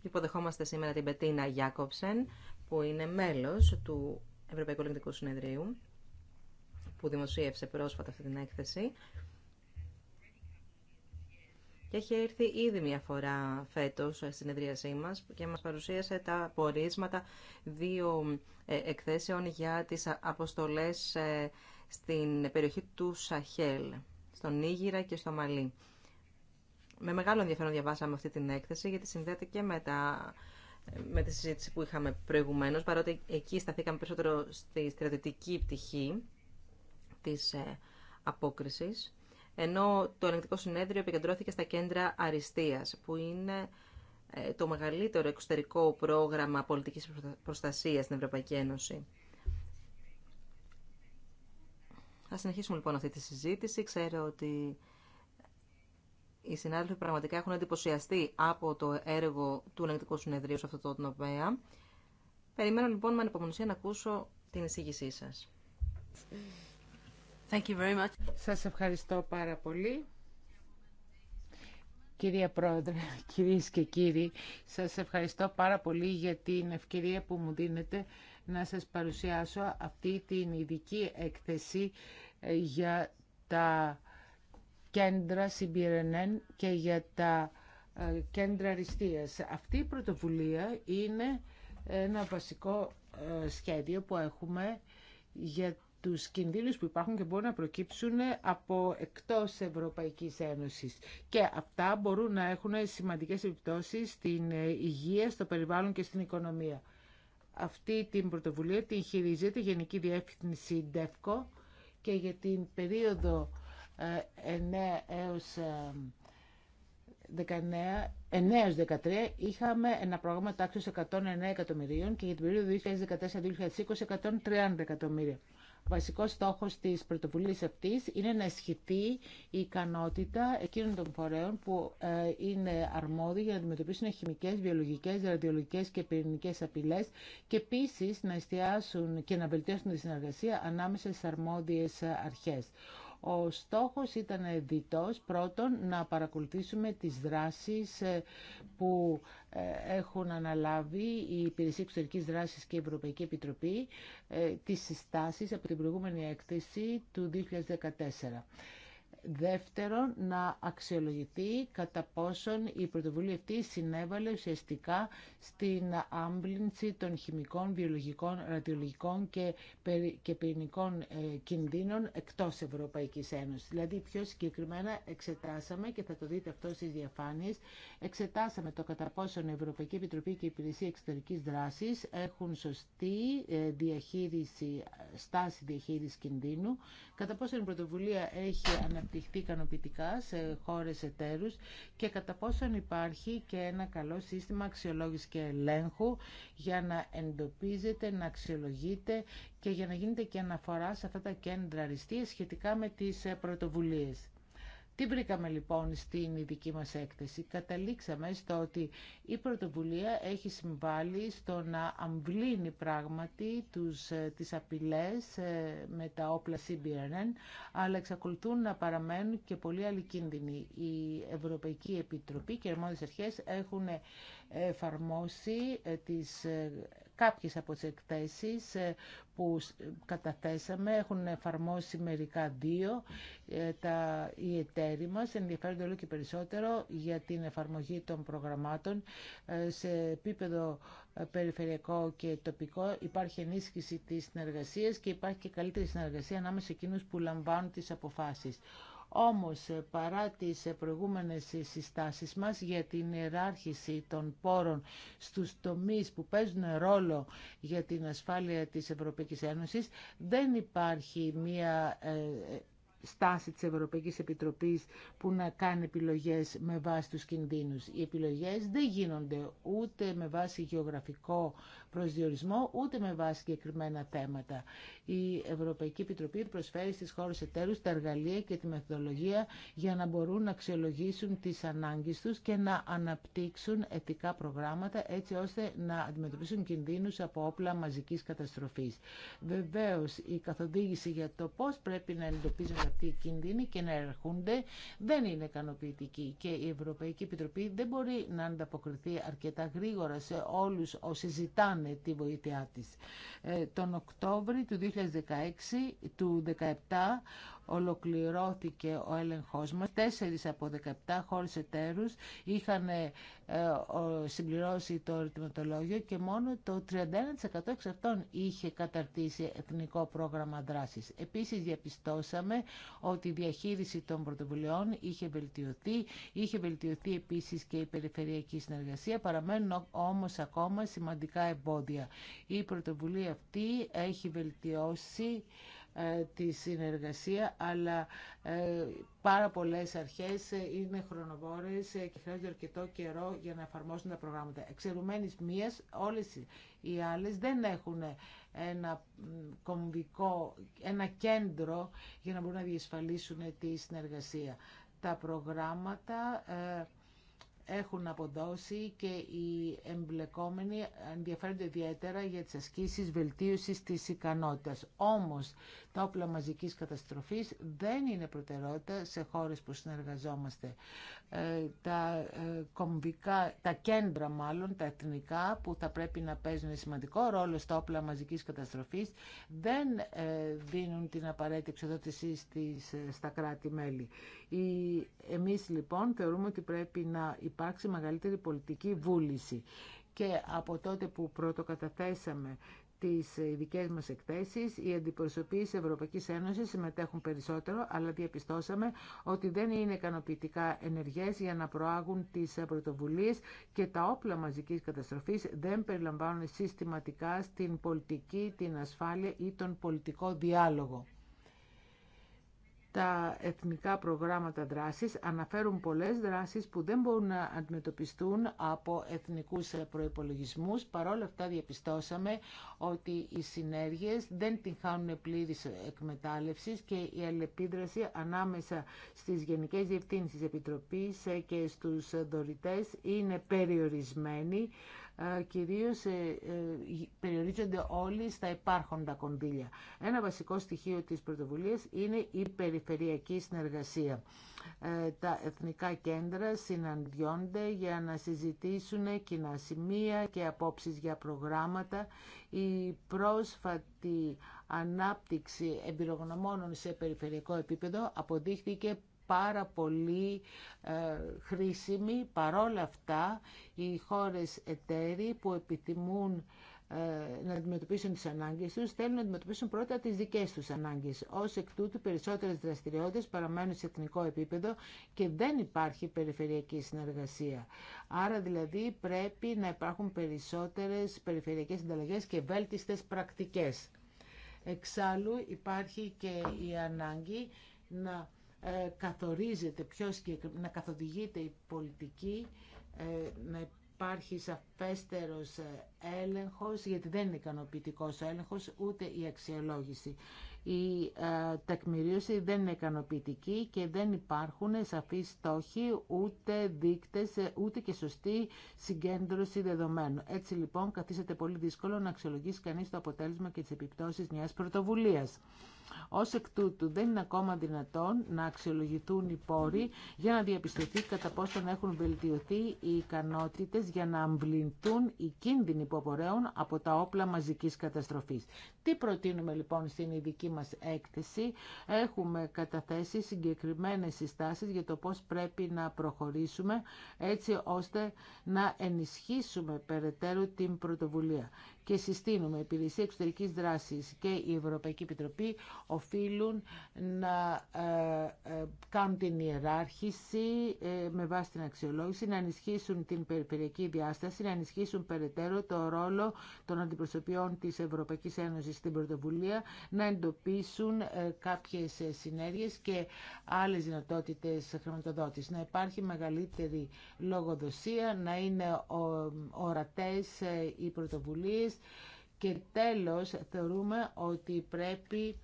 υποδεχόμαστε σήμερα την Πετίνα Γιάκοψεν, που είναι μέλος του Ευρωπαϊκού Ελληνικού Συνεδρίου, που δημοσίευσε πρόσφατα αυτή την έκθεση. Και έχει έρθει ήδη μια φορά φέτος στην συνεδρίασή μας και μας παρουσίασε τα πορίσματα δύο ε, εκθέσεων για τις αποστολές ε, στην περιοχή του Σαχέλ στο Νίγηρα και στο Μαλί. Με μεγάλο ενδιαφέρον διαβάσαμε αυτή την έκθεση γιατί συνδέεται και με, τα, με τη συζήτηση που είχαμε προηγουμένω. παρότι εκεί σταθήκαμε περισσότερο στη στρατιωτική πτυχή της ε, απόκριση, ενώ το ελεγκτικό συνέδριο επικεντρώθηκε στα κέντρα αριστείας που είναι ε, το μεγαλύτερο εξωτερικό πρόγραμμα πολιτικής προστασίας στην Ευρωπαϊκή Ένωση. Θα συνεχίσουμε λοιπόν αυτή τη συζήτηση. Ξέρω ότι οι συνάδελφοι πραγματικά έχουν εντυπωσιαστεί από το έργο του Ελεγκτικού Συνεδρίου σε αυτό το τομέα. Περιμένω λοιπόν με ανυπομονησία να ακούσω την εισήγησή σας. Thank Σας ευχαριστώ πάρα πολύ. Κυρία Πρόεδρε, κυρίες και κύριοι, σας ευχαριστώ πάρα πολύ για την ευκαιρία που μου δίνετε να σας παρουσιάσω αυτή την ειδική έκθεση ε, για τα κέντρα CBRNN και για τα ε, κέντρα αριστείας. Αυτή η πρωτοβουλία είναι ένα βασικό ε, σχέδιο που έχουμε για τους κινδύνους που υπάρχουν και μπορούν να προκύψουν από εκτός Ευρωπαϊκής Ένωσης. Και αυτά μπορούν να έχουν σημαντικές επιπτώσεις στην υγεία, στο περιβάλλον και στην οικονομία. Αυτή την πρωτοβουλία την χειρίζεται η Γενική Διεύθυνση ΔΕΦΚΟ και για την περίοδο 9 ε, έως 19, ε, 13 είχαμε ένα πρόγραμμα τάξης 109 εκατομμυρίων και για την περίοδο 2014-2020 130 εκατομμύρια βασικός στόχος της πρωτοβουλίας αυτής είναι να ισχυθεί η ικανότητα εκείνων των φορέων που ε, είναι αρμόδιοι για να αντιμετωπίσουν χημικές, βιολογικές, ραδιολογικές και πυρηνικές απειλές και επίση να εστιάσουν και να βελτιώσουν τη συνεργασία ανάμεσα στις αρμόδιες αρχές. Ο στόχος ήταν διτός πρώτον να παρακολουθήσουμε τις δράσεις ε, που ε, έχουν αναλάβει η Υπηρεσία Εξωτερικής Δράσης και η Ευρωπαϊκή Επιτροπή ε, τις συστάσεις από την προηγούμενη έκθεση του 2014. Δεύτερον, να αξιολογηθεί κατά πόσον η πρωτοβουλία αυτή συνέβαλε ουσιαστικά στην άμπλυνση των χημικών, βιολογικών, ραδιολογικών και, και πυρηνικών ε, κινδύνων εκτός Ευρωπαϊκής Ένωσης. Δηλαδή, πιο συγκεκριμένα εξετάσαμε, και θα το δείτε αυτό στις διαφάνειες, εξετάσαμε το κατά πόσον η Ευρωπαϊκή Επιτροπή και η Υπηρεσία Εξωτερικής Δράσης έχουν σωστή ε, διαχείριση, στάση διαχείρισης κινδύνου, κατά πόσον η πρωτοβουλία έχει αναπτυχθεί ικανοποιητικά σε χώρες εταίρου και κατά πόσον υπάρχει και ένα καλό σύστημα αξιολόγηση και ελέγχου για να εντοπίζεται, να αξιολογείται και για να γίνεται και αναφορά σε αυτά τα κέντρα αριστεία σχετικά με τι ε, πρωτοβουλίε. Τι βρήκαμε λοιπόν στην ειδική μας έκθεση. Καταλήξαμε στο ότι η πρωτοβουλία έχει συμβάλει στο να αμβλύνει πράγματι τους, ε, τις απειλές ε, με τα όπλα CBRN, αλλά εξακολουθούν να παραμένουν και πολλοί άλλοι κίνδυνοι. Η Ευρωπαϊκή Επιτροπή και οι αρχές έχουν ε, εφαρμόσει τις Κάποιες από τις εκθέσεις ε, που ε, καταθέσαμε έχουν εφαρμόσει μερικά δύο. Ε, τα, οι εταίροι μας ενδιαφέρονται όλο και περισσότερο για την εφαρμογή των προγραμμάτων σε επίπεδο περιφερειακό και τοπικό. Υπάρχει ενίσχυση της συνεργασίας και υπάρχει και καλύτερη συνεργασία ανάμεσα σε εκείνους που λαμβάνουν τις αποφάσεις. Όμως παρά τις προηγούμενες συστάσεις μας για την ιεράρχηση των πόρων στους τομείς που παίζουν ρόλο για την ασφάλεια της Ευρωπαϊκής Ένωσης δεν υπάρχει μία ε, στάση της Ευρωπαϊκής Επιτροπής που να κάνει επιλογές με βάση τους κινδύνους. Οι επιλογές δεν γίνονται ούτε με βάση γεωγραφικό προσδιορισμό ούτε με βάση συγκεκριμένα θέματα. Η Ευρωπαϊκή Επιτροπή προσφέρει στις χώρες εταίρους τα εργαλεία και τη μεθοδολογία για να μπορούν να αξιολογήσουν τις ανάγκες τους και να αναπτύξουν ετικά προγράμματα έτσι ώστε να αντιμετωπίσουν κινδύνους από όπλα μαζικής καταστροφής. Βεβαίως η καθοδήγηση για το πώς πρέπει να εντοπίζονται αυτοί οι κίνδυνοι και να ερχούνται δεν είναι ικανοποιητική και η Ευρωπαϊκή Επιτροπή δεν μπορεί να ανταποκριθεί αρκετά γρήγορα σε όλους όσοι ζητάνε τη βοήθειά της. Ε, τον Οκτώβριο του 2016, του 2017, ολοκληρώθηκε ο έλεγχός μας. Τέσσερις από 17 χώρες εταίρους είχαν ε, συμπληρώσει το ρητηματολόγιο και μόνο το 31% εξ αυτών είχε καταρτήσει εθνικό πρόγραμμα δράσης. Επίσης διαπιστώσαμε ότι η διαχείριση των πρωτοβουλειών είχε βελτιωθεί. Είχε βελτιωθεί επίσης και η περιφερειακή συνεργασία. Παραμένουν όμως ακόμα σημαντικά εμπόδια. Η πρωτοβουλία αυτή έχει βελτιώσει ε, τη συνεργασία, αλλά ε, πάρα πολλές αρχές ε, είναι χρονοβόρες και χρειάζεται αρκετό καιρό για να εφαρμόσουν τα προγράμματα. Εξαιρουμένης μίας, όλες οι άλλες δεν έχουν ένα κομβικό, ένα κέντρο για να μπορούν να διασφαλίσουν τη συνεργασία. Τα προγράμματα έχουν αποδώσει και οι εμπλεκόμενοι ενδιαφέρονται ιδιαίτερα για τις ασκήσεις βελτίωσης της ικανότητας. Όμως, τα όπλα μαζικής καταστροφής δεν είναι προτεραιότητα σε χώρες που συνεργαζόμαστε. Ε, τα ε, κομβικά, τα κέντρα μάλλον, τα εθνικά που θα πρέπει να παίζουν σημαντικό ρόλο στα όπλα μαζικής καταστροφής δεν ε, δίνουν την απαραίτητη εξοδότηση στα κράτη-μέλη. Εμείς λοιπόν θεωρούμε ότι πρέπει να υπάρξει μεγαλύτερη πολιτική βούληση. Και από τότε που πρωτοκαταθέσαμε τις ειδικές μας εκθέσεις, οι αντιπροσωπείς Ευρωπαϊκής Ένωσης συμμετέχουν περισσότερο, αλλά διαπιστώσαμε ότι δεν είναι ικανοποιητικά ενεργές για να προάγουν τις πρωτοβουλίες και τα όπλα μαζικής καταστροφής δεν περιλαμβάνουν συστηματικά στην πολιτική, την ασφάλεια ή τον πολιτικό διάλογο. Τα εθνικά προγράμματα δράσης αναφέρουν πολλές δράσεις που δεν μπορούν να αντιμετωπιστούν από εθνικούς προϋπολογισμούς. Παρόλα αυτά διαπιστώσαμε ότι οι συνέργειες δεν την χάνουν πλήρης εκμετάλλευσης και η αλληλεπίδραση ανάμεσα στις Γενικές Διευθύνσεις Επιτροπής και στους δωρητές είναι περιορισμένη. Ε, κυρίως ε, ε, περιορίζονται όλοι στα υπάρχοντα κονδύλια. Ένα βασικό στοιχείο της πρωτοβουλίας είναι η περιφερειακή συνεργασία. Τα εθνικά κέντρα συναντιόνται για να συζητήσουν κοινά σημεία και απόψεις για προγράμματα. Η πρόσφατη ανάπτυξη εμπειρογνωμόνων σε περιφερειακό επίπεδο αποδείχθηκε πάρα πολύ ε, χρήσιμη. Παρόλα αυτά, οι χώρες εταίροι που επιθυμούν ε, να αντιμετωπίσουν τις ανάγκες τους, θέλουν να αντιμετωπίσουν πρώτα τις δικές τους ανάγκες. Ως εκ τούτου, περισσότερες δραστηριότητες παραμένουν σε εθνικό επίπεδο και δεν υπάρχει περιφερειακή συνεργασία. Άρα, δηλαδή, πρέπει να υπάρχουν περισσότερες περιφερειακές συνταλλαγές και βέλτιστες πρακτικές. Εξάλλου, υπάρχει και η ανάγκη να ε, καθορίζεται ποιος και να καθοδηγείται η πολιτική, ε, να υπάρχει σαφέστερος ε, έλεγχος, γιατί δεν είναι ικανοποιητικό ο έλεγχος, ούτε η αξιολόγηση. Η τεκμηρίωση δεν είναι ικανοποιητική και δεν υπάρχουν σαφείς στόχοι, ούτε δείκτες, ούτε και σωστή συγκέντρωση δεδομένων. Έτσι λοιπόν καθίσατε πολύ δύσκολο να αξιολογήσει κανείς το αποτέλεσμα και τις επιπτώσεις μιας πρωτοβουλίας. Ως εκ τούτου δεν είναι ακόμα δυνατόν να αξιολογηθούν οι πόροι για να διαπιστωθεί κατά πόσον έχουν βελτιωθεί οι ικανότητες για να αμβληνθούν οι κίνδυνοι που απορρέουν από τα όπλα μαζικής καταστροφής. Τι προτείνουμε λοιπόν στην ειδική μας έκθεση. Έχουμε καταθέσει συγκεκριμένες συστάσεις για το πώς πρέπει να προχωρήσουμε έτσι ώστε να ενισχύσουμε περαιτέρω την πρωτοβουλία και συστήνουμε η Υπηρεσία εξωτερική δράση και η Ευρωπαϊκή Επιτροπή οφείλουν να ε, ε, κάνουν την ιεράρχηση ε, με βάση την αξιολόγηση, να ενισχύσουν την περιφερειακή διάσταση, να ενισχύσουν περαιτέρω το ρόλο των αντιπροσωπιών της Ευρωπαϊκής Ένωσης στην πρωτοβουλία, να εντοπίσουν κάποιες συνέργειες και άλλες δυνατότητες χρηματοδότησης. Να υπάρχει μεγαλύτερη λογοδοσία, να είναι ορατές οι πρωτοβουλίε και τέλος, θεωρούμε ότι πρέπει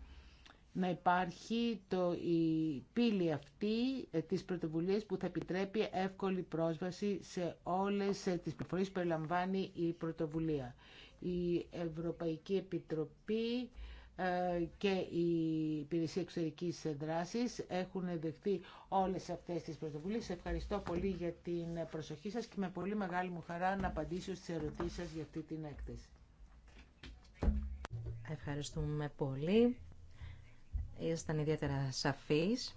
να υπάρχει το, η πύλη αυτή ε, της πρωτοβουλίας που θα επιτρέπει εύκολη πρόσβαση σε όλες ε, τις πληροφορίες που περιλαμβάνει η πρωτοβουλία. Η Ευρωπαϊκή Επιτροπή ε, και η Υπηρεσία Εξωτερικής Δράσης έχουν δεχθεί όλες αυτές τις πρωτοβουλίες. Ευχαριστώ πολύ για την προσοχή σας και με πολύ μεγάλη μου χαρά να απαντήσω στις ερωτήσεις σας για αυτή την έκθεση. Ευχαριστούμε πολύ. Ήσταν ιδιαίτερα σαφείς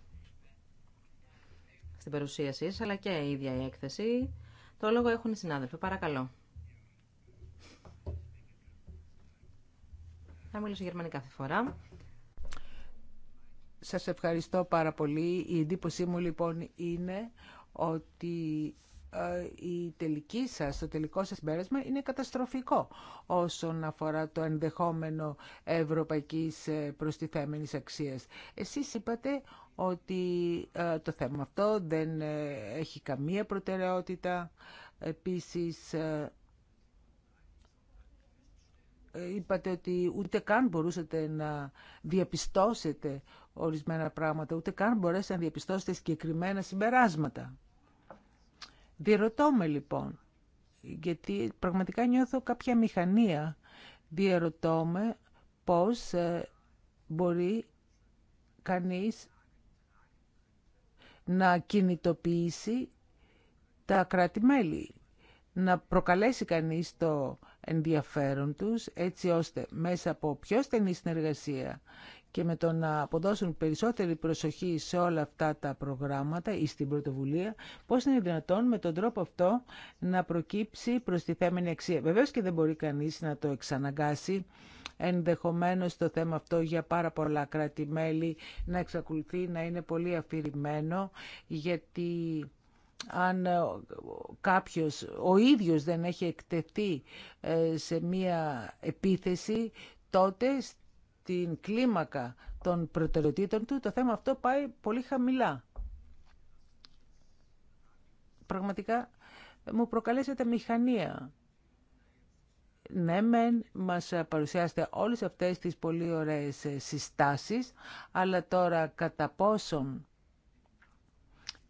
στην παρουσίασή σας, αλλά και η ίδια η έκθεση. Το λόγο έχουν οι συνάδελφοι. Παρακαλώ. Θα μιλήσω γερμανικά αυτή τη φορά. Σας ευχαριστώ πάρα πολύ. Η εντύπωσή μου λοιπόν είναι ότι ε, η τελική σας, το τελικό σας πέρασμα είναι καταστροφικό όσον αφορά το ενδεχόμενο ευρωπαϊκής ε, προστιθέμενης αξίας. Εσείς είπατε ότι ε, το θέμα αυτό δεν έχει καμία προτεραιότητα. Επίσης, είπατε ότι ούτε καν μπορούσατε να διαπιστώσετε ορισμένα πράγματα, ούτε καν μπορέσατε να διαπιστώσετε συγκεκριμένα συμπεράσματα. Διερωτώ με λοιπόν, γιατί πραγματικά νιώθω κάποια μηχανία. Διερωτώ με πώς ε, μπορεί κανείς να κινητοποιήσει τα κράτη-μέλη, να προκαλέσει κανείς το ενδιαφέρον τους, έτσι ώστε μέσα από πιο στενή συνεργασία και με το να αποδώσουν περισσότερη προσοχή σε όλα αυτά τα προγράμματα ή στην πρωτοβουλία, πώ είναι δυνατόν με τον τρόπο αυτό να προκύψει θέμενη αξία. Βεβαίω και δεν μπορεί κανεί να το εξαναγκάσει ενδεχομένω το θέμα αυτό για πάρα πολλά κράτη-μέλη να εξακολουθεί να είναι πολύ αφηρημένο γιατί αν κάποιος ο ίδιος δεν έχει εκτεθεί ε, σε μία επίθεση τότε την κλίμακα των προτεραιοτήτων του, το θέμα αυτό πάει πολύ χαμηλά. Πραγματικά μου προκαλέσατε μηχανία. Ναι, μεν μας παρουσιάσετε όλες αυτές τις πολύ ωραίες συστάσεις, αλλά τώρα κατά πόσον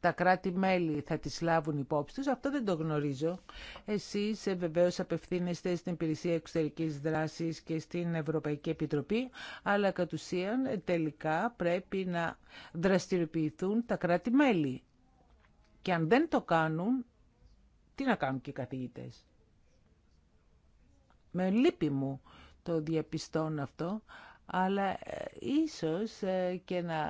τα κράτη-μέλη θα τις λάβουν υπόψη τους. Αυτό δεν το γνωρίζω. Εσείς ε, βεβαίως απευθύνεστε στην Υπηρεσία Εξωτερικής Δράσης και στην Ευρωπαϊκή Επιτροπή, αλλά κατ' ουσίαν ε, τελικά πρέπει να δραστηριοποιηθούν τα κράτη-μέλη. Και αν δεν το κάνουν, τι να κάνουν και οι Με λύπη μου το διαπιστώνω αυτό, αλλά ε, ίσως και να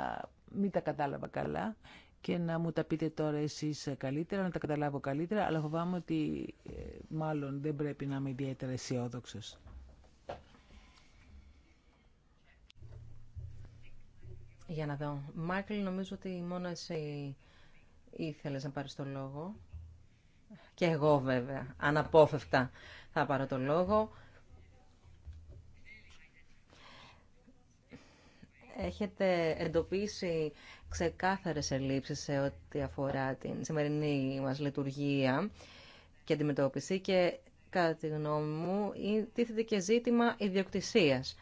μην τα κατάλαβα καλά, και να μου τα πείτε τώρα εσείς καλύτερα, να τα καταλάβω καλύτερα, αλλά φοβάμαι ότι ε, μάλλον δεν πρέπει να είμαι ιδιαίτερα αισιόδοξο. Για να δω. Μάικλ, νομίζω ότι μόνο εσύ ήθελες να πάρεις το λόγο. Και εγώ βέβαια, αναπόφευκτα θα πάρω το λόγο. Έχετε εντοπίσει ξεκάθαρες ελλείψεις σε ό,τι αφορά την σημερινή μας λειτουργία και αντιμετώπιση και κατά τη γνώμη μου τίθεται και ζήτημα ιδιοκτησίας.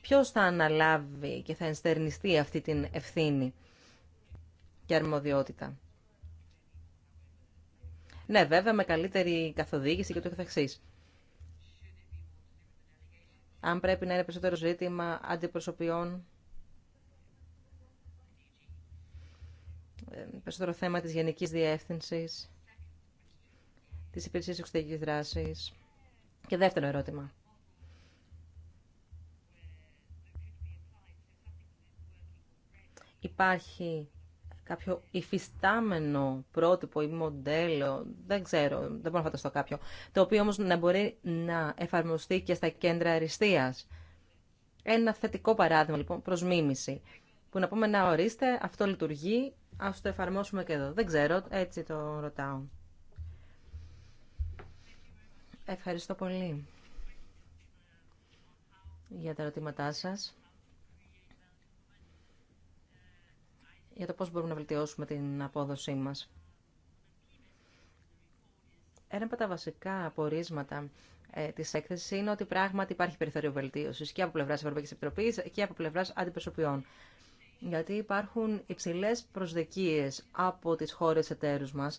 Ποιος θα αναλάβει και θα ενστερνιστεί αυτή την ευθύνη και αρμοδιότητα. Ναι, βέβαια, με καλύτερη καθοδήγηση και το καθεξή. Αν πρέπει να είναι περισσότερο ζήτημα αντιπροσωπιών, ε, περισσότερο θέμα της Γενικής Διεύθυνσης, της Υπηρεσίας Εξωτερικής Δράσης. Και δεύτερο ερώτημα. Υπάρχει κάποιο υφιστάμενο πρότυπο ή μοντέλο, δεν ξέρω, δεν μπορώ να φανταστώ κάποιο, το οποίο όμως να μπορεί να εφαρμοστεί και στα κέντρα αριστείας. Ένα θετικό παράδειγμα λοιπόν προς μίμηση, που να πούμε να ορίστε, αυτό λειτουργεί, ας το εφαρμόσουμε και εδώ. Δεν ξέρω, έτσι το ρωτάω. Ευχαριστώ πολύ για τα ερωτήματά σας. για το πώς μπορούμε να βελτιώσουμε την απόδοσή μας. Ένα από τα βασικά απορίσματα ε, τη έκθεση είναι ότι πράγματι υπάρχει περιθώριο βελτίωση και από πλευρά Ευρωπαϊκή Επιτροπή και από πλευρά αντιπροσωπιών. Γιατί υπάρχουν υψηλέ προσδοκίε από τι χώρε εταίρους μα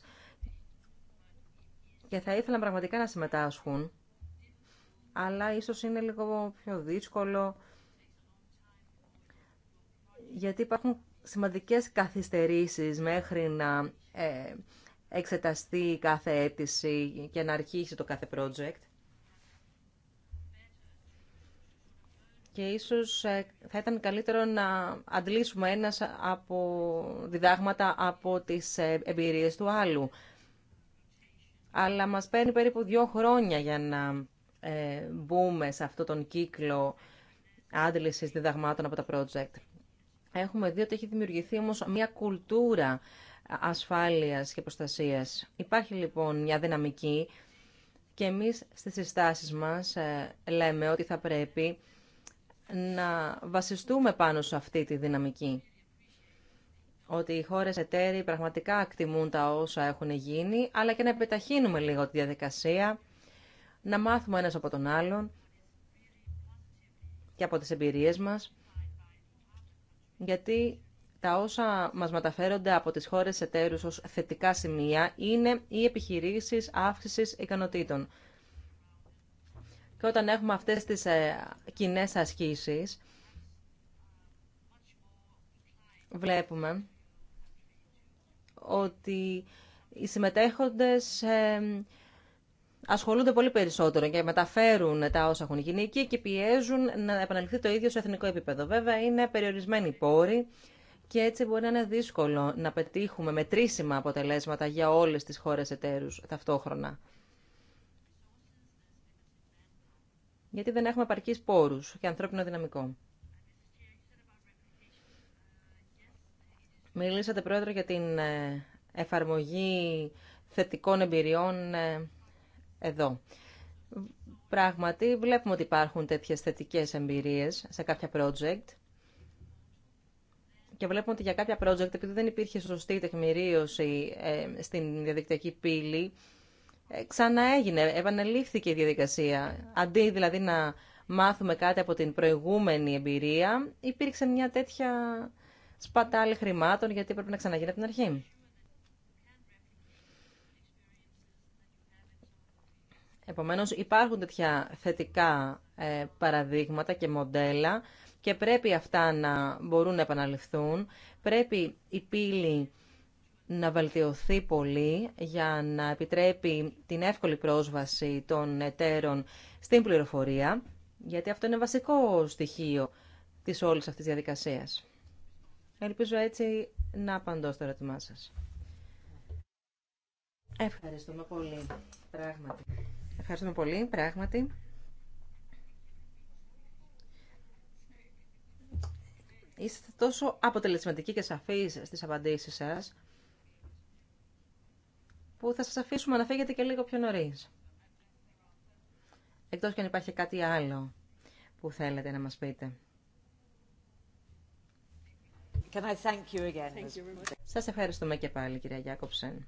και θα ήθελαν πραγματικά να συμμετάσχουν, αλλά ίσως είναι λίγο πιο δύσκολο, γιατί υπάρχουν σημαντικές καθυστερήσεις μέχρι να ε, εξεταστεί κάθε αίτηση και να αρχίσει το κάθε project. Και ίσως ε, θα ήταν καλύτερο να αντλήσουμε ένα από διδάγματα από τις ε, εμπειρίες του άλλου. Αλλά μας παίρνει περίπου δύο χρόνια για να μπούμε σε αυτόν τον κύκλο άντλησης διδαγμάτων από τα project έχουμε δει ότι έχει δημιουργηθεί όμως μια κουλτούρα ασφάλειας και προστασίας. Υπάρχει λοιπόν μια δυναμική και εμείς στις συστάσεις μας ε, λέμε ότι θα πρέπει να βασιστούμε πάνω σε αυτή τη δυναμική. Ότι οι χώρες εταίροι πραγματικά ακτιμούν τα όσα έχουν γίνει, αλλά και να επιταχύνουμε λίγο τη διαδικασία, να μάθουμε ένας από τον άλλον και από τις εμπειρίες μας γιατί τα όσα μας μεταφέρονται από τις χώρες εταίρους ως θετικά σημεία είναι οι επιχειρήσεις αύξησης ικανοτήτων. Και όταν έχουμε αυτές τις ε, κοινέ ασκήσεις, βλέπουμε ότι οι συμμετέχοντες ε, ασχολούνται πολύ περισσότερο και μεταφέρουν τα όσα έχουν γίνει εκεί και πιέζουν να επαναληφθεί το ίδιο σε εθνικό επίπεδο. Βέβαια, είναι περιορισμένοι πόροι και έτσι μπορεί να είναι δύσκολο να πετύχουμε μετρήσιμα αποτελέσματα για όλες τις χώρες εταίρου ταυτόχρονα. Γιατί δεν έχουμε παρκεί πόρους και ανθρώπινο δυναμικό. Μιλήσατε, Πρόεδρε, για την ε, εφαρμογή θετικών εμπειριών ε, εδώ. Πράγματι, βλέπουμε ότι υπάρχουν τέτοιες θετικές εμπειρίες σε κάποια project και βλέπουμε ότι για κάποια project, επειδή δεν υπήρχε σωστή τεκμηρίωση ε, στην διαδικτυακή πύλη, ε, ξαναέγινε, επανελήφθηκε η διαδικασία. Αντί δηλαδή να μάθουμε κάτι από την προηγούμενη εμπειρία, υπήρξε μια τέτοια σπατάλη χρημάτων γιατί πρέπει να ξαναγίνει από την αρχή. Επομένως υπάρχουν τέτοια θετικά ε, παραδείγματα και μοντέλα και πρέπει αυτά να μπορούν να επαναληφθούν. Πρέπει η πύλη να βελτιωθεί πολύ για να επιτρέπει την εύκολη πρόσβαση των εταίρων στην πληροφορία, γιατί αυτό είναι βασικό στοιχείο της όλης αυτής της διαδικασίας. Ελπίζω έτσι να απαντώ στο ερώτημά σας. Ευχαριστούμε πολύ. Πράγματι. Ευχαριστούμε πολύ, πράγματι. Είστε τόσο αποτελεσματικοί και σαφείς στις απαντήσεις σας, που θα σας αφήσουμε να φύγετε και λίγο πιο νωρίς. Εκτός και αν υπάρχει κάτι άλλο που θέλετε να μας πείτε. Can I Σας ευχαριστούμε και πάλι, κυρία Γιάκοψεν.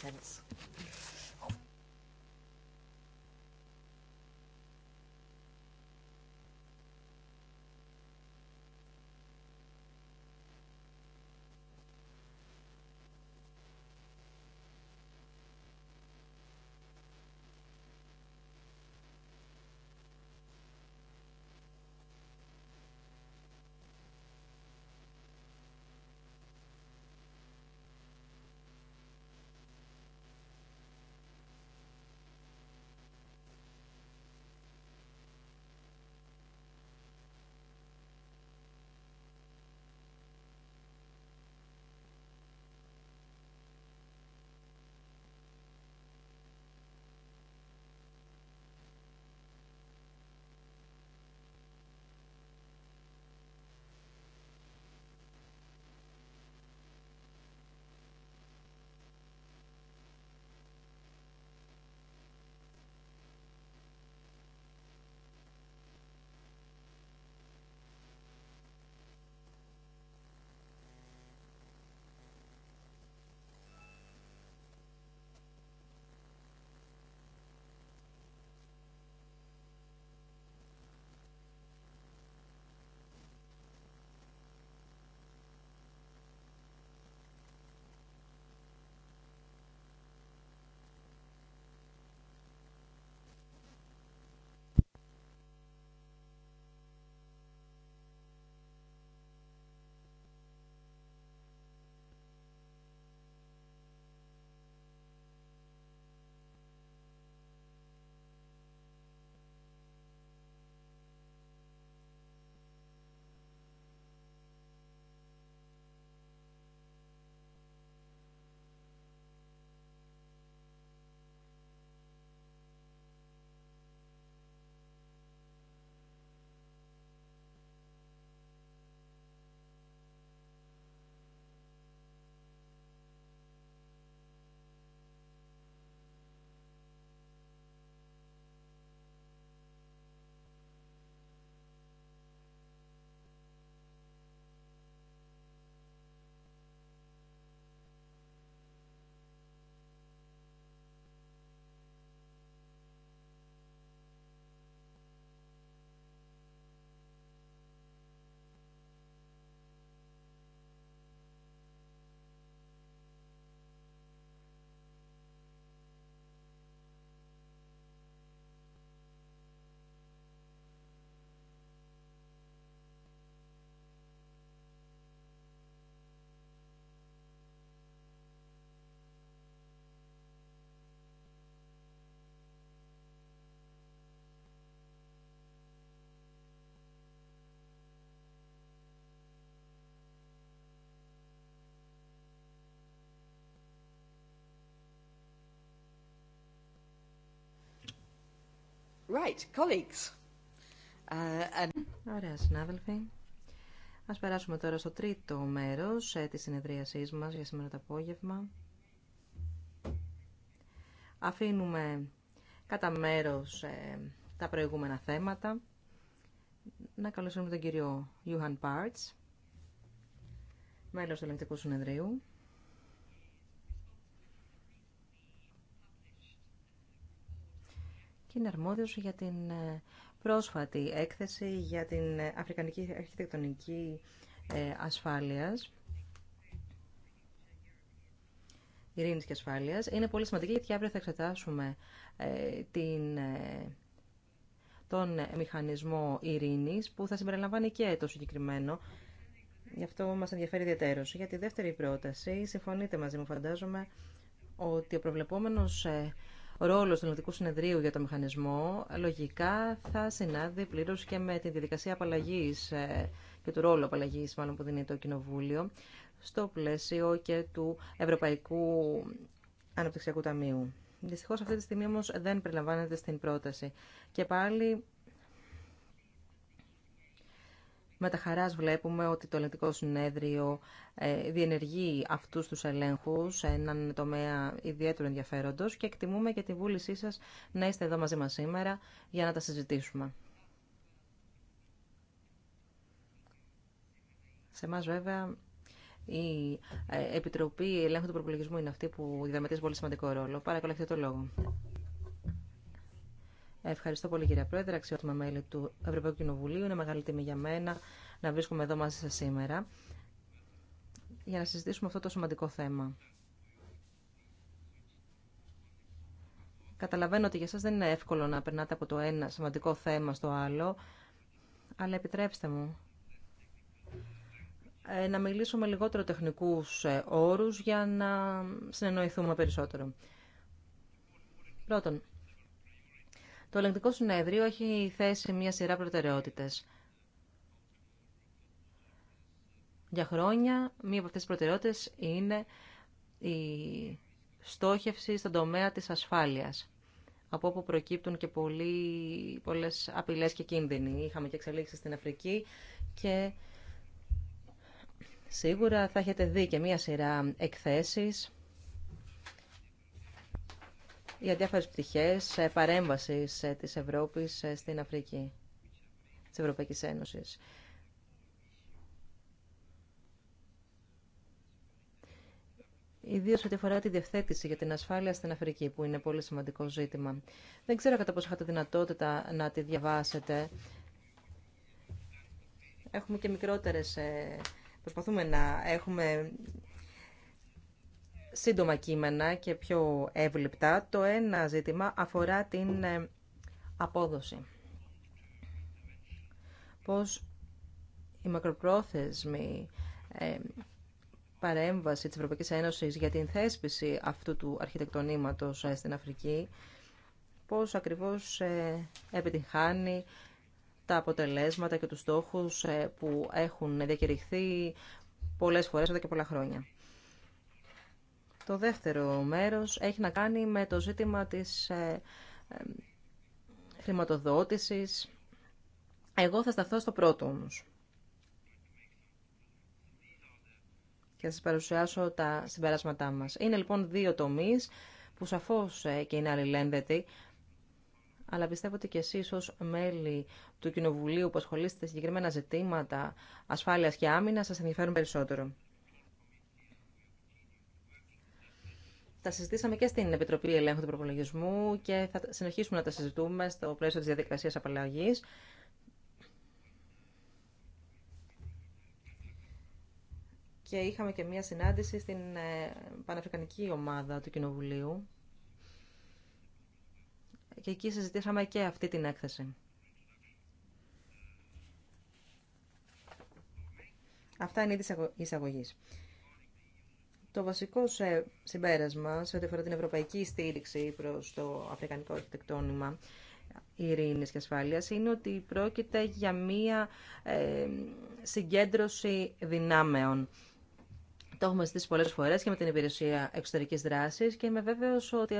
sense. Right, colleagues. Uh, Ωραία, συνάδελφοι. Ας περάσουμε τώρα στο τρίτο μέρος ε, της συνεδρίασής μας για σήμερα το απόγευμα. Αφήνουμε κατά μέρος ε, τα προηγούμενα θέματα. Να καλωσορίσουμε τον κύριο Ιούχαν Πάρτς, μέλος του Ελεγκτικού Συνεδρίου. και είναι αρμόδιος για την ε, πρόσφατη έκθεση για την Αφρικανική Αρχιτεκτονική ε, Ασφάλειας Ειρήνης και Ασφάλειας. Είναι πολύ σημαντική γιατί αύριο θα εξετάσουμε ε, τον μηχανισμό ειρήνης που θα συμπεριλαμβάνει και το συγκεκριμένο Γι' αυτό μας ενδιαφέρει ιδιαίτερω. Για τη δεύτερη πρόταση, συμφωνείτε μαζί μου, φαντάζομαι, ότι ο προβλεπόμενο ρόλο του Ελληνικού Συνεδρίου για το μηχανισμό λογικά θα συνάδει πλήρω και με τη διαδικασία απαλλαγή ε, και του ρόλου απαλλαγή, μάλλον που δίνει το Κοινοβούλιο, στο πλαίσιο και του Ευρωπαϊκού Αναπτυξιακού Ταμείου. Δυστυχώ αυτή τη στιγμή όμω δεν περιλαμβάνεται στην πρόταση. Και πάλι με τα χαράς βλέπουμε ότι το ελεγκτικό συνέδριο ε, διενεργεί αυτούς τους ελέγχους σε έναν τομέα ιδιαίτερου ενδιαφέροντος και εκτιμούμε και τη βούλησή σας να είστε εδώ μαζί μας σήμερα για να τα συζητήσουμε. Σε εμά βέβαια η ε, Επιτροπή Ελέγχου του Προπολογισμού είναι αυτή που διδαμετίζει πολύ σημαντικό ρόλο. Παρακολουθείτε το λόγο. Ευχαριστώ πολύ κύριε Πρόεδρε, αξιότιμα μέλη του Ευρωπαϊκού Κοινοβουλίου. Είναι μεγάλη τιμή για μένα να βρίσκομαι εδώ μαζί σας σήμερα για να συζητήσουμε αυτό το σημαντικό θέμα. Καταλαβαίνω ότι για σας δεν είναι εύκολο να περνάτε από το ένα σημαντικό θέμα στο άλλο, αλλά επιτρέψτε μου ε, να μιλήσω με λιγότερο τεχνικούς ε, όρους για να συνεννοηθούμε περισσότερο. Πρώτον, το ελεγκτικό συνέδριο έχει θέσει μια σειρά προτεραιότητες. Για χρόνια, μία από αυτές τις προτεραιότητες είναι η στόχευση στον τομέα της ασφάλειας, από όπου προκύπτουν και πολλοί, πολλές απειλές και κίνδυνοι. Είχαμε και εξελίξεις στην Αφρική και σίγουρα θα έχετε δει και μία σειρά εκθέσεις για διάφορες πτυχές ε, παρέμβασης ε, της Ευρώπης ε, στην Αφρική, της Ευρωπαϊκής Ένωσης. Ιδίω ό,τι αφορά τη διευθέτηση για την ασφάλεια στην Αφρική, που είναι πολύ σημαντικό ζήτημα. Δεν ξέρω κατά πόσο είχατε δυνατότητα να τη διαβάσετε. Έχουμε και μικρότερες... Προσπαθούμε να έχουμε σύντομα κείμενα και πιο εύληπτα. Το ένα ζήτημα αφορά την ε, απόδοση. Πώς η μακροπρόθεσμη ε, παρέμβαση της Ευρωπαϊκής Ένωσης για την θέσπιση αυτού του αρχιτεκτονήματος ε, στην Αφρική, πώς ακριβώς επιτυγχάνει τα αποτελέσματα και τους στόχους που έχουν διακηρυχθεί πολλές φορές εδώ και πολλά χρόνια. Το δεύτερο μέρος έχει να κάνει με το ζήτημα της ε, ε, χρηματοδότησης. Εγώ θα σταθώ στο πρώτο όμως. Και θα σας παρουσιάσω τα συμπεράσματά μας. Είναι λοιπόν δύο τομείς που σαφώς ε, και είναι αλληλένδετοι, αλλά πιστεύω ότι και εσείς ως μέλη του Κοινοβουλίου που ασχολείστε συγκεκριμένα ζητήματα ασφάλειας και άμυνας σας ενδιαφέρουν περισσότερο. τα συζητήσαμε και στην Επιτροπή Ελέγχου του Προπολογισμού και θα συνεχίσουμε να τα συζητούμε στο πλαίσιο της διαδικασίας απαλλαγής. Και είχαμε και μία συνάντηση στην ε, Παναφρικανική Ομάδα του Κοινοβουλίου και εκεί συζητήσαμε και αυτή την έκθεση. Αυτά είναι η εισαγωγή. Το βασικό συμπέρασμα σε ό,τι αφορά την ευρωπαϊκή στήριξη προς το αφρικανικό αρχιτεκτόνημα ειρήνη και ασφάλεια είναι ότι πρόκειται για μία ε, συγκέντρωση δυνάμεων. Το έχουμε ζητήσει πολλές φορές και με την υπηρεσία εξωτερική δράση και είμαι βέβαιο ότι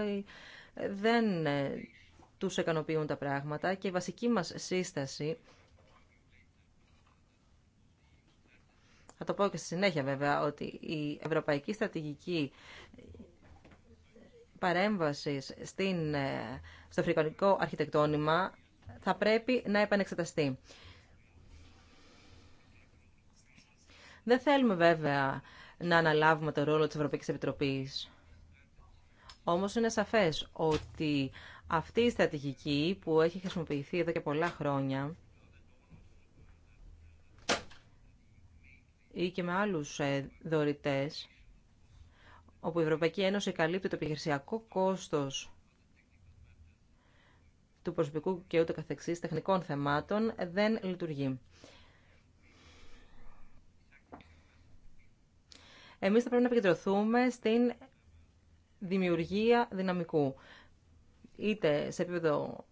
ε, δεν ε, τους ικανοποιούν τα πράγματα και η βασική μας σύσταση θα το πω και στη συνέχεια βέβαια, ότι η ευρωπαϊκή στρατηγική παρέμβαση στην, ε, στο αφρικανικό αρχιτεκτόνημα θα πρέπει να επανεξεταστεί. Δεν θέλουμε βέβαια να αναλάβουμε το ρόλο της Ευρωπαϊκής Επιτροπής. Όμως είναι σαφές ότι αυτή η στρατηγική που έχει χρησιμοποιηθεί εδώ και πολλά χρόνια ή και με άλλους ε, δωρητές, όπου η Ευρωπαϊκή Ένωση καλύπτει το επιχειρησιακό κόστος του προσωπικού και ούτε καθεξής τεχνικών θεμάτων, δεν λειτουργεί. Εμείς θα πρέπει να επικεντρωθούμε στην δημιουργία δυναμικού, είτε σε επίπεδο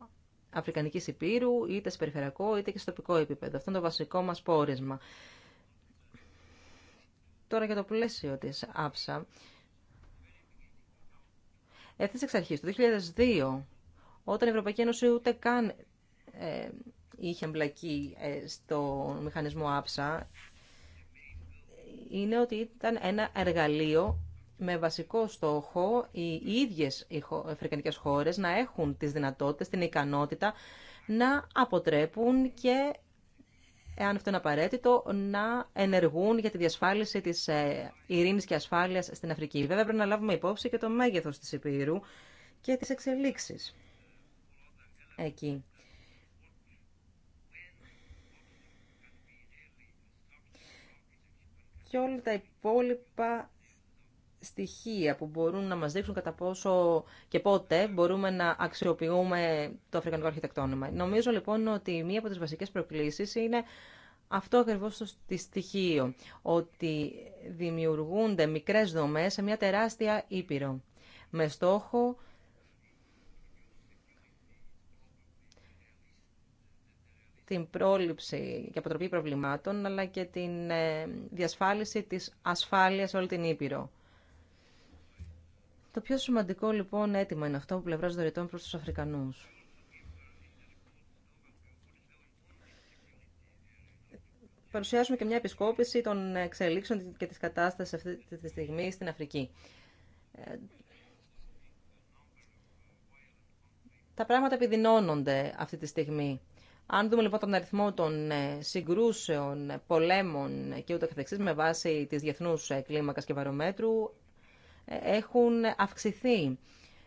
Αφρικανικής Υπήρου, είτε σε περιφερειακό, είτε και στο τοπικό επίπεδο. Αυτό είναι το βασικό μας πόρισμα. Τώρα για το πλαίσιο της ΑΠΣΑ. Έθεσε εξ αρχή το 2002, όταν η Ευρωπαϊκή Ένωση ούτε καν ε, είχε εμπλακεί ε, στο μηχανισμό άψα, είναι ότι ήταν ένα εργαλείο με βασικό στόχο οι ίδιες οι αφρικανικές χώρες να έχουν τις δυνατότητες, την ικανότητα να αποτρέπουν και εάν αυτό είναι απαραίτητο, να ενεργούν για τη διασφάλιση της ε, ειρήνης και ασφάλειας στην Αφρική. Βέβαια, πρέπει να λάβουμε υπόψη και το μέγεθος της Επίρου και τις εξελίξεις εκεί. Και όλα τα υπόλοιπα στοιχεία που μπορούν να μας δείξουν κατά πόσο και πότε μπορούμε να αξιοποιούμε το αφρικανικό αρχιτεκτόνομα. Νομίζω λοιπόν ότι μία από τις βασικές προκλήσεις είναι αυτό ακριβώς το στοιχείο, ότι δημιουργούνται μικρές δομές σε μια τεράστια ήπειρο, με στόχο την πρόληψη και αποτροπή προβλημάτων, αλλά και την ε, διασφάλιση της ασφάλειας σε όλη την Ήπειρο. Το πιο σημαντικό λοιπόν αίτημα είναι αυτό που πλευράζει δωρητών προς τους Αφρικανούς. Παρουσιάζουμε και μια επισκόπηση των εξελίξεων και της κατάστασης αυτή τη στιγμή στην Αφρική. Ε, τα πράγματα επιδεινώνονται αυτή τη στιγμή. Αν δούμε λοιπόν τον αριθμό των ε, συγκρούσεων, πολέμων και ούτω καθεξής με βάση της διεθνούς ε, κλίμακας και βαρομέτρου, έχουν αυξηθεί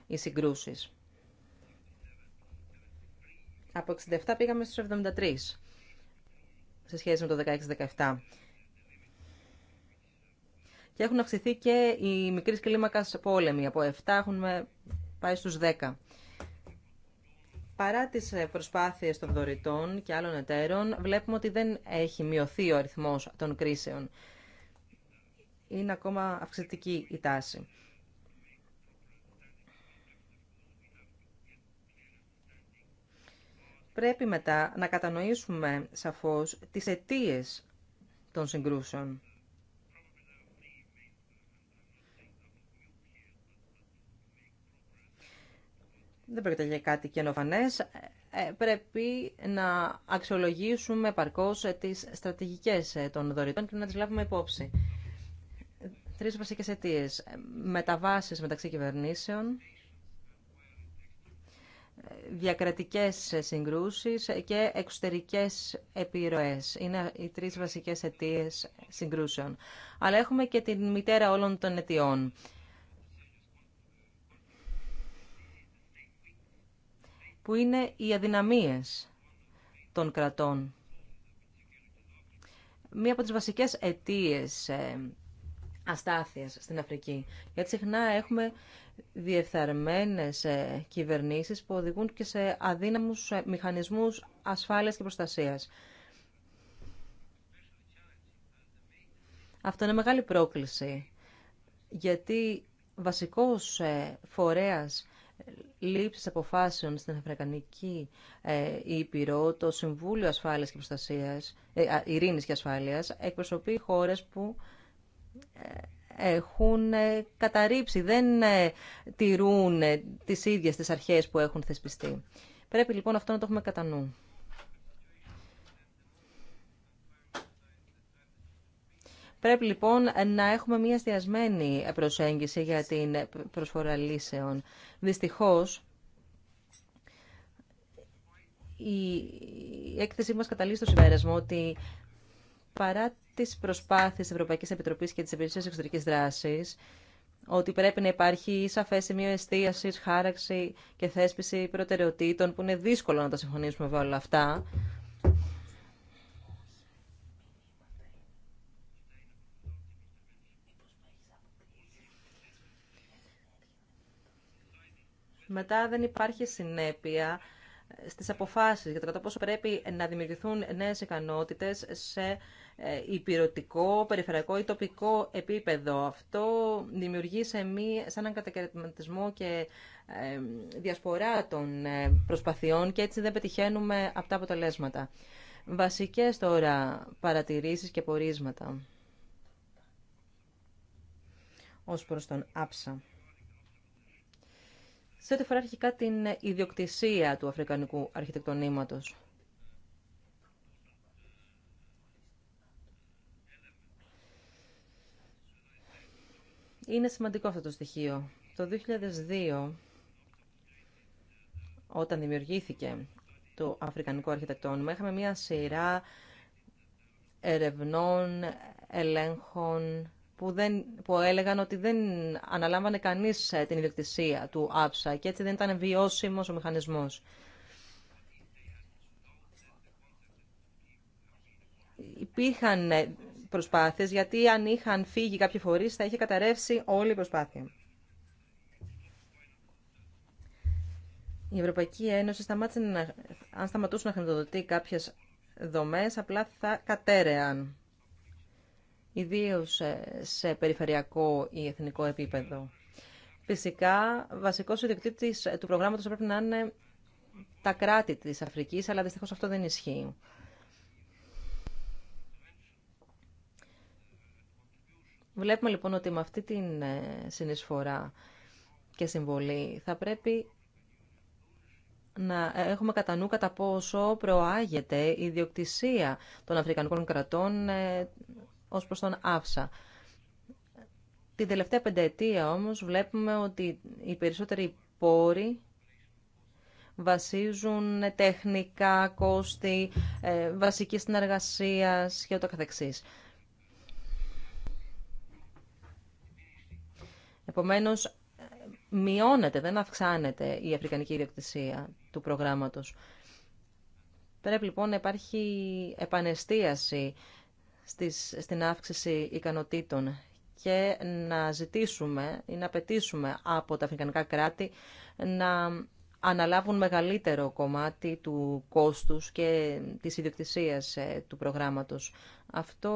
οι συγκρούσεις. Από 67 πήγαμε στους 73 σε σχέση με το 16-17. Και έχουν αυξηθεί και οι μικρής κλίμακα πόλεμοι. Από 7 έχουν πάει στους 10. Παρά τις προσπάθειες των δωρητών και άλλων εταίρων, βλέπουμε ότι δεν έχει μειωθεί ο αριθμός των κρίσεων είναι ακόμα αυξητική η τάση. Πρέπει μετά να κατανοήσουμε σαφώς τις αιτίες των συγκρούσεων. Δεν πρόκειται για κάτι καινοφανές. Ε, πρέπει να αξιολογήσουμε παρκώς τις στρατηγικές ε, των δωρητών και να τις λάβουμε υπόψη τρεις βασικές αιτίες. Ε, μεταβάσεις μεταξύ κυβερνήσεων, ε, διακρατικές συγκρούσεις και εξωτερικές επιρροές. Είναι οι τρεις βασικές αιτίες συγκρούσεων. Αλλά έχουμε και την μητέρα όλων των αιτιών. Που είναι οι αδυναμίες των κρατών. Μία από τις βασικές αιτίες ε, αστάθεια στην Αφρική. Γιατί συχνά έχουμε διεφθαρμένες ε, κυβερνήσεις που οδηγούν και σε αδύναμους ε, μηχανισμούς ασφάλειας και προστασίας. Αυτό είναι μεγάλη πρόκληση, γιατί βασικός ε, φορέας λήψης αποφάσεων στην Αφρικανική Ήπειρο, το Συμβούλιο Ασφάλειας και Προστασίας, ε, Ειρήνης και Ασφάλειας, εκπροσωπεί χώρες που έχουν ε, καταρρύψει, δεν ε, τηρούν ε, τις ίδιες τις αρχές που έχουν θεσπιστεί. Πρέπει λοιπόν αυτό να το έχουμε κατά νου. Πρέπει λοιπόν να έχουμε μια εστιασμένη προσέγγιση για την προσφορά λύσεων. Δυστυχώς, η έκθεσή μας καταλήγει στο συμπέρασμα ότι παρά τη προσπάθειες τη Ευρωπαϊκής Επιτροπής και τη Επιτροπής Εξωτερική Δράση, ότι πρέπει να υπάρχει σαφέ σημείο εστίαση, χάραξη και θέσπιση προτεραιοτήτων που είναι δύσκολο να τα συμφωνήσουμε με όλα αυτά. Μετά δεν υπάρχει συνέπεια στις αποφάσεις για το κατά πόσο πρέπει να δημιουργηθούν νέες ικανότητες σε ε, υπηρετικό, περιφερειακό ή τοπικό επίπεδο. Αυτό δημιουργεί σε, μη, σε έναν κατακαιρματισμό και ε, διασπορά των ε, προσπαθειών και έτσι δεν πετυχαίνουμε αυτά αποτελέσματα. Βασικές τώρα παρατηρήσεις και πορίσματα ως προς τον άψα σε ό,τι φορά αρχικά την ιδιοκτησία του αφρικανικού αρχιτεκτονήματος. Είναι σημαντικό αυτό το στοιχείο. Το 2002, όταν δημιουργήθηκε το Αφρικανικό Αρχιτεκτόνημα, είχαμε μία σειρά ερευνών, ελέγχων που, δεν, που έλεγαν ότι δεν αναλάμβανε κανείς ε, την ιδιοκτησία του άψα και έτσι δεν ήταν βιώσιμος ο μηχανισμός. Υπήρχαν ε, προσπάθειες γιατί αν είχαν φύγει κάποιοι φορείς θα είχε καταρρεύσει όλη η προσπάθεια. Η Ευρωπαϊκή Ένωση σταμάτησε να, αν σταματούσε να χρηματοδοτεί κάποιες δομές απλά θα κατέρεαν ιδίως σε περιφερειακό ή εθνικό επίπεδο. Φυσικά, βασικός ιδιοκτήτης του προγράμματος πρέπει να είναι τα κράτη της Αφρικής, αλλά δυστυχώς αυτό δεν ισχύει. Βλέπουμε λοιπόν ότι με αυτή την ε, συνεισφορά και συμβολή θα πρέπει να ε, έχουμε κατά νου κατά πόσο προάγεται η εθνικο επιπεδο φυσικα βασικος ιδιοκτητη του προγραμματος πρεπει να ειναι τα κρατη της αφρικης αλλα δυστυχω αυτο δεν ισχυει βλεπουμε λοιπον οτι με αυτη την συνεισφορα και συμβολη θα πρεπει να εχουμε κατα νου κατα ποσο προαγεται η ιδιοκτησια των Αφρικανικών κρατών ε, ως προς τον άψα. Την τελευταία πενταετία όμως βλέπουμε ότι οι περισσότεροι πόροι βασίζουν τεχνικά κόστη, ε, βασική συνεργασία και ούτω καθεξής. Επομένως, μειώνεται, δεν αυξάνεται η αφρικανική ιδιοκτησία του προγράμματος. Πρέπει λοιπόν να υπάρχει επανεστίαση στις, στην αύξηση ικανοτήτων και να ζητήσουμε ή να απαιτήσουμε από τα αφρικανικά κράτη να αναλάβουν μεγαλύτερο κομμάτι του κόστους και της ιδιοκτησίας ε, του προγράμματος. Αυτό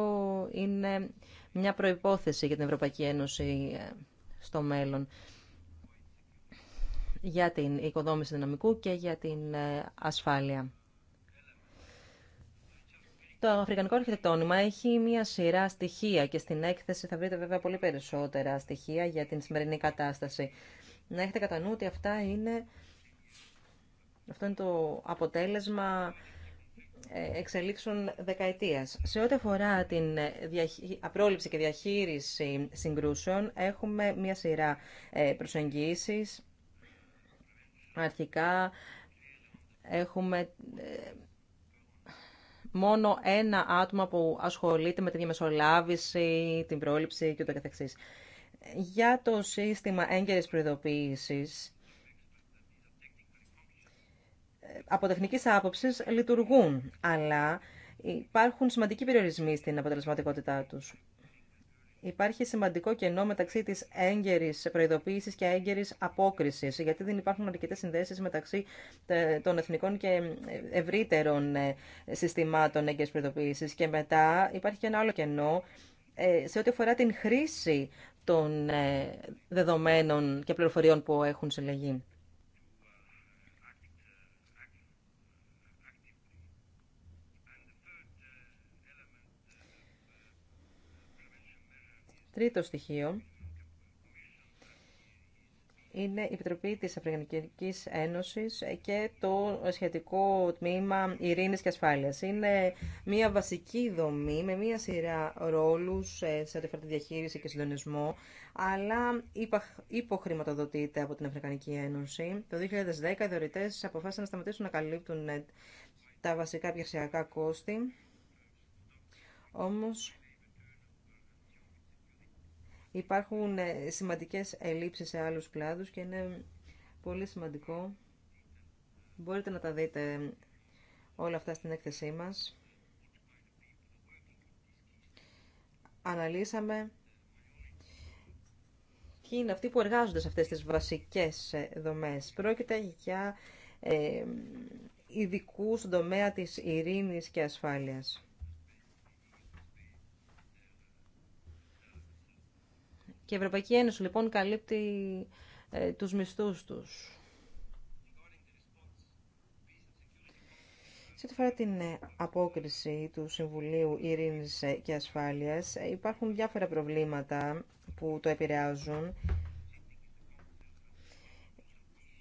είναι μια προϋπόθεση για την Ευρωπαϊκή Ένωση ε, στο μέλλον για την οικοδόμηση δυναμικού και για την ε, ασφάλεια. Το αφρικανικό αρχιτεκτόνημα έχει μία σειρά στοιχεία και στην έκθεση θα βρείτε βέβαια πολύ περισσότερα στοιχεία για την σημερινή κατάσταση. Να έχετε κατά νου ότι αυτά είναι, αυτό είναι το αποτέλεσμα ε, εξελίξεων δεκαετίας. Σε ό,τι αφορά την ε, απρόληψη και διαχείριση συγκρούσεων, έχουμε μία σειρά ε, προσεγγίσεις. Αρχικά έχουμε μόνο ένα άτομο που ασχολείται με τη διαμεσολάβηση, την πρόληψη κ.ο.κ. Για το σύστημα έγκαιρης προειδοποίησης, από τεχνικής άποψης λειτουργούν, αλλά υπάρχουν σημαντικοί περιορισμοί στην αποτελεσματικότητά τους. Υπάρχει σημαντικό κενό μεταξύ τη έγκαιρη προειδοποίηση και έγκαιρη απόκριση, γιατί δεν υπάρχουν αρκετέ συνδέσει μεταξύ ε, των εθνικών και ευρύτερων ε, συστημάτων έγκαιρη προειδοποίηση. Και μετά υπάρχει και ένα άλλο κενό ε, σε ό,τι αφορά την χρήση των δεδομένων και πληροφοριών που έχουν συλλεγεί. Τρίτο στοιχείο είναι η Επιτροπή της Αφρικανικής Ένωσης και το σχετικό τμήμα ειρήνης και ασφάλειας. Είναι μια βασική δομή με μια σειρά ρόλους σε ό,τι διαχείριση και συντονισμό, αλλά υποχρηματοδοτείται από την Αφρικανική Ένωση. Το 2010 οι δωρητές αποφάσισαν να σταματήσουν να καλύπτουν ε, τα βασικά πιασιακά κόστη, όμως Υπάρχουν ε, σημαντικές ελλείψεις σε άλλους κλάδους και είναι πολύ σημαντικό. Μπορείτε να τα δείτε ε, όλα αυτά στην έκθεσή μας. Αναλύσαμε ποιοι είναι αυτοί που εργάζονται σε αυτές τις βασικές ε, δομές. Πρόκειται για ειδικού στον τομέα της ειρήνης και ασφάλειας. Και η Ευρωπαϊκή Ένωση λοιπόν καλύπτει ε, τους μισθούς τους. Σε ό,τι αφορά την ε, απόκριση του Συμβουλίου Ειρήνης ε, και Ασφάλειας, υπάρχουν διάφορα προβλήματα που το επηρεάζουν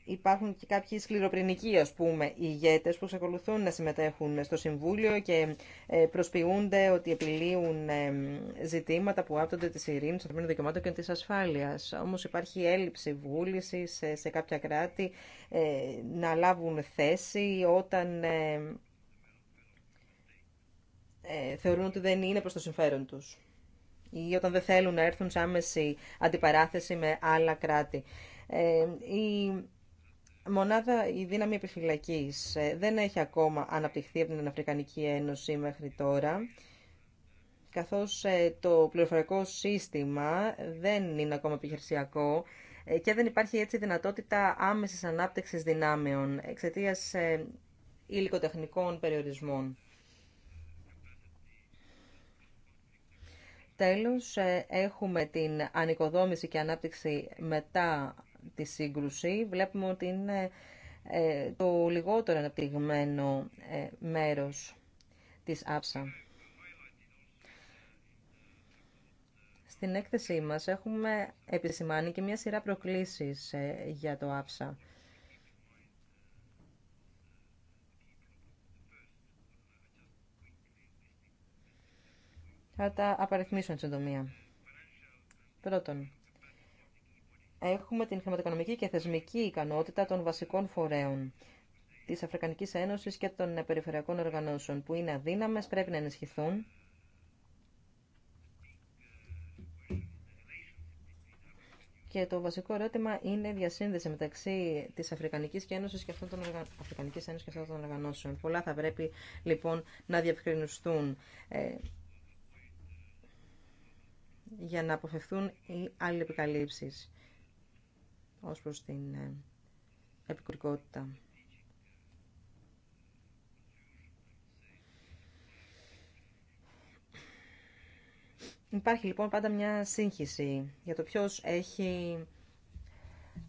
υπάρχουν και κάποιοι σκληροπρινικοί, ας πούμε, ηγέτες που εξακολουθούν να συμμετέχουν στο Συμβούλιο και ε, προσποιούνται ότι επιλύουν ζητήματα που άπτονται της ειρήνης, των δικαιωμάτων και της ασφάλειας. Όμως υπάρχει έλλειψη βούλησης σε κάποια κράτη ε, να λάβουν θέση όταν ε, θεωρούν ότι δεν είναι προς το συμφέρον τους ή όταν δεν θέλουν να έρθουν σε άμεση αντιπαράθεση με άλλα κράτη. η μονάδα η δύναμη επιφυλακής ε, δεν έχει ακόμα αναπτυχθεί από την Αφρικανική Ένωση μέχρι τώρα, καθώς ε, το πληροφορικό σύστημα δεν είναι ακόμα επιχειρησιακό ε, και δεν υπάρχει έτσι δυνατότητα άμεσης ανάπτυξης δυνάμεων εξαιτία υλικοτεχνικών περιορισμών. Τέλος, έχουμε την ανοικοδόμηση και ανάπτυξη μετά τη σύγκρουση. Βλέπουμε ότι είναι ε, το λιγότερο αναπτυγμένο ε, μέρος της άψα. Στην έκθεσή μας έχουμε επισημάνει και μια σειρά προκλήσεις ε, για το άψα. Θα τα απαριθμίσω εν συντομία. Πρώτον, έχουμε την χρηματοοικονομική και θεσμική ικανότητα των βασικών φορέων της Αφρικανικής Ένωσης και των περιφερειακών οργανώσεων που είναι αδύναμες, πρέπει να ενισχυθούν. Και το βασικό ερώτημα είναι η διασύνδεση μεταξύ τη Αφρικανική Ένωση και αυτών των, Αφρικανικής Ένωσης και αυτών των οργανώσεων. Πολλά θα πρέπει λοιπόν να διευκρινιστούν ε, για να αποφευθούν οι άλλοι επικαλύψεις ως προς την ε, επικουρικότητα. Υπάρχει λοιπόν πάντα μια σύγχυση για το ποιος έχει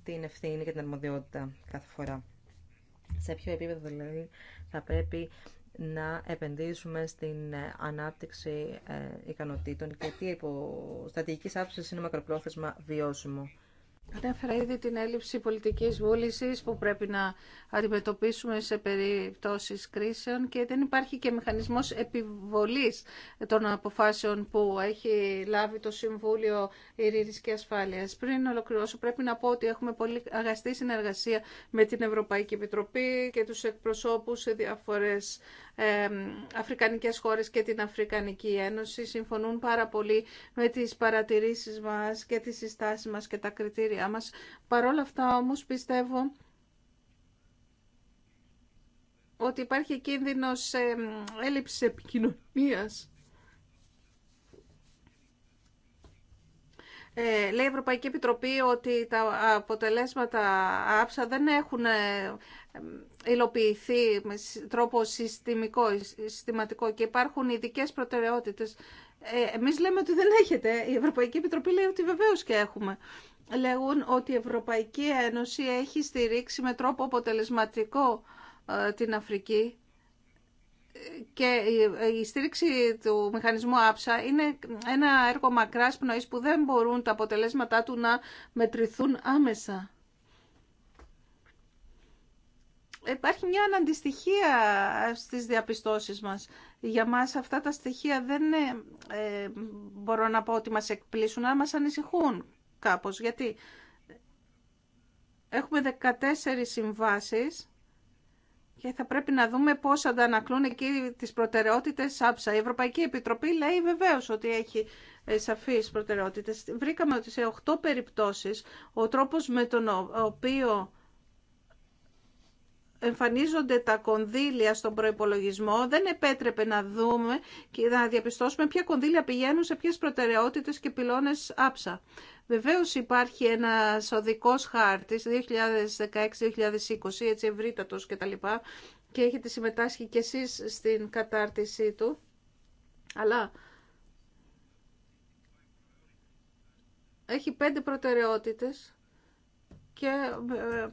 την ευθύνη και την αρμοδιότητα κάθε φορά. Σε ποιο επίπεδο δηλαδή θα πρέπει να επενδύσουμε στην ε, ανάπτυξη ε, ικανοτήτων και τι υπό στρατηγικής άποψης είναι μακροπρόθεσμα βιώσιμο. Ανέφερα ήδη την έλλειψη πολιτικής βούλησης που πρέπει να αντιμετωπίσουμε σε περιπτώσεις κρίσεων και δεν υπάρχει και μηχανισμός επιβολής των αποφάσεων που έχει λάβει το Συμβούλιο Ειρήνης και Ασφάλειας. Πριν ολοκληρώσω πρέπει να πω ότι έχουμε πολύ αγαστή συνεργασία με την Ευρωπαϊκή Επιτροπή και τους εκπροσώπους σε διάφορες αφρικανικές χώρες και την Αφρικανική Ένωση συμφωνούν πάρα πολύ με τις παρατηρήσεις μας και τις συστάσεις μας και τα κριτήριά μας. Παρόλα αυτά όμως πιστεύω ότι υπάρχει κίνδυνος έλλειψης επικοινωνίας Ε, λέει η Ευρωπαϊκή Επιτροπή ότι τα αποτελέσματα άψα δεν έχουν ε, υλοποιηθεί με τρόπο συστημικό, συστηματικό και υπάρχουν ειδικέ προτεραιότητες. Ε, εμείς λέμε ότι δεν έχετε. Η Ευρωπαϊκή Επιτροπή λέει ότι βεβαίως και έχουμε. Λέγουν ότι η Ευρωπαϊκή Ένωση έχει στηρίξει με τρόπο αποτελεσματικό ε, την Αφρική και η στήριξη του μηχανισμού άψα είναι ένα έργο μακράς πνοής που δεν μπορούν τα αποτελέσματά του να μετρηθούν άμεσα. Υπάρχει μια αναντιστοιχία στις διαπιστώσεις μας. Για μας αυτά τα στοιχεία δεν ε, μπορώ να πω ότι μας εκπλήσουν, αλλά μας ανησυχούν κάπως. Γιατί έχουμε 14 συμβάσεις και θα πρέπει να δούμε πώς αντανακλούν εκεί τις προτεραιότητες άψα. Η Ευρωπαϊκή Επιτροπή λέει βεβαίως ότι έχει ε, σαφείς προτεραιότητες. Βρήκαμε ότι σε 8 περιπτώσεις ο τρόπος με τον οποίο εμφανίζονται τα κονδύλια στον προϋπολογισμό δεν επέτρεπε να δούμε και να διαπιστώσουμε ποια κονδύλια πηγαίνουν σε ποιες προτεραιότητες και πυλώνες άψα. Βεβαίως υπάρχει ένας οδικός χάρτης 2016-2020, έτσι ευρύτατος τα Και, και έχετε συμμετάσχει κι εσείς στην κατάρτισή του. Αλλά έχει πέντε προτεραιότητες και ε,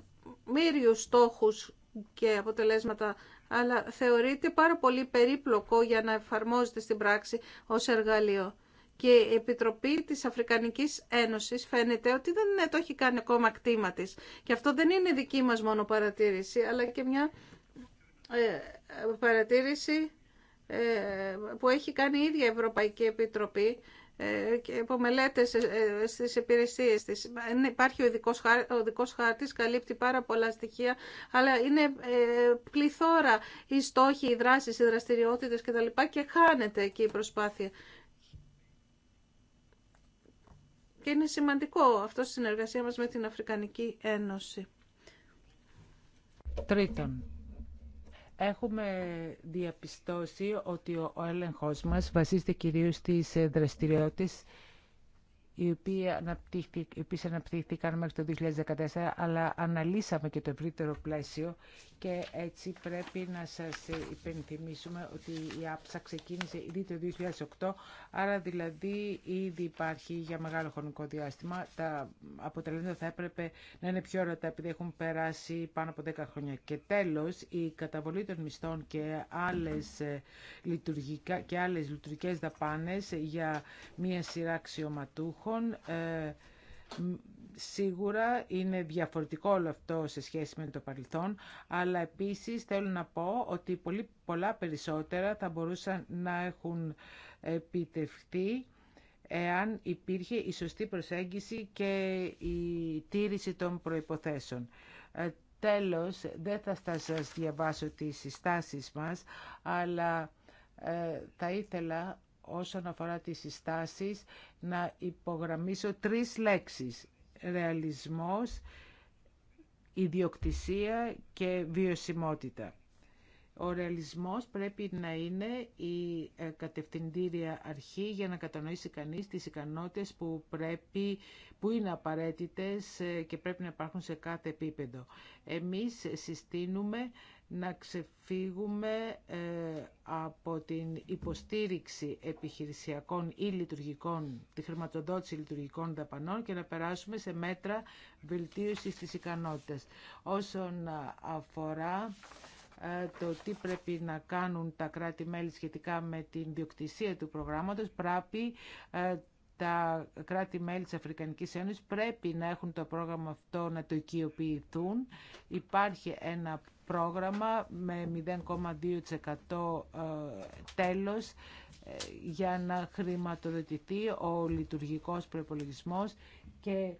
μύριους στόχους και αποτελέσματα, αλλά θεωρείται πάρα πολύ περίπλοκο για να εφαρμόζεται στην πράξη ως εργαλείο και η Επιτροπή της Αφρικανικής Ένωσης φαίνεται ότι δεν ε, το έχει κάνει ακόμα κτήμα της. Και αυτό δεν είναι δική μας μόνο παρατήρηση, αλλά και μια ε, παρατήρηση ε, που έχει κάνει η ίδια Ευρωπαϊκή Επιτροπή και από στις στι υπηρεσίε τη. Υπάρχει ο ειδικός χάρτης, χάρτη, καλύπτει πάρα πολλά στοιχεία, αλλά είναι πληθώρα οι στόχοι, οι δράσει, οι δραστηριότητε κτλ. Και χάνεται εκεί η προσπάθεια. Και είναι σημαντικό αυτό στη συνεργασία μας με την Αφρικανική Ένωση. Τρίτον, Έχουμε διαπιστώσει ότι ο έλεγχος μας βασίζεται κυρίως στις δραστηριότητες οι οποίοι αναπτύχθηκαν, μέχρι το 2014, αλλά αναλύσαμε και το ευρύτερο πλαίσιο και έτσι πρέπει να σας υπενθυμίσουμε ότι η άψα ξεκίνησε ήδη το 2008, άρα δηλαδή ήδη υπάρχει για μεγάλο χρονικό διάστημα. Τα αποτελέσματα θα έπρεπε να είναι πιο όρατα επειδή έχουν περάσει πάνω από 10 χρόνια. Και τέλος, η καταβολή των μισθών και άλλες, ε, λειτουργικά, και άλλες λειτουργικές δαπάνες για μία σειρά αξιωματούχων ε, σίγουρα είναι διαφορετικό όλο αυτό σε σχέση με το παρελθόν, αλλά επίσης θέλω να πω ότι πολύ, πολλά περισσότερα θα μπορούσαν να έχουν επιτευχθεί εάν υπήρχε η σωστή προσέγγιση και η τήρηση των προϋποθέσεων. Ε, τέλος, δεν θα σας διαβάσω τις συστάσεις μας, αλλά ε, θα ήθελα όσον αφορά τις συστάσεις να υπογραμμίσω τρεις λέξεις. Ρεαλισμός, ιδιοκτησία και βιωσιμότητα. Ο ρεαλισμός πρέπει να είναι η ε, κατευθυντήρια αρχή για να κατανοήσει κανείς τις ικανότητες που, πρέπει, που είναι απαραίτητες ε, και πρέπει να υπάρχουν σε κάθε επίπεδο. Εμείς συστήνουμε να ξεφύγουμε ε, από την υποστήριξη επιχειρησιακών ή λειτουργικών, τη χρηματοδότηση λειτουργικών δαπανών και να περάσουμε σε μέτρα βελτίωσης της ικανότητας. Όσον αφορά το τι πρέπει να κάνουν τα κράτη-μέλη σχετικά με την διοκτησία του προγράμματος, πρέπει ε, τα κράτη-μέλη της Αφρικανικής Ένωσης πρέπει να έχουν το πρόγραμμα αυτό να το οικειοποιηθούν. Υπάρχει ένα πρόγραμμα με 0,2% ε, τέλος ε, για να χρηματοδοτηθεί ο λειτουργικός προϋπολογισμός και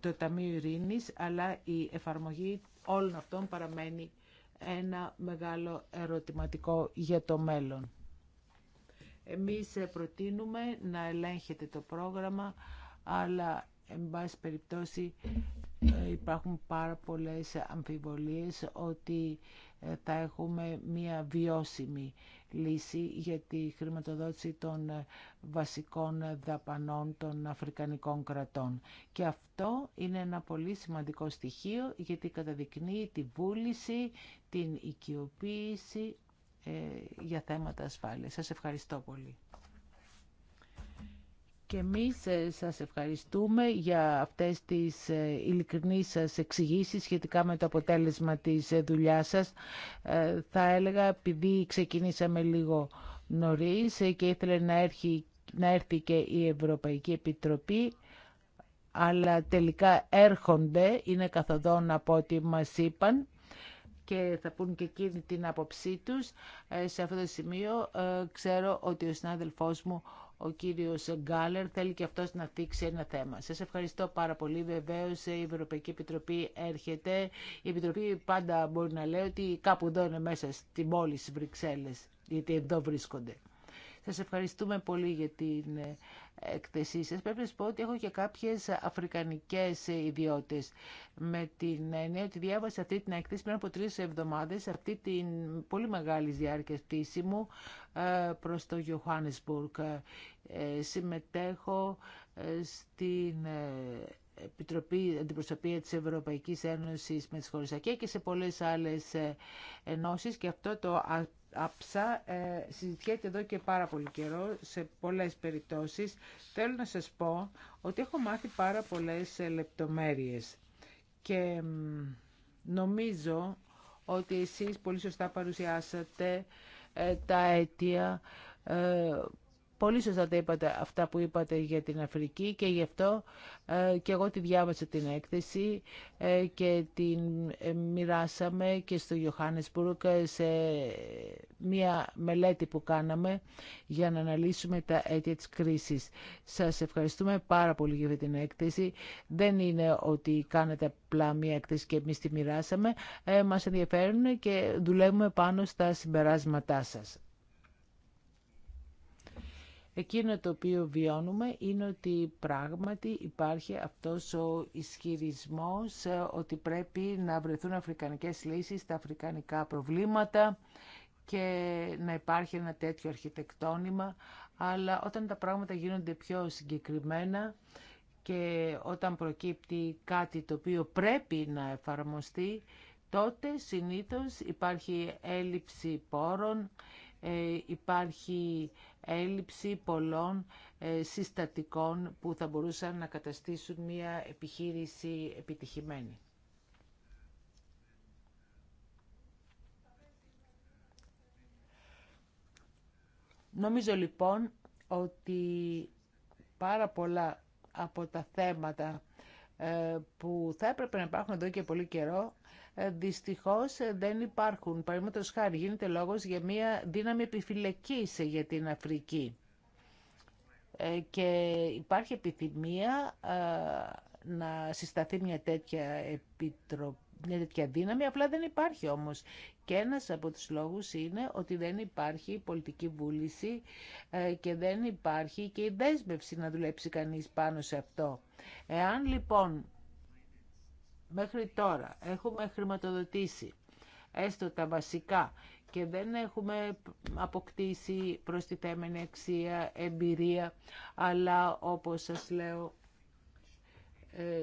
το Ταμείο Ειρήνης, αλλά η εφαρμογή όλων αυτών παραμένει ένα μεγάλο ερωτηματικό για το μέλλον. Εμείς ε, προτείνουμε να ελέγχετε το πρόγραμμα, αλλά εν πάση περιπτώσει ε, υπάρχουν πάρα πολλές αμφιβολίες ότι ε, θα έχουμε μία βιώσιμη λύση για τη χρηματοδότηση των ε, βασικών ε, δαπανών των Αφρικανικών κρατών. Και αυτό είναι ένα πολύ σημαντικό στοιχείο γιατί καταδεικνύει τη βούληση, την οικειοποίηση για θέματα ασφάλειας. Σας ευχαριστώ πολύ. Και εμείς ε, σας ευχαριστούμε για αυτές τις ε, ειλικρινείς σας εξηγήσεις σχετικά με το αποτέλεσμα της ε, δουλειάς σας. Θα έλεγα, επειδή ξεκινήσαμε λίγο νωρίς και ήθελε να έρθει, να έρθει και η Ευρωπαϊκή Επιτροπή, αλλά τελικά έρχονται, είναι καθοδόν από ό,τι μας είπαν και θα πούν και εκείνη την άποψή τους. Σε αυτό το σημείο ξέρω ότι ο συνάδελφός μου, ο κύριος Γκάλερ θέλει και αυτός να θίξει ένα θέμα. Σας ευχαριστώ πάρα πολύ. Βεβαίως η Ευρωπαϊκή Επιτροπή έρχεται. Η Επιτροπή πάντα μπορεί να λέει ότι κάπου εδώ είναι μέσα στην πόλη στις Βρυξέλλες, γιατί εδώ βρίσκονται. Σα ευχαριστούμε πολύ για την εκθεσή σα. Πρέπει να σα πω ότι έχω και κάποιες αφρικανικές ιδιότητε Με την έννοια ότι διάβασα αυτή την εκθέση πριν από τρει εβδομάδες, αυτή την πολύ μεγάλη διάρκεια πτήση μου ε, προς το Johannesburg. Ε, συμμετέχω ε, στην Επιτροπή Αντιπροσωπεία της Ευρωπαϊκής Ένωσης με τις χώρες και σε πολλές άλλες ενώσεις και αυτό το άψα ε, συζητιέται εδώ και πάρα πολύ καιρό σε πολλές περιπτώσεις. Θέλω να σας πω ότι έχω μάθει πάρα πολλές ε, λεπτομέρειες και νομίζω ότι εσείς πολύ σωστά παρουσιάσατε ε, τα αίτια Πολύ σωστά τα είπατε αυτά που είπατε για την Αφρική και γι' αυτό ε, και εγώ τη διάβασα την έκθεση ε, και την ε, μοιράσαμε και στο Ιωάννεσπουργκ σε μία μελέτη που κάναμε για να αναλύσουμε τα αίτια της κρίσης. Σας ευχαριστούμε πάρα πολύ για την έκθεση. Δεν είναι ότι κάνετε απλά μία έκθεση και εμείς τη μοιράσαμε. Ε, μας ενδιαφέρουν και δουλεύουμε πάνω στα συμπεράσματά σας. Εκείνο το οποίο βιώνουμε είναι ότι πράγματι υπάρχει αυτός ο ισχυρισμός ε, ότι πρέπει να βρεθούν αφρικανικές λύσεις στα αφρικανικά προβλήματα και να υπάρχει ένα τέτοιο αρχιτεκτόνημα, αλλά όταν τα πράγματα γίνονται πιο συγκεκριμένα και όταν προκύπτει κάτι το οποίο πρέπει να εφαρμοστεί, τότε συνήθως υπάρχει έλλειψη πόρων, ε, υπάρχει έλλειψη πολλών ε, συστατικών που θα μπορούσαν να καταστήσουν μια επιχείρηση επιτυχημένη. Νομίζω λοιπόν ότι πάρα πολλά από τα θέματα ε, που θα έπρεπε να υπάρχουν εδώ και πολύ καιρό, ε, δυστυχώς ε, δεν υπάρχουν. Παραδείγματο χάρη γίνεται λόγο για μια δύναμη επιφυλακής για την Αφρική. Και υπάρχει επιθυμία να συσταθεί μια τέτοια επιτροπή μια τέτοια δύναμη, απλά δεν υπάρχει όμως. Και ένας από τους λόγους είναι ότι δεν υπάρχει πολιτική βούληση ε, και δεν υπάρχει και η δέσμευση να δουλέψει κανείς πάνω σε αυτό. Εάν λοιπόν μέχρι τώρα έχουμε χρηματοδοτήσει έστω τα βασικά και δεν έχουμε αποκτήσει προστιθέμενη αξία, εμπειρία, αλλά όπως σας λέω ε,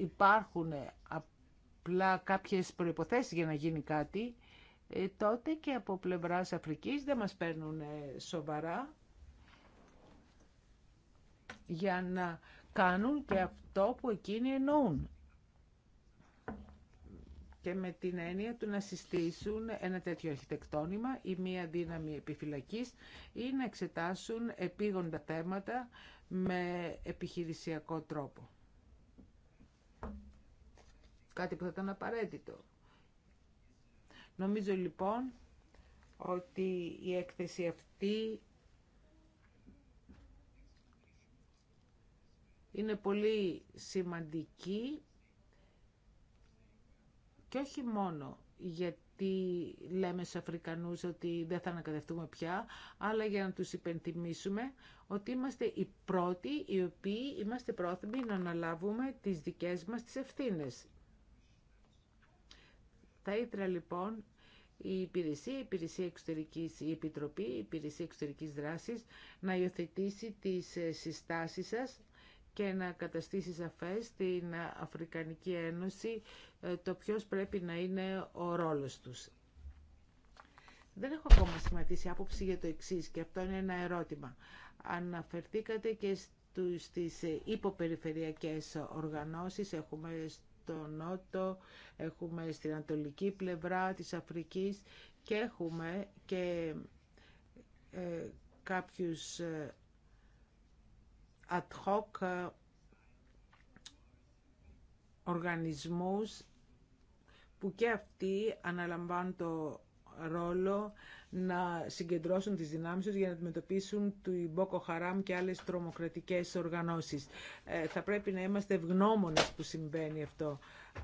υπάρχουν απλά κάποιες προϋποθέσεις για να γίνει κάτι, ε, τότε και από πλευράς Αφρικής δεν μας παίρνουν ε, σοβαρά για να κάνουν και αυτό που εκείνοι εννοούν. Και με την έννοια του να συστήσουν ένα τέτοιο αρχιτεκτόνημα ή μία δύναμη επιφυλακής ή να εξετάσουν επίγοντα θέματα με επιχειρησιακό τρόπο. Κάτι που θα ήταν απαραίτητο. Νομίζω λοιπόν ότι η έκθεση αυτή είναι πολύ σημαντική και όχι μόνο γιατί λέμε στους Αφρικανούς ότι δεν θα ανακατευτούμε πια, αλλά για να τους υπενθυμίσουμε ότι είμαστε οι πρώτοι οι οποίοι είμαστε πρόθυμοι να αναλάβουμε τις δικές μας τις ευθύνες. Θα ήθελα λοιπόν η υπηρεσία, η υπηρεσία εξωτερικής, η επιτροπή, υπηρεσία εξωτερικής δράσης να υιοθετήσει τις ε, συστάσεις σας και να καταστήσει σαφές στην Αφρικανική Ένωση ε, το ποιος πρέπει να είναι ο ρόλος τους. Δεν έχω ακόμα σχηματίσει άποψη για το εξή και αυτό είναι ένα ερώτημα. Αναφερθήκατε και στις ε, υποπεριφερειακές οργανώσεις, έχουμε στο νότο, έχουμε στην ανατολική πλευρά της Αφρικής και έχουμε και ε, κάποιους ε, ad hoc ε, οργανισμούς που και αυτοί αναλαμβάνουν το ρόλο να συγκεντρώσουν τις δυνάμεις τους για να αντιμετωπίσουν του Ιμπόκο Χαράμ και άλλες τρομοκρατικές οργανώσεις. Ε, θα πρέπει να είμαστε ευγνώμονες που συμβαίνει αυτό.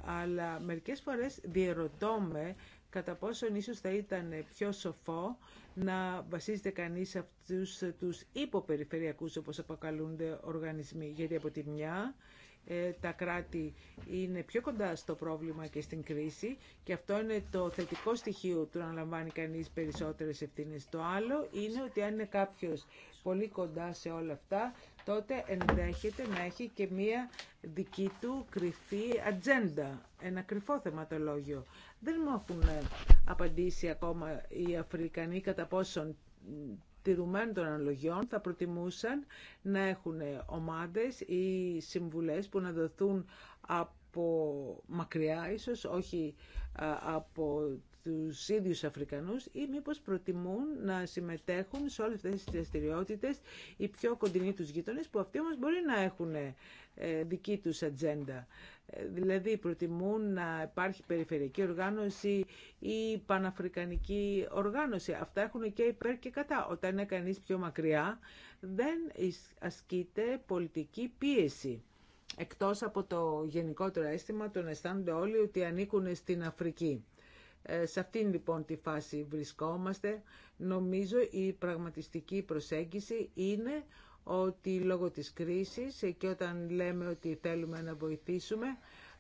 Αλλά μερικές φορές διερωτώμε κατά πόσον ίσως θα ήταν πιο σοφό να βασίζεται κανείς σε αυτούς τους υποπεριφερειακούς όπως αποκαλούνται οργανισμοί. Γιατί από τη μια ε, τα κράτη είναι πιο κοντά στο πρόβλημα και στην κρίση και αυτό είναι το θετικό στοιχείο του να λαμβάνει κανείς περισσότερες ευθύνες. Το άλλο είναι ότι αν είναι κάποιος πολύ κοντά σε όλα αυτά, τότε ενδέχεται να έχει και μία δική του κρυφή ατζέντα, ένα κρυφό θεματολόγιο. Δεν μου έχουν απαντήσει ακόμα οι Αφρικανοί κατά πόσον τηρουμένων των αναλογιών θα προτιμούσαν να έχουν ομάδες ή συμβουλές που να δοθούν από μακριά ίσως, όχι από τους ίδιους Αφρικανούς ή μήπως προτιμούν να συμμετέχουν σε όλες αυτές τις δραστηριότητε οι πιο κοντινοί τους γείτονες που αυτοί όμως μπορεί να έχουν ε, δική τους ατζέντα. Ε, δηλαδή προτιμούν να υπάρχει περιφερειακή οργάνωση ή παναφρικανική οργάνωση. Αυτά έχουν και υπέρ και κατά. Όταν είναι κανείς πιο μακριά δεν ασκείται πολιτική πίεση εκτός από το γενικότερο αίσθημα των αισθάνονται όλοι ότι ανήκουν στην Αφρική. Ε, σε αυτήν λοιπόν τη φάση βρισκόμαστε. Νομίζω η πραγματιστική προσέγγιση είναι ότι λόγω της κρίσης ε, και όταν λέμε ότι θέλουμε να βοηθήσουμε,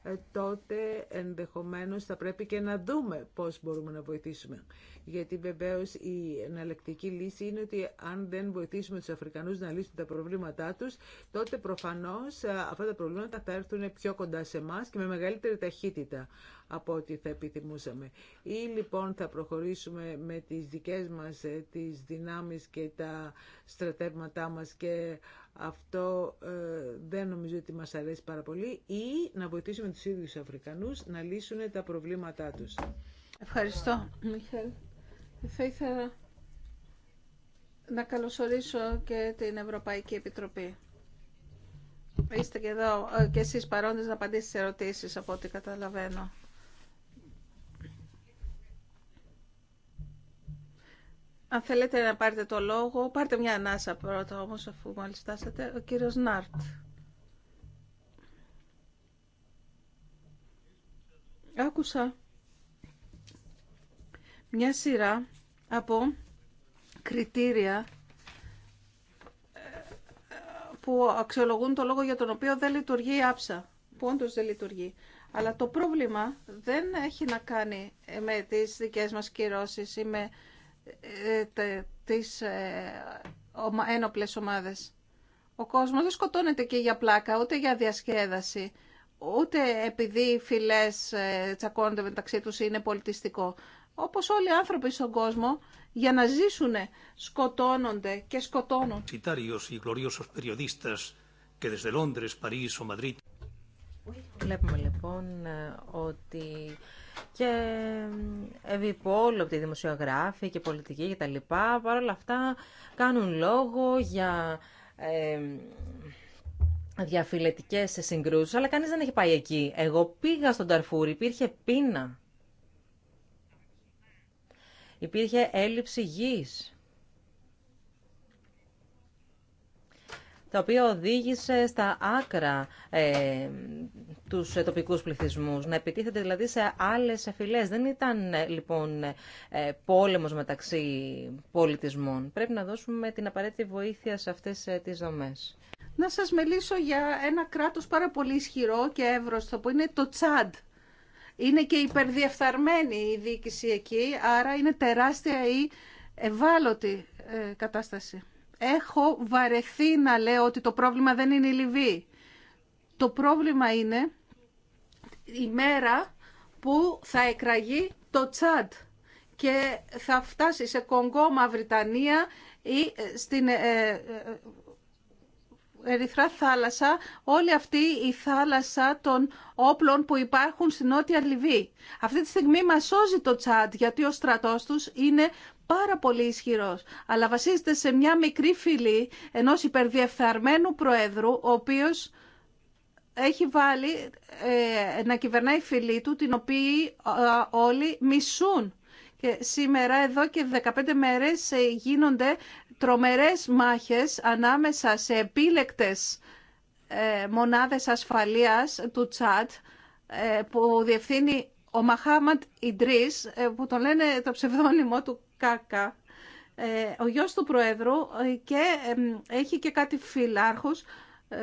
ε, τότε ενδεχομένως θα πρέπει και να δούμε πώς μπορούμε να βοηθήσουμε. Γιατί βεβαίως η εναλλακτική λύση είναι ότι αν δεν βοηθήσουμε τους Αφρικανούς να λύσουν τα προβλήματά τους, τότε προφανώς αυτά τα προβλήματα θα έρθουν πιο κοντά σε εμά και με μεγαλύτερη ταχύτητα από ό,τι θα επιθυμούσαμε. Ή λοιπόν θα προχωρήσουμε με τις δικές μας ε, τις δυνάμεις και τα στρατεύματά μας και αυτό ε, δεν νομίζω ότι μας αρέσει πάρα πολύ ή να βοηθήσουμε τους ίδιους Αφρικανούς να λύσουν τα προβλήματά τους. Ευχαριστώ, Μιχαήλ. Θα ήθελα να καλωσορίσω και την Ευρωπαϊκή Επιτροπή. Είστε και εδώ ε, και εσείς παρόντες να απαντήσετε σε ερωτήσεις από ό,τι καταλαβαίνω. Αν θέλετε να πάρετε το λόγο, πάρτε μια ανάσα πρώτα όμως, αφού μάλιστα στάσατε. ο κύριος Νάρτ. Άκουσα μια σειρά από κριτήρια ε, που αξιολογούν το λόγο για τον οποίο δεν λειτουργεί η άψα, που όντως δεν λειτουργεί. Αλλά το πρόβλημα δεν έχει να κάνει με τις δικές μας κυρώσεις ή με ε, τις ε, ένοπλες ομάδες. Ο κόσμος δεν σκοτώνεται και για πλάκα, ούτε για διασκέδαση, ούτε επειδή οι φυλές ε, τσακώνονται μεταξύ τους είναι πολιτιστικό. Όπως όλοι οι άνθρωποι στον κόσμο, για να ζήσουν σκοτώνονται και σκοτώνουν. Βλέπουμε λοιπόν ότι και ε, ε, τη δημοσιογράφοι και πολιτικοί και τα λοιπά, παρόλα αυτά κάνουν λόγο για ε, διαφυλετικές συγκρούσεις, αλλά κανείς δεν έχει πάει εκεί. Εγώ πήγα στον Ταρφούρ, υπήρχε πείνα. Υπήρχε έλλειψη γης. το οποίο οδήγησε στα άκρα ε, τους τοπικούς πληθυσμούς, να επιτίθεται δηλαδή σε άλλες φυλές. Δεν ήταν ε, λοιπόν ε, πόλεμος μεταξύ πολιτισμών. Πρέπει να δώσουμε την απαραίτητη βοήθεια σε αυτές ε, τις δομές. Να σας μιλήσω για ένα κράτος πάρα πολύ ισχυρό και εύρωστο που είναι το Τσάντ. Είναι και υπερδιεφθαρμένη η διοίκηση εκεί, άρα είναι τεράστια η ευάλωτη κατάσταση έχω βαρεθεί να λέω ότι το πρόβλημα δεν είναι η Λιβύη. Το πρόβλημα είναι η μέρα που θα εκραγεί το Τσάντ και θα φτάσει σε Κονγκό, Μαυριτανία ή ε, στην ε, ε, Ερυθρά θάλασσα, όλη αυτή η θάλασσα των όπλων που υπάρχουν στην Νότια Λιβύη. Αυτή τη στιγμή μας σώζει το Τσάντ, γιατί ο στρατός τους είναι πάρα πολύ ισχυρός, αλλά βασίζεται σε μια μικρή φυλή ενός υπερδιεφθαρμένου προέδρου, ο οποίος έχει βάλει ε, να κυβερνάει φυλή του, την οποία ε, όλοι μισούν. Και σήμερα εδώ και 15 μέρες ε, γίνονται τρομερές μάχες ανάμεσα σε επίλεκτες ε, μονάδες ασφαλείας του Τσάτ που διευθύνει ο Μαχάματ Ιντρίς, που τον λένε το ψευδόνυμο του Κάκα, ε, ο γιος του Προέδρου ε, και έχει και κάτι φιλάρχους ε,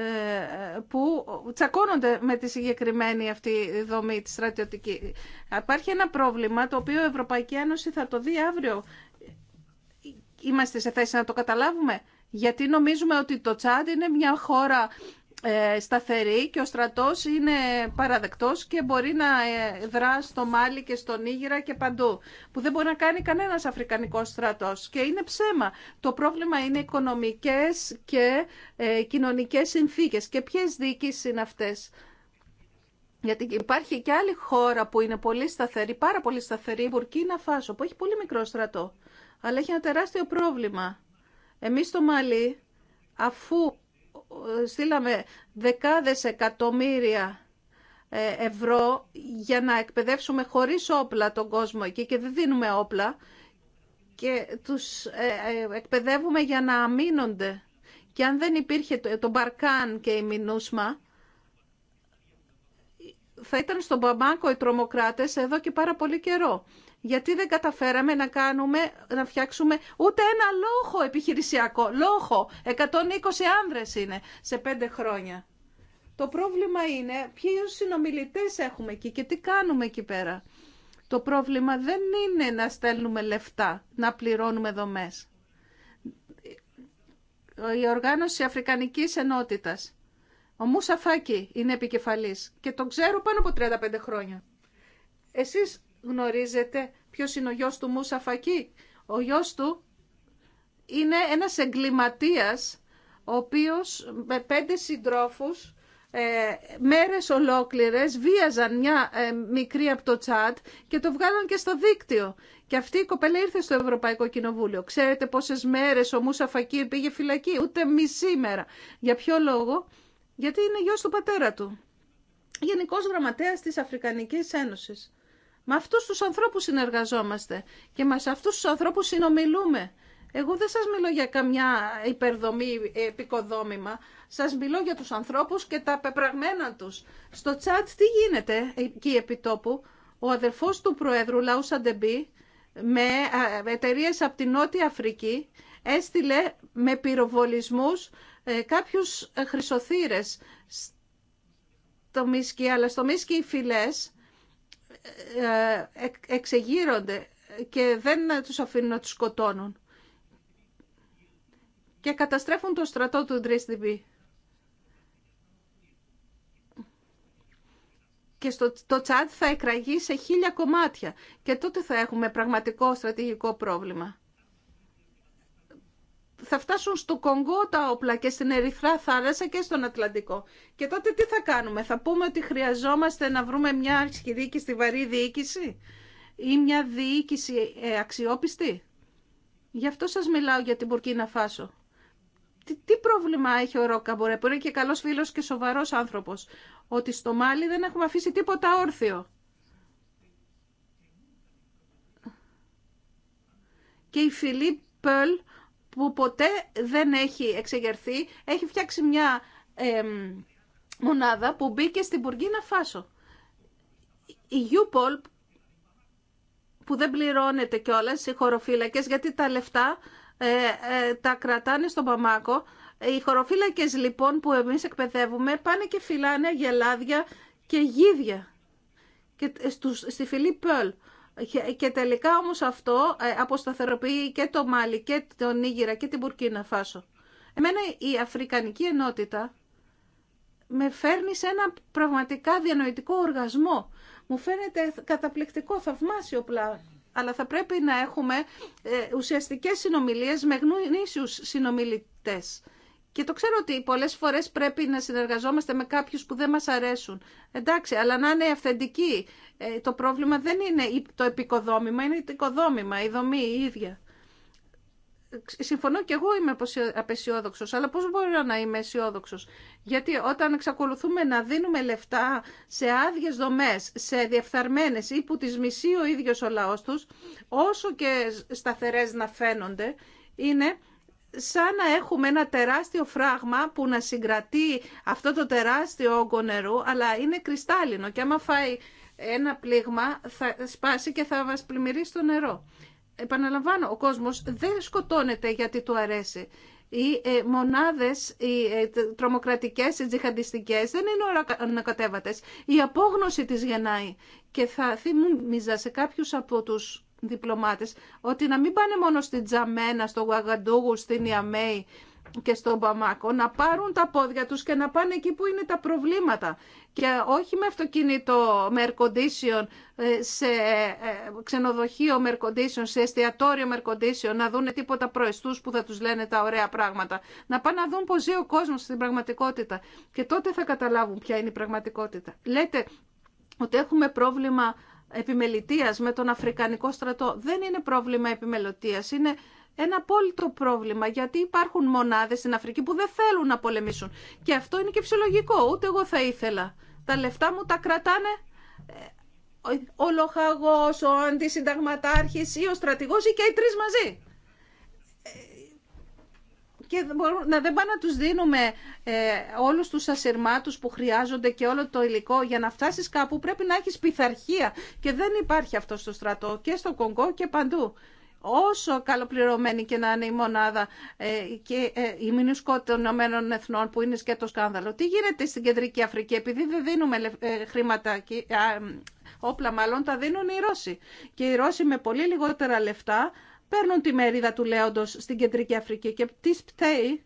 που τσακώνονται με τη συγκεκριμένη αυτή δομή τη στρατιωτική. Υπάρχει ένα πρόβλημα το οποίο η Ευρωπαϊκή Ένωση θα το δει αύριο. Είμαστε σε θέση να το καταλάβουμε. Γιατί νομίζουμε ότι το Τσάντ είναι μια χώρα ε, σταθερή και ο στρατός είναι παραδεκτός και μπορεί να ε, δράσει στο Μάλι και στο Νίγηρα και παντού, που δεν μπορεί να κάνει κανένας αφρικανικός στρατός και είναι ψέμα. Το πρόβλημα είναι οικονομικές και ε, κοινωνικές συνθήκες και ποιες δίκες είναι αυτές. Γιατί υπάρχει και άλλη χώρα που είναι πολύ σταθερή, πάρα πολύ σταθερή, η Μπουρκίνα Φάσο, που έχει πολύ μικρό στρατό, αλλά έχει ένα τεράστιο πρόβλημα. Εμείς στο Μάλι, αφού στείλαμε δεκάδες εκατομμύρια ε, ευρώ για να εκπαιδεύσουμε χωρίς όπλα τον κόσμο εκεί και δεν δίνουμε όπλα και τους ε, ε, εκπαιδεύουμε για να αμήνονται. Και αν δεν υπήρχε το Μπαρκάν και η Μινούσμα, θα ήταν στον Παμάκο οι τρομοκράτες εδώ και πάρα πολύ καιρό. Γιατί δεν καταφέραμε να, κάνουμε, να φτιάξουμε ούτε ένα λόχο επιχειρησιακό. Λόχο. 120 άνδρες είναι σε πέντε χρόνια. Το πρόβλημα είναι ποιου συνομιλητές έχουμε εκεί και τι κάνουμε εκεί πέρα. Το πρόβλημα δεν είναι να στέλνουμε λεφτά, να πληρώνουμε δομές. Η οργάνωση Αφρικανικής Ενότητας ο Μούσα Φάκη είναι επικεφαλής και τον ξέρω πάνω από 35 χρόνια. Εσείς γνωρίζετε ποιος είναι ο γιος του Μούσα Φάκη. Ο γιος του είναι ένας εγκληματίας ο οποίος με πέντε συντρόφους ε, μέρες ολόκληρες βίαζαν μια ε, μικρή από το τσάτ και το βγάλαν και στο δίκτυο. Και αυτή η κοπέλα ήρθε στο Ευρωπαϊκό Κοινοβούλιο. Ξέρετε πόσες μέρες ο Μούσα πήγε φυλακή, ούτε μισή μέρα. Για ποιο λόγο, γιατί είναι γιος του πατέρα του. Γενικός Γραμματέας της Αφρικανικής Ένωσης. Με αυτούς τους ανθρώπους συνεργαζόμαστε και με αυτούς τους ανθρώπους συνομιλούμε. Εγώ δεν σας μιλώ για καμιά υπερδομή, επικοδόμημα. Σας μιλώ για τους ανθρώπους και τα πεπραγμένα τους. Στο τσάτ τι γίνεται εκεί επί τόπου. Ο αδερφός του Προέδρου Λαού Σαντεμπή με ε, εταιρείε από τη Νότια Αφρική έστειλε με πυροβολισμούς ε, κάποιους ε, χρυσοθύρες στο μίσκι, αλλά στο μίσκι οι φυλές ε, εξεγείρονται και δεν τους αφήνουν να τους σκοτώνουν και καταστρέφουν το στρατό του Ντρίστιμπη. και στο, το τσάτ θα εκραγεί σε χίλια κομμάτια και τότε θα έχουμε πραγματικό στρατηγικό πρόβλημα θα φτάσουν στο Κονγκό τα όπλα και στην Ερυθρά θάλασσα και στον Ατλαντικό. Και τότε τι θα κάνουμε, θα πούμε ότι χρειαζόμαστε να βρούμε μια αρχιδίκηση, στη βαρύ διοίκηση ή μια διοίκηση ε, αξιόπιστη. Γι' αυτό σας μιλάω για την Μπουρκίνα Φάσο. Τι, τι πρόβλημα έχει ο Ρόκα Μπορέ, που είναι και καλός φίλος και σοβαρός άνθρωπος, ότι στο Μάλι δεν έχουμε αφήσει τίποτα όρθιο. Και η Φιλίπ Πελ που ποτέ δεν έχει εξεγερθεί, έχει φτιάξει μια μονάδα που μπήκε στην Πουργίνα Φάσο. Η UPOL που δεν πληρώνεται κιόλας, οι χωροφύλακε γιατί τα λεφτά ε, ε, τα κρατάνε στον Παμάκο. Οι χωροφύλακε λοιπόν που εμείς εκπαιδεύουμε πάνε και φυλάνε γελάδια και γίδια και ε, στους, στη Φιλίπ Πέλ και τελικά όμως αυτό ε, αποσταθεροποιεί και το Μάλι και τον Νίγηρα και την Μπουρκίνα Φάσο. Εμένα η Αφρικανική Ενότητα με φέρνει σε ένα πραγματικά διανοητικό οργασμό. Μου φαίνεται καταπληκτικό, θαυμάσιο πλάνο. Αλλά θα πρέπει να έχουμε ε, ουσιαστικές συνομιλίες με γνήσιους συνομιλητές. Και το ξέρω ότι πολλές φορές πρέπει να συνεργαζόμαστε με κάποιους που δεν μας αρέσουν. Εντάξει, αλλά να είναι αυθεντικοί. Ε, το πρόβλημα δεν είναι το επικοδόμημα, είναι το οικοδόμημα, η δομή η ίδια. Συμφωνώ και εγώ είμαι απεσιόδοξος, αλλά πώς μπορώ να είμαι αισιόδοξο. Γιατί όταν εξακολουθούμε να δίνουμε λεφτά σε άδειε δομές, σε διεφθαρμένες ή που τις μισεί ο ίδιος ο λαός τους, όσο και σταθερές να φαίνονται, είναι σαν να έχουμε ένα τεράστιο φράγμα που να συγκρατεί αυτό το τεράστιο όγκο νερού, αλλά είναι κρυστάλλινο και άμα φάει ένα πλήγμα θα σπάσει και θα μας πλημμυρίσει το νερό. Επαναλαμβάνω, ο κόσμος δεν σκοτώνεται γιατί του αρέσει. Οι ε, μονάδες οι ε, τρομοκρατικές, οι τζιχαντιστικές δεν είναι ανακατέβατες. Η απόγνωση της γεννάει και θα θυμίζα σε κάποιους από τους διπλωμάτες ότι να μην πάνε μόνο στην Τζαμένα, στο Γουαγαντούγου, στην Ιαμέη και στον Παμάκο, να πάρουν τα πόδια τους και να πάνε εκεί που είναι τα προβλήματα και όχι με αυτοκίνητο με ε, σε ε, ξενοδοχείο Mercondition, σε εστιατόριο Mercondition, να δούνε τίποτα προεστούς που θα τους λένε τα ωραία πράγματα. Να πάνε να δουν πώς ζει ο κόσμος στην πραγματικότητα και τότε θα καταλάβουν ποια είναι η πραγματικότητα. Λέτε ότι έχουμε πρόβλημα επιμελητίας με τον Αφρικανικό στρατό. Δεν είναι πρόβλημα επιμελητίας, είναι ένα απόλυτο πρόβλημα, γιατί υπάρχουν μονάδες στην Αφρική που δεν θέλουν να πολεμήσουν. Και αυτό είναι και φυσιολογικό, ούτε εγώ θα ήθελα. Τα λεφτά μου τα κρατάνε ε, ο λοχαγός, ο αντισυνταγματάρχης ή ο στρατηγός ή και οι τρεις μαζί και να δεν πάμε να τους δίνουμε ε, όλους τους ασυρμάτους που χρειάζονται και όλο το υλικό για να φτάσεις κάπου πρέπει να έχεις πειθαρχία και δεν υπάρχει αυτό στο στρατό και στο Κονγκό και παντού. Όσο καλοπληρωμένη και να είναι η μονάδα ε, και ε, η μηνυσκότητα των Ηνωμένων Εθνών που είναι το σκάνδαλο, τι γίνεται στην Κεντρική Αφρική επειδή δεν δίνουμε ε, χρήματα όπλα μάλλον τα δίνουν οι Ρώσοι και οι Ρώσοι με πολύ λιγότερα λεφτά παίρνουν τη μερίδα του λέοντος στην Κεντρική Αφρική και τι πταίει,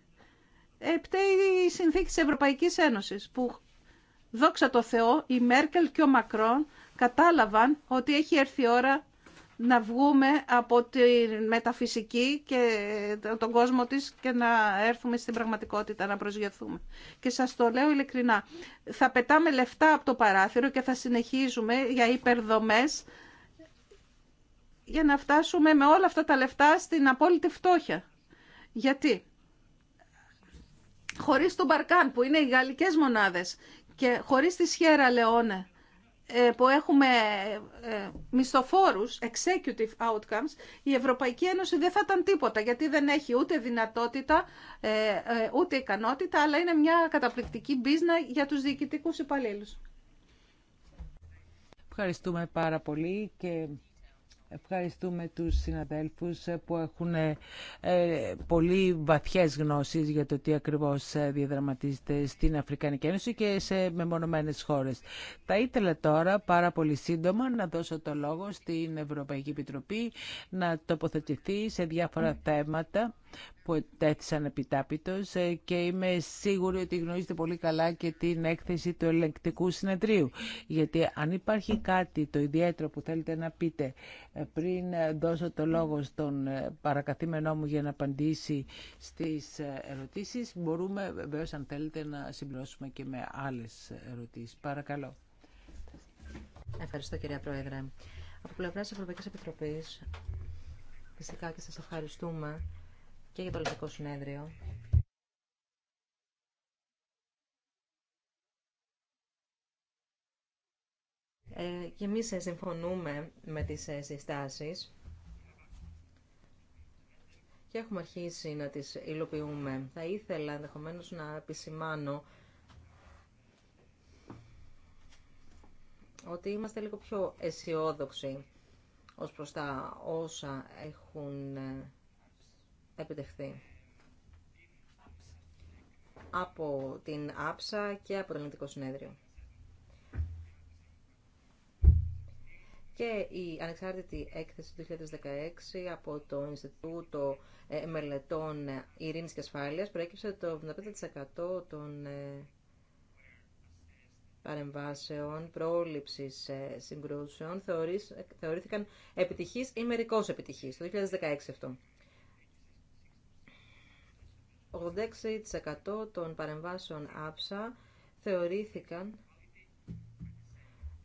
ε, πταίει η συνθήκη της Ευρωπαϊκής Ένωσης που δόξα τω Θεώ η Μέρκελ και ο Μακρόν κατάλαβαν ότι έχει έρθει η ώρα να βγούμε από τη μεταφυσική και τον κόσμο της και να έρθουμε στην πραγματικότητα, να προσγειωθούμε. Και σας το λέω ειλικρινά, θα πετάμε λεφτά από το παράθυρο και θα συνεχίζουμε για υπερδομές για να φτάσουμε με όλα αυτά τα λεφτά στην απόλυτη φτώχεια. Γιατί χωρίς τον Μπαρκάν που είναι οι γαλλικές μονάδες και χωρίς τη Σιέρα Λεόνε ε, που έχουμε ε, μισθοφόρους, executive outcomes, η Ευρωπαϊκή Ένωση δεν θα ήταν τίποτα, γιατί δεν έχει ούτε δυνατότητα, ε, ούτε ικανότητα, αλλά είναι μια καταπληκτική μπίζνα για τους διοικητικούς υπαλλήλους. Ευχαριστούμε πάρα πολύ και Ευχαριστούμε τους συναδέλφους που έχουν ε, πολύ βαθιές γνώσεις για το τι ακριβώς ε, διαδραματίζεται στην Αφρικανική Ένωση και σε μεμονωμένες χώρες. Θα ήθελα τώρα πάρα πολύ σύντομα να δώσω το λόγο στην Ευρωπαϊκή Επιτροπή να τοποθετηθεί σε διάφορα θέματα που τέθησαν επιτάπητος ε, και είμαι σίγουρη ότι γνωρίζετε πολύ καλά και την έκθεση του ελεγκτικού συνεδρίου. Γιατί αν υπάρχει κάτι το ιδιαίτερο που θέλετε να πείτε ε, πριν δώσω το λόγο στον ε, παρακαθήμενό μου για να απαντήσει στις ερωτήσεις, μπορούμε βεβαίω αν θέλετε να συμπληρώσουμε και με άλλες ερωτήσεις. Παρακαλώ. Ευχαριστώ κυρία Πρόεδρε. Από πλευρά τη Ευρωπαϊκή Επιτροπή, φυσικά και σα ευχαριστούμε και για το Ελληνικό Συνέδριο. Ε, και εμείς ε, συμφωνούμε με τις ε, συστάσεις και έχουμε αρχίσει να τις υλοποιούμε. Θα ήθελα ενδεχομένω να επισημάνω ότι είμαστε λίγο πιο αισιόδοξοι ως προς τα όσα έχουν ε, επιτευχθεί από την άψα και από το Ελληνικό Συνέδριο. Και η ανεξάρτητη έκθεση του 2016 από το Ινστιτούτο ε, Μελετών Ειρήνης και Ασφάλειας προέκυψε το 75% των ε, παρεμβάσεων πρόληψης ε, συγκρούσεων θεωρήθηκαν επιτυχής ή μερικώς επιτυχής. Το 2016 αυτό. 86% των παρεμβάσεων άψα θεωρήθηκαν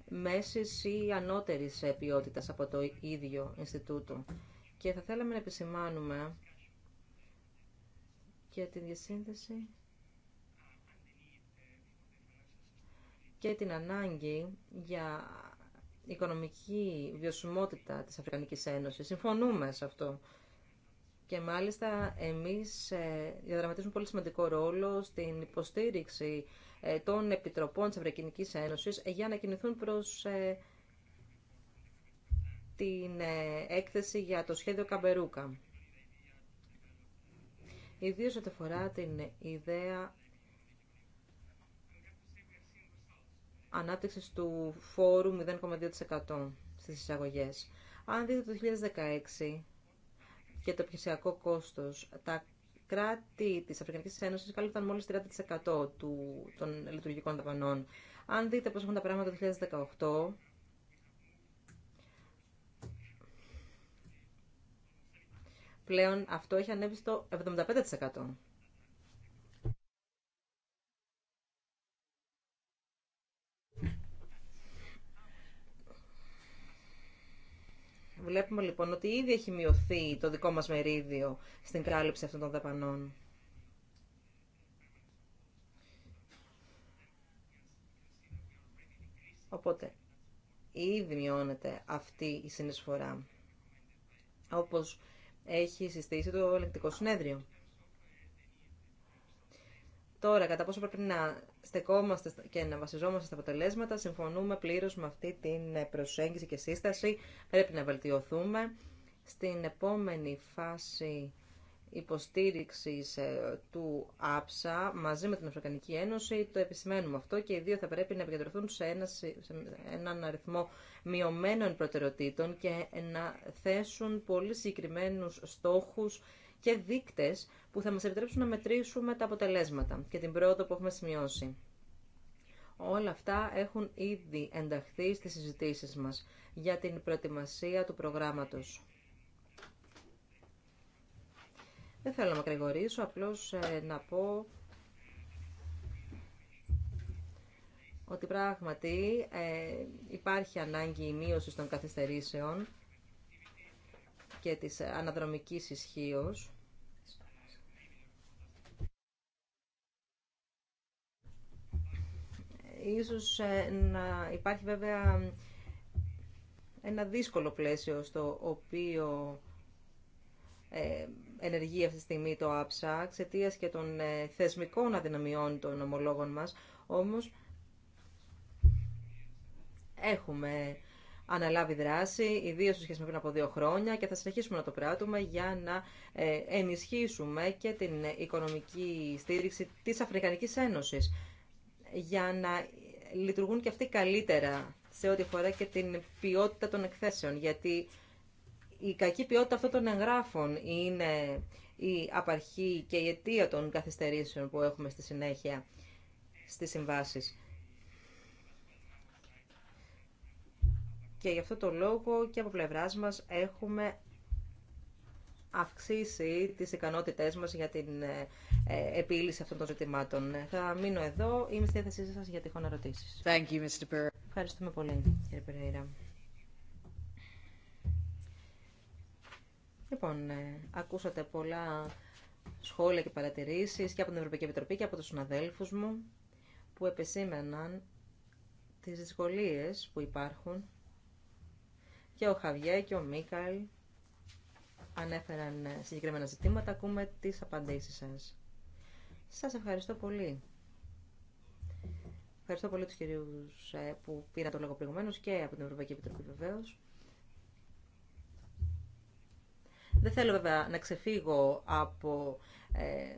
μέσης ή ανώτερης ποιότητας από το ίδιο Ινστιτούτο. Και θα θέλαμε να επισημάνουμε και την διασύνδεση και την ανάγκη για οικονομική βιωσιμότητα της Αφρικανικής Ένωσης. Συμφωνούμε σε αυτό και μάλιστα εμείς ε, διαδραματίζουμε πολύ σημαντικό ρόλο στην υποστήριξη ε, των επιτροπών της Ευρωκοινικής Ένωσης για να κινηθούν προς ε, την έκθεση για το σχέδιο Καμπερούκα. Ιδίω ό,τι αφορά την ιδέα ανάπτυξης του φόρου 0,2% στις εισαγωγές. Αν δείτε το 2016, και το επιχειρησιακό κόστος. Τα κράτη της Αφρικανικής Ένωσης κάλυπταν μόλις 30% του, των λειτουργικών δαπανών. Αν δείτε πώς έχουν τα πράγματα το 2018, πλέον αυτό έχει ανέβει στο 75%. Βλέπουμε λοιπόν ότι ήδη έχει μειωθεί το δικό μας μερίδιο στην κάλυψη αυτών των δαπανών. Οπότε, ήδη μειώνεται αυτή η συνεισφορά, όπως έχει συστήσει το ελεκτικό συνέδριο. Τώρα, κατά πόσο πρέπει να στεκόμαστε και να βασιζόμαστε στα αποτελέσματα, συμφωνούμε πλήρω με αυτή την προσέγγιση και σύσταση. Πρέπει να βελτιωθούμε. Στην επόμενη φάση υποστήριξης ε, του άψα μαζί με την Αφρικανική Ένωση. Το επισημαίνουμε αυτό και οι δύο θα πρέπει να επικεντρωθούν σε, σε έναν αριθμό μειωμένων προτεραιοτήτων και να θέσουν πολύ συγκεκριμένου στόχου και δείκτε που θα μας επιτρέψουν να μετρήσουμε τα αποτελέσματα και την πρόοδο που έχουμε σημειώσει. Όλα αυτά έχουν ήδη ενταχθεί στις συζητήσεις μας για την προετοιμασία του προγράμματος. Δεν θέλω να μακρηγορήσω, απλώς ε, να πω ότι πράγματι ε, υπάρχει ανάγκη η μείωση των καθυστερήσεων και της αναδρομικής ισχύω. Ίσως ε, να υπάρχει βέβαια ένα δύσκολο πλαίσιο στο οποίο ε, ενεργεί αυτή τη στιγμή το ΑΠΣΑ εξαιτία και των ε, θεσμικών αδυναμιών των ομολόγων μας. Όμως έχουμε αναλάβει δράση, ιδίω σε σχέση με πριν από δύο χρόνια και θα συνεχίσουμε να το πράττουμε για να ε, ενισχύσουμε και την οικονομική στήριξη της Αφρικανικής Ένωσης για να λειτουργούν και αυτοί καλύτερα σε ό,τι αφορά και την ποιότητα των εκθέσεων, γιατί η κακή ποιότητα αυτών των εγγράφων είναι η απαρχή και η αιτία των καθυστερήσεων που έχουμε στη συνέχεια στις συμβάσεις. Και γι' αυτό το λόγο και από πλευράς μας έχουμε αυξήσει τις ικανότητές μας για την ε, ε, επίλυση αυτών των ζητημάτων. Θα μείνω εδώ. Είμαι στη διάθεσή σας για τυχόν ερωτήσεις. Thank you, Mr. Ευχαριστούμε πολύ, κύριε Περέιρα. Λοιπόν, ε, ακούσατε πολλά σχόλια και παρατηρήσεις και από την Ευρωπαϊκή Επιτροπή και από τους συναδέλφους μου που επεσήμεναν τις δυσκολίες που υπάρχουν και ο Χαβιέ και ο Μίκαλ ανέφεραν ε, συγκεκριμένα ζητήματα. Ακούμε τις απαντήσεις σας. Σας ευχαριστώ πολύ. Ευχαριστώ πολύ τους κυρίους ε, που πήραν το λόγο προηγουμένω και από την Ευρωπαϊκή Επιτροπή Βεβαίω. Δεν θέλω βέβαια να ξεφύγω από ε,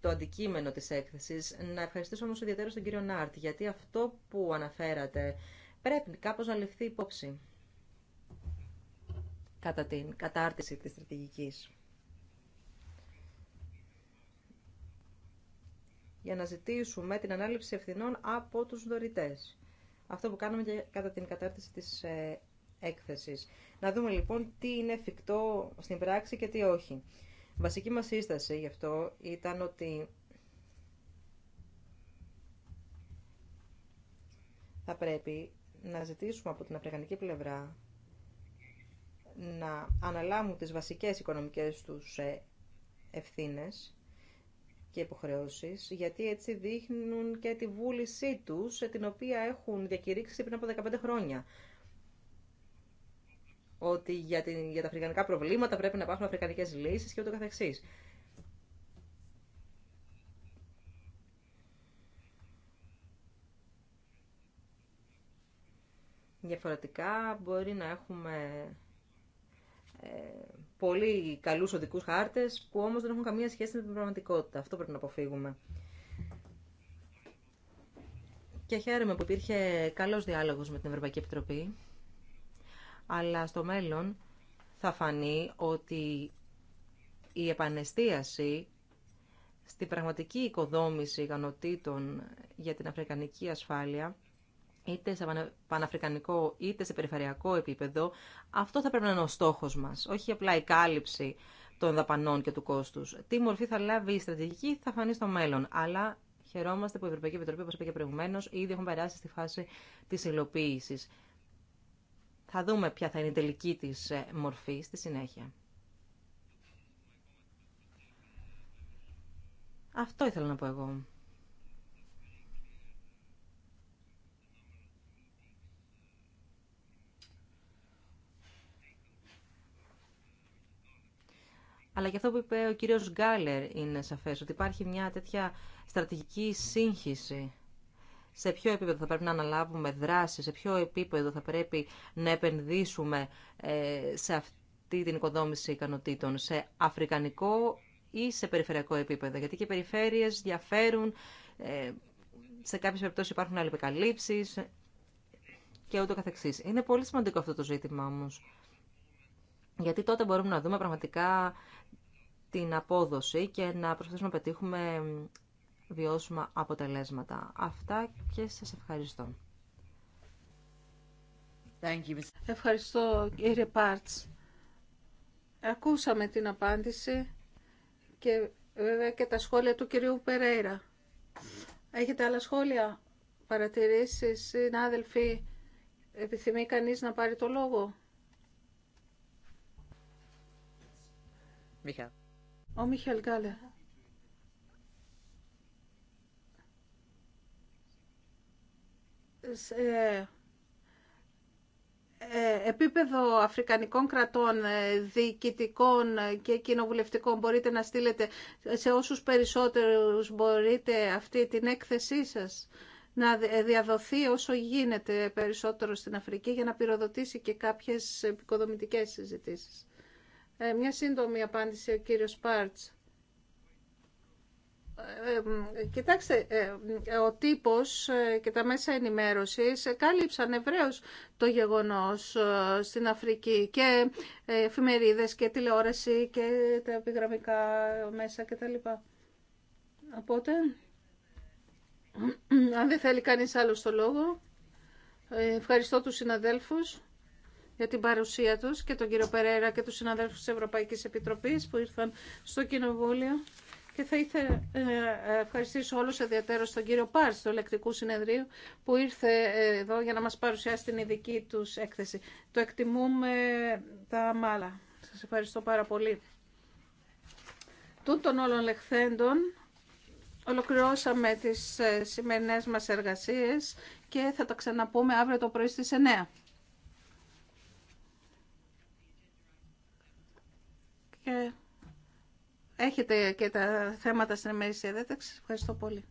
το αντικείμενο της έκθεσης. Να ευχαριστήσω όμως ιδιαίτερα τον κύριο Νάρτ, γιατί αυτό που αναφέρατε πρέπει κάπως να ληφθεί υπόψη κατά την κατάρτιση της στρατηγικής. για να ζητήσουμε την ανάληψη ευθυνών από τους δωρητές. Αυτό που κάνουμε και κατά την κατάρτιση της ε, έκθεσης. Να δούμε λοιπόν τι είναι εφικτό στην πράξη και τι όχι. Βασική μας σύσταση γι' αυτό ήταν ότι θα πρέπει να ζητήσουμε από την αφρικανική πλευρά να αναλάμουν τις βασικές οικονομικές τους ε, ευθύνες και υποχρεώσεις, γιατί έτσι δείχνουν και τη βούλησή τους, ε, την οποία έχουν διακηρύξει πριν από 15 χρόνια. Ότι για, την, για τα αφρικανικά προβλήματα πρέπει να υπάρχουν αφρικανικές λύσεις και ούτω καθεξής. Διαφορετικά μπορεί να έχουμε ε, πολύ καλούς οδικούς χάρτες που όμως δεν έχουν καμία σχέση με την πραγματικότητα. Αυτό πρέπει να αποφύγουμε. Και χαίρομαι που υπήρχε καλός διάλογος με την Ευρωπαϊκή Επιτροπή, αλλά στο μέλλον θα φανεί ότι η επανεστίαση στη πραγματική οικοδόμηση ικανοτήτων για την αφρικανική ασφάλεια είτε σε παναφρικανικό είτε σε περιφερειακό επίπεδο, αυτό θα πρέπει να είναι ο στόχος μας, όχι απλά η κάλυψη των δαπανών και του κόστου. Τι μορφή θα λάβει η στρατηγική θα φανεί στο μέλλον, αλλά χαιρόμαστε που η Ευρωπαϊκή Επιτροπή, όπω είπα και προηγουμένως, ήδη έχουν περάσει στη φάση της υλοποίηση. Θα δούμε ποια θα είναι η τελική τη ε, μορφή στη συνέχεια. Αυτό ήθελα να πω εγώ. Αλλά και αυτό που είπε ο κύριος Γκάλερ είναι σαφές, ότι υπάρχει μια τέτοια στρατηγική σύγχυση. Σε ποιο επίπεδο θα πρέπει να αναλάβουμε δράση, σε ποιο επίπεδο θα πρέπει να επενδύσουμε ε, σε αυτή την οικοδόμηση ικανοτήτων, σε αφρικανικό ή σε περιφερειακό επίπεδο. Γιατί και οι περιφέρειες διαφέρουν, ε, σε κάποιες περιπτώσεις υπάρχουν αλληλεπικαλύψεις και ούτω καθεξής. Είναι πολύ σημαντικό αυτό το ζήτημα όμως γιατί τότε μπορούμε να δούμε πραγματικά την απόδοση και να προσπαθήσουμε να πετύχουμε βιώσιμα αποτελέσματα. Αυτά και σας ευχαριστώ. Ευχαριστώ κύριε Πάρτς. Ακούσαμε την απάντηση και βέβαια και τα σχόλια του κυρίου Περέιρα. Έχετε άλλα σχόλια, παρατηρήσεις, συνάδελφοι, επιθυμεί κανείς να πάρει το λόγο. Ο Μιχαήλ Γκάλε. Σε ε, επίπεδο αφρικανικών κρατών, ε, διοικητικών και κοινοβουλευτικών μπορείτε να στείλετε σε όσους περισσότερους μπορείτε αυτή την έκθεσή σας να ε, διαδοθεί όσο γίνεται περισσότερο στην Αφρική για να πυροδοτήσει και κάποιες επικοδομητικές συζητήσεις. Ε, μια σύντομη απάντηση ο κύριος Πάρτς. Ε, ε κοιτάξτε, ε, ο τύπος και τα μέσα ενημέρωσης κάλυψαν ευρέως το γεγονός στην Αφρική και εφημερίδες και τηλεόραση και τα επιγραμμικά μέσα κτλ. Οπότε, αν δεν θέλει κανείς άλλο το λόγο, ευχαριστώ τους συναδέλφους για την παρουσία τους και τον κύριο Περέρα και τους συναδέλφους της Ευρωπαϊκής Επιτροπής που ήρθαν στο Κοινοβούλιο. Και θα ήθελα να ε, ευχαριστήσω όλους ιδιαίτερα τον κύριο Πάρς του Ελεκτικού Συνεδρίου που ήρθε ε, εδώ για να μας παρουσιάσει την ειδική τους έκθεση. Το εκτιμούμε τα μάλα. Σας ευχαριστώ πάρα πολύ. Τούτων των όλων λεχθέντων ολοκληρώσαμε τις ε, σημερινές μας εργασίες και θα τα ξαναπούμε αύριο το πρωί στις 9. Και έχετε και τα θέματα στην ημερήσια διάταξη. Ευχαριστώ πολύ.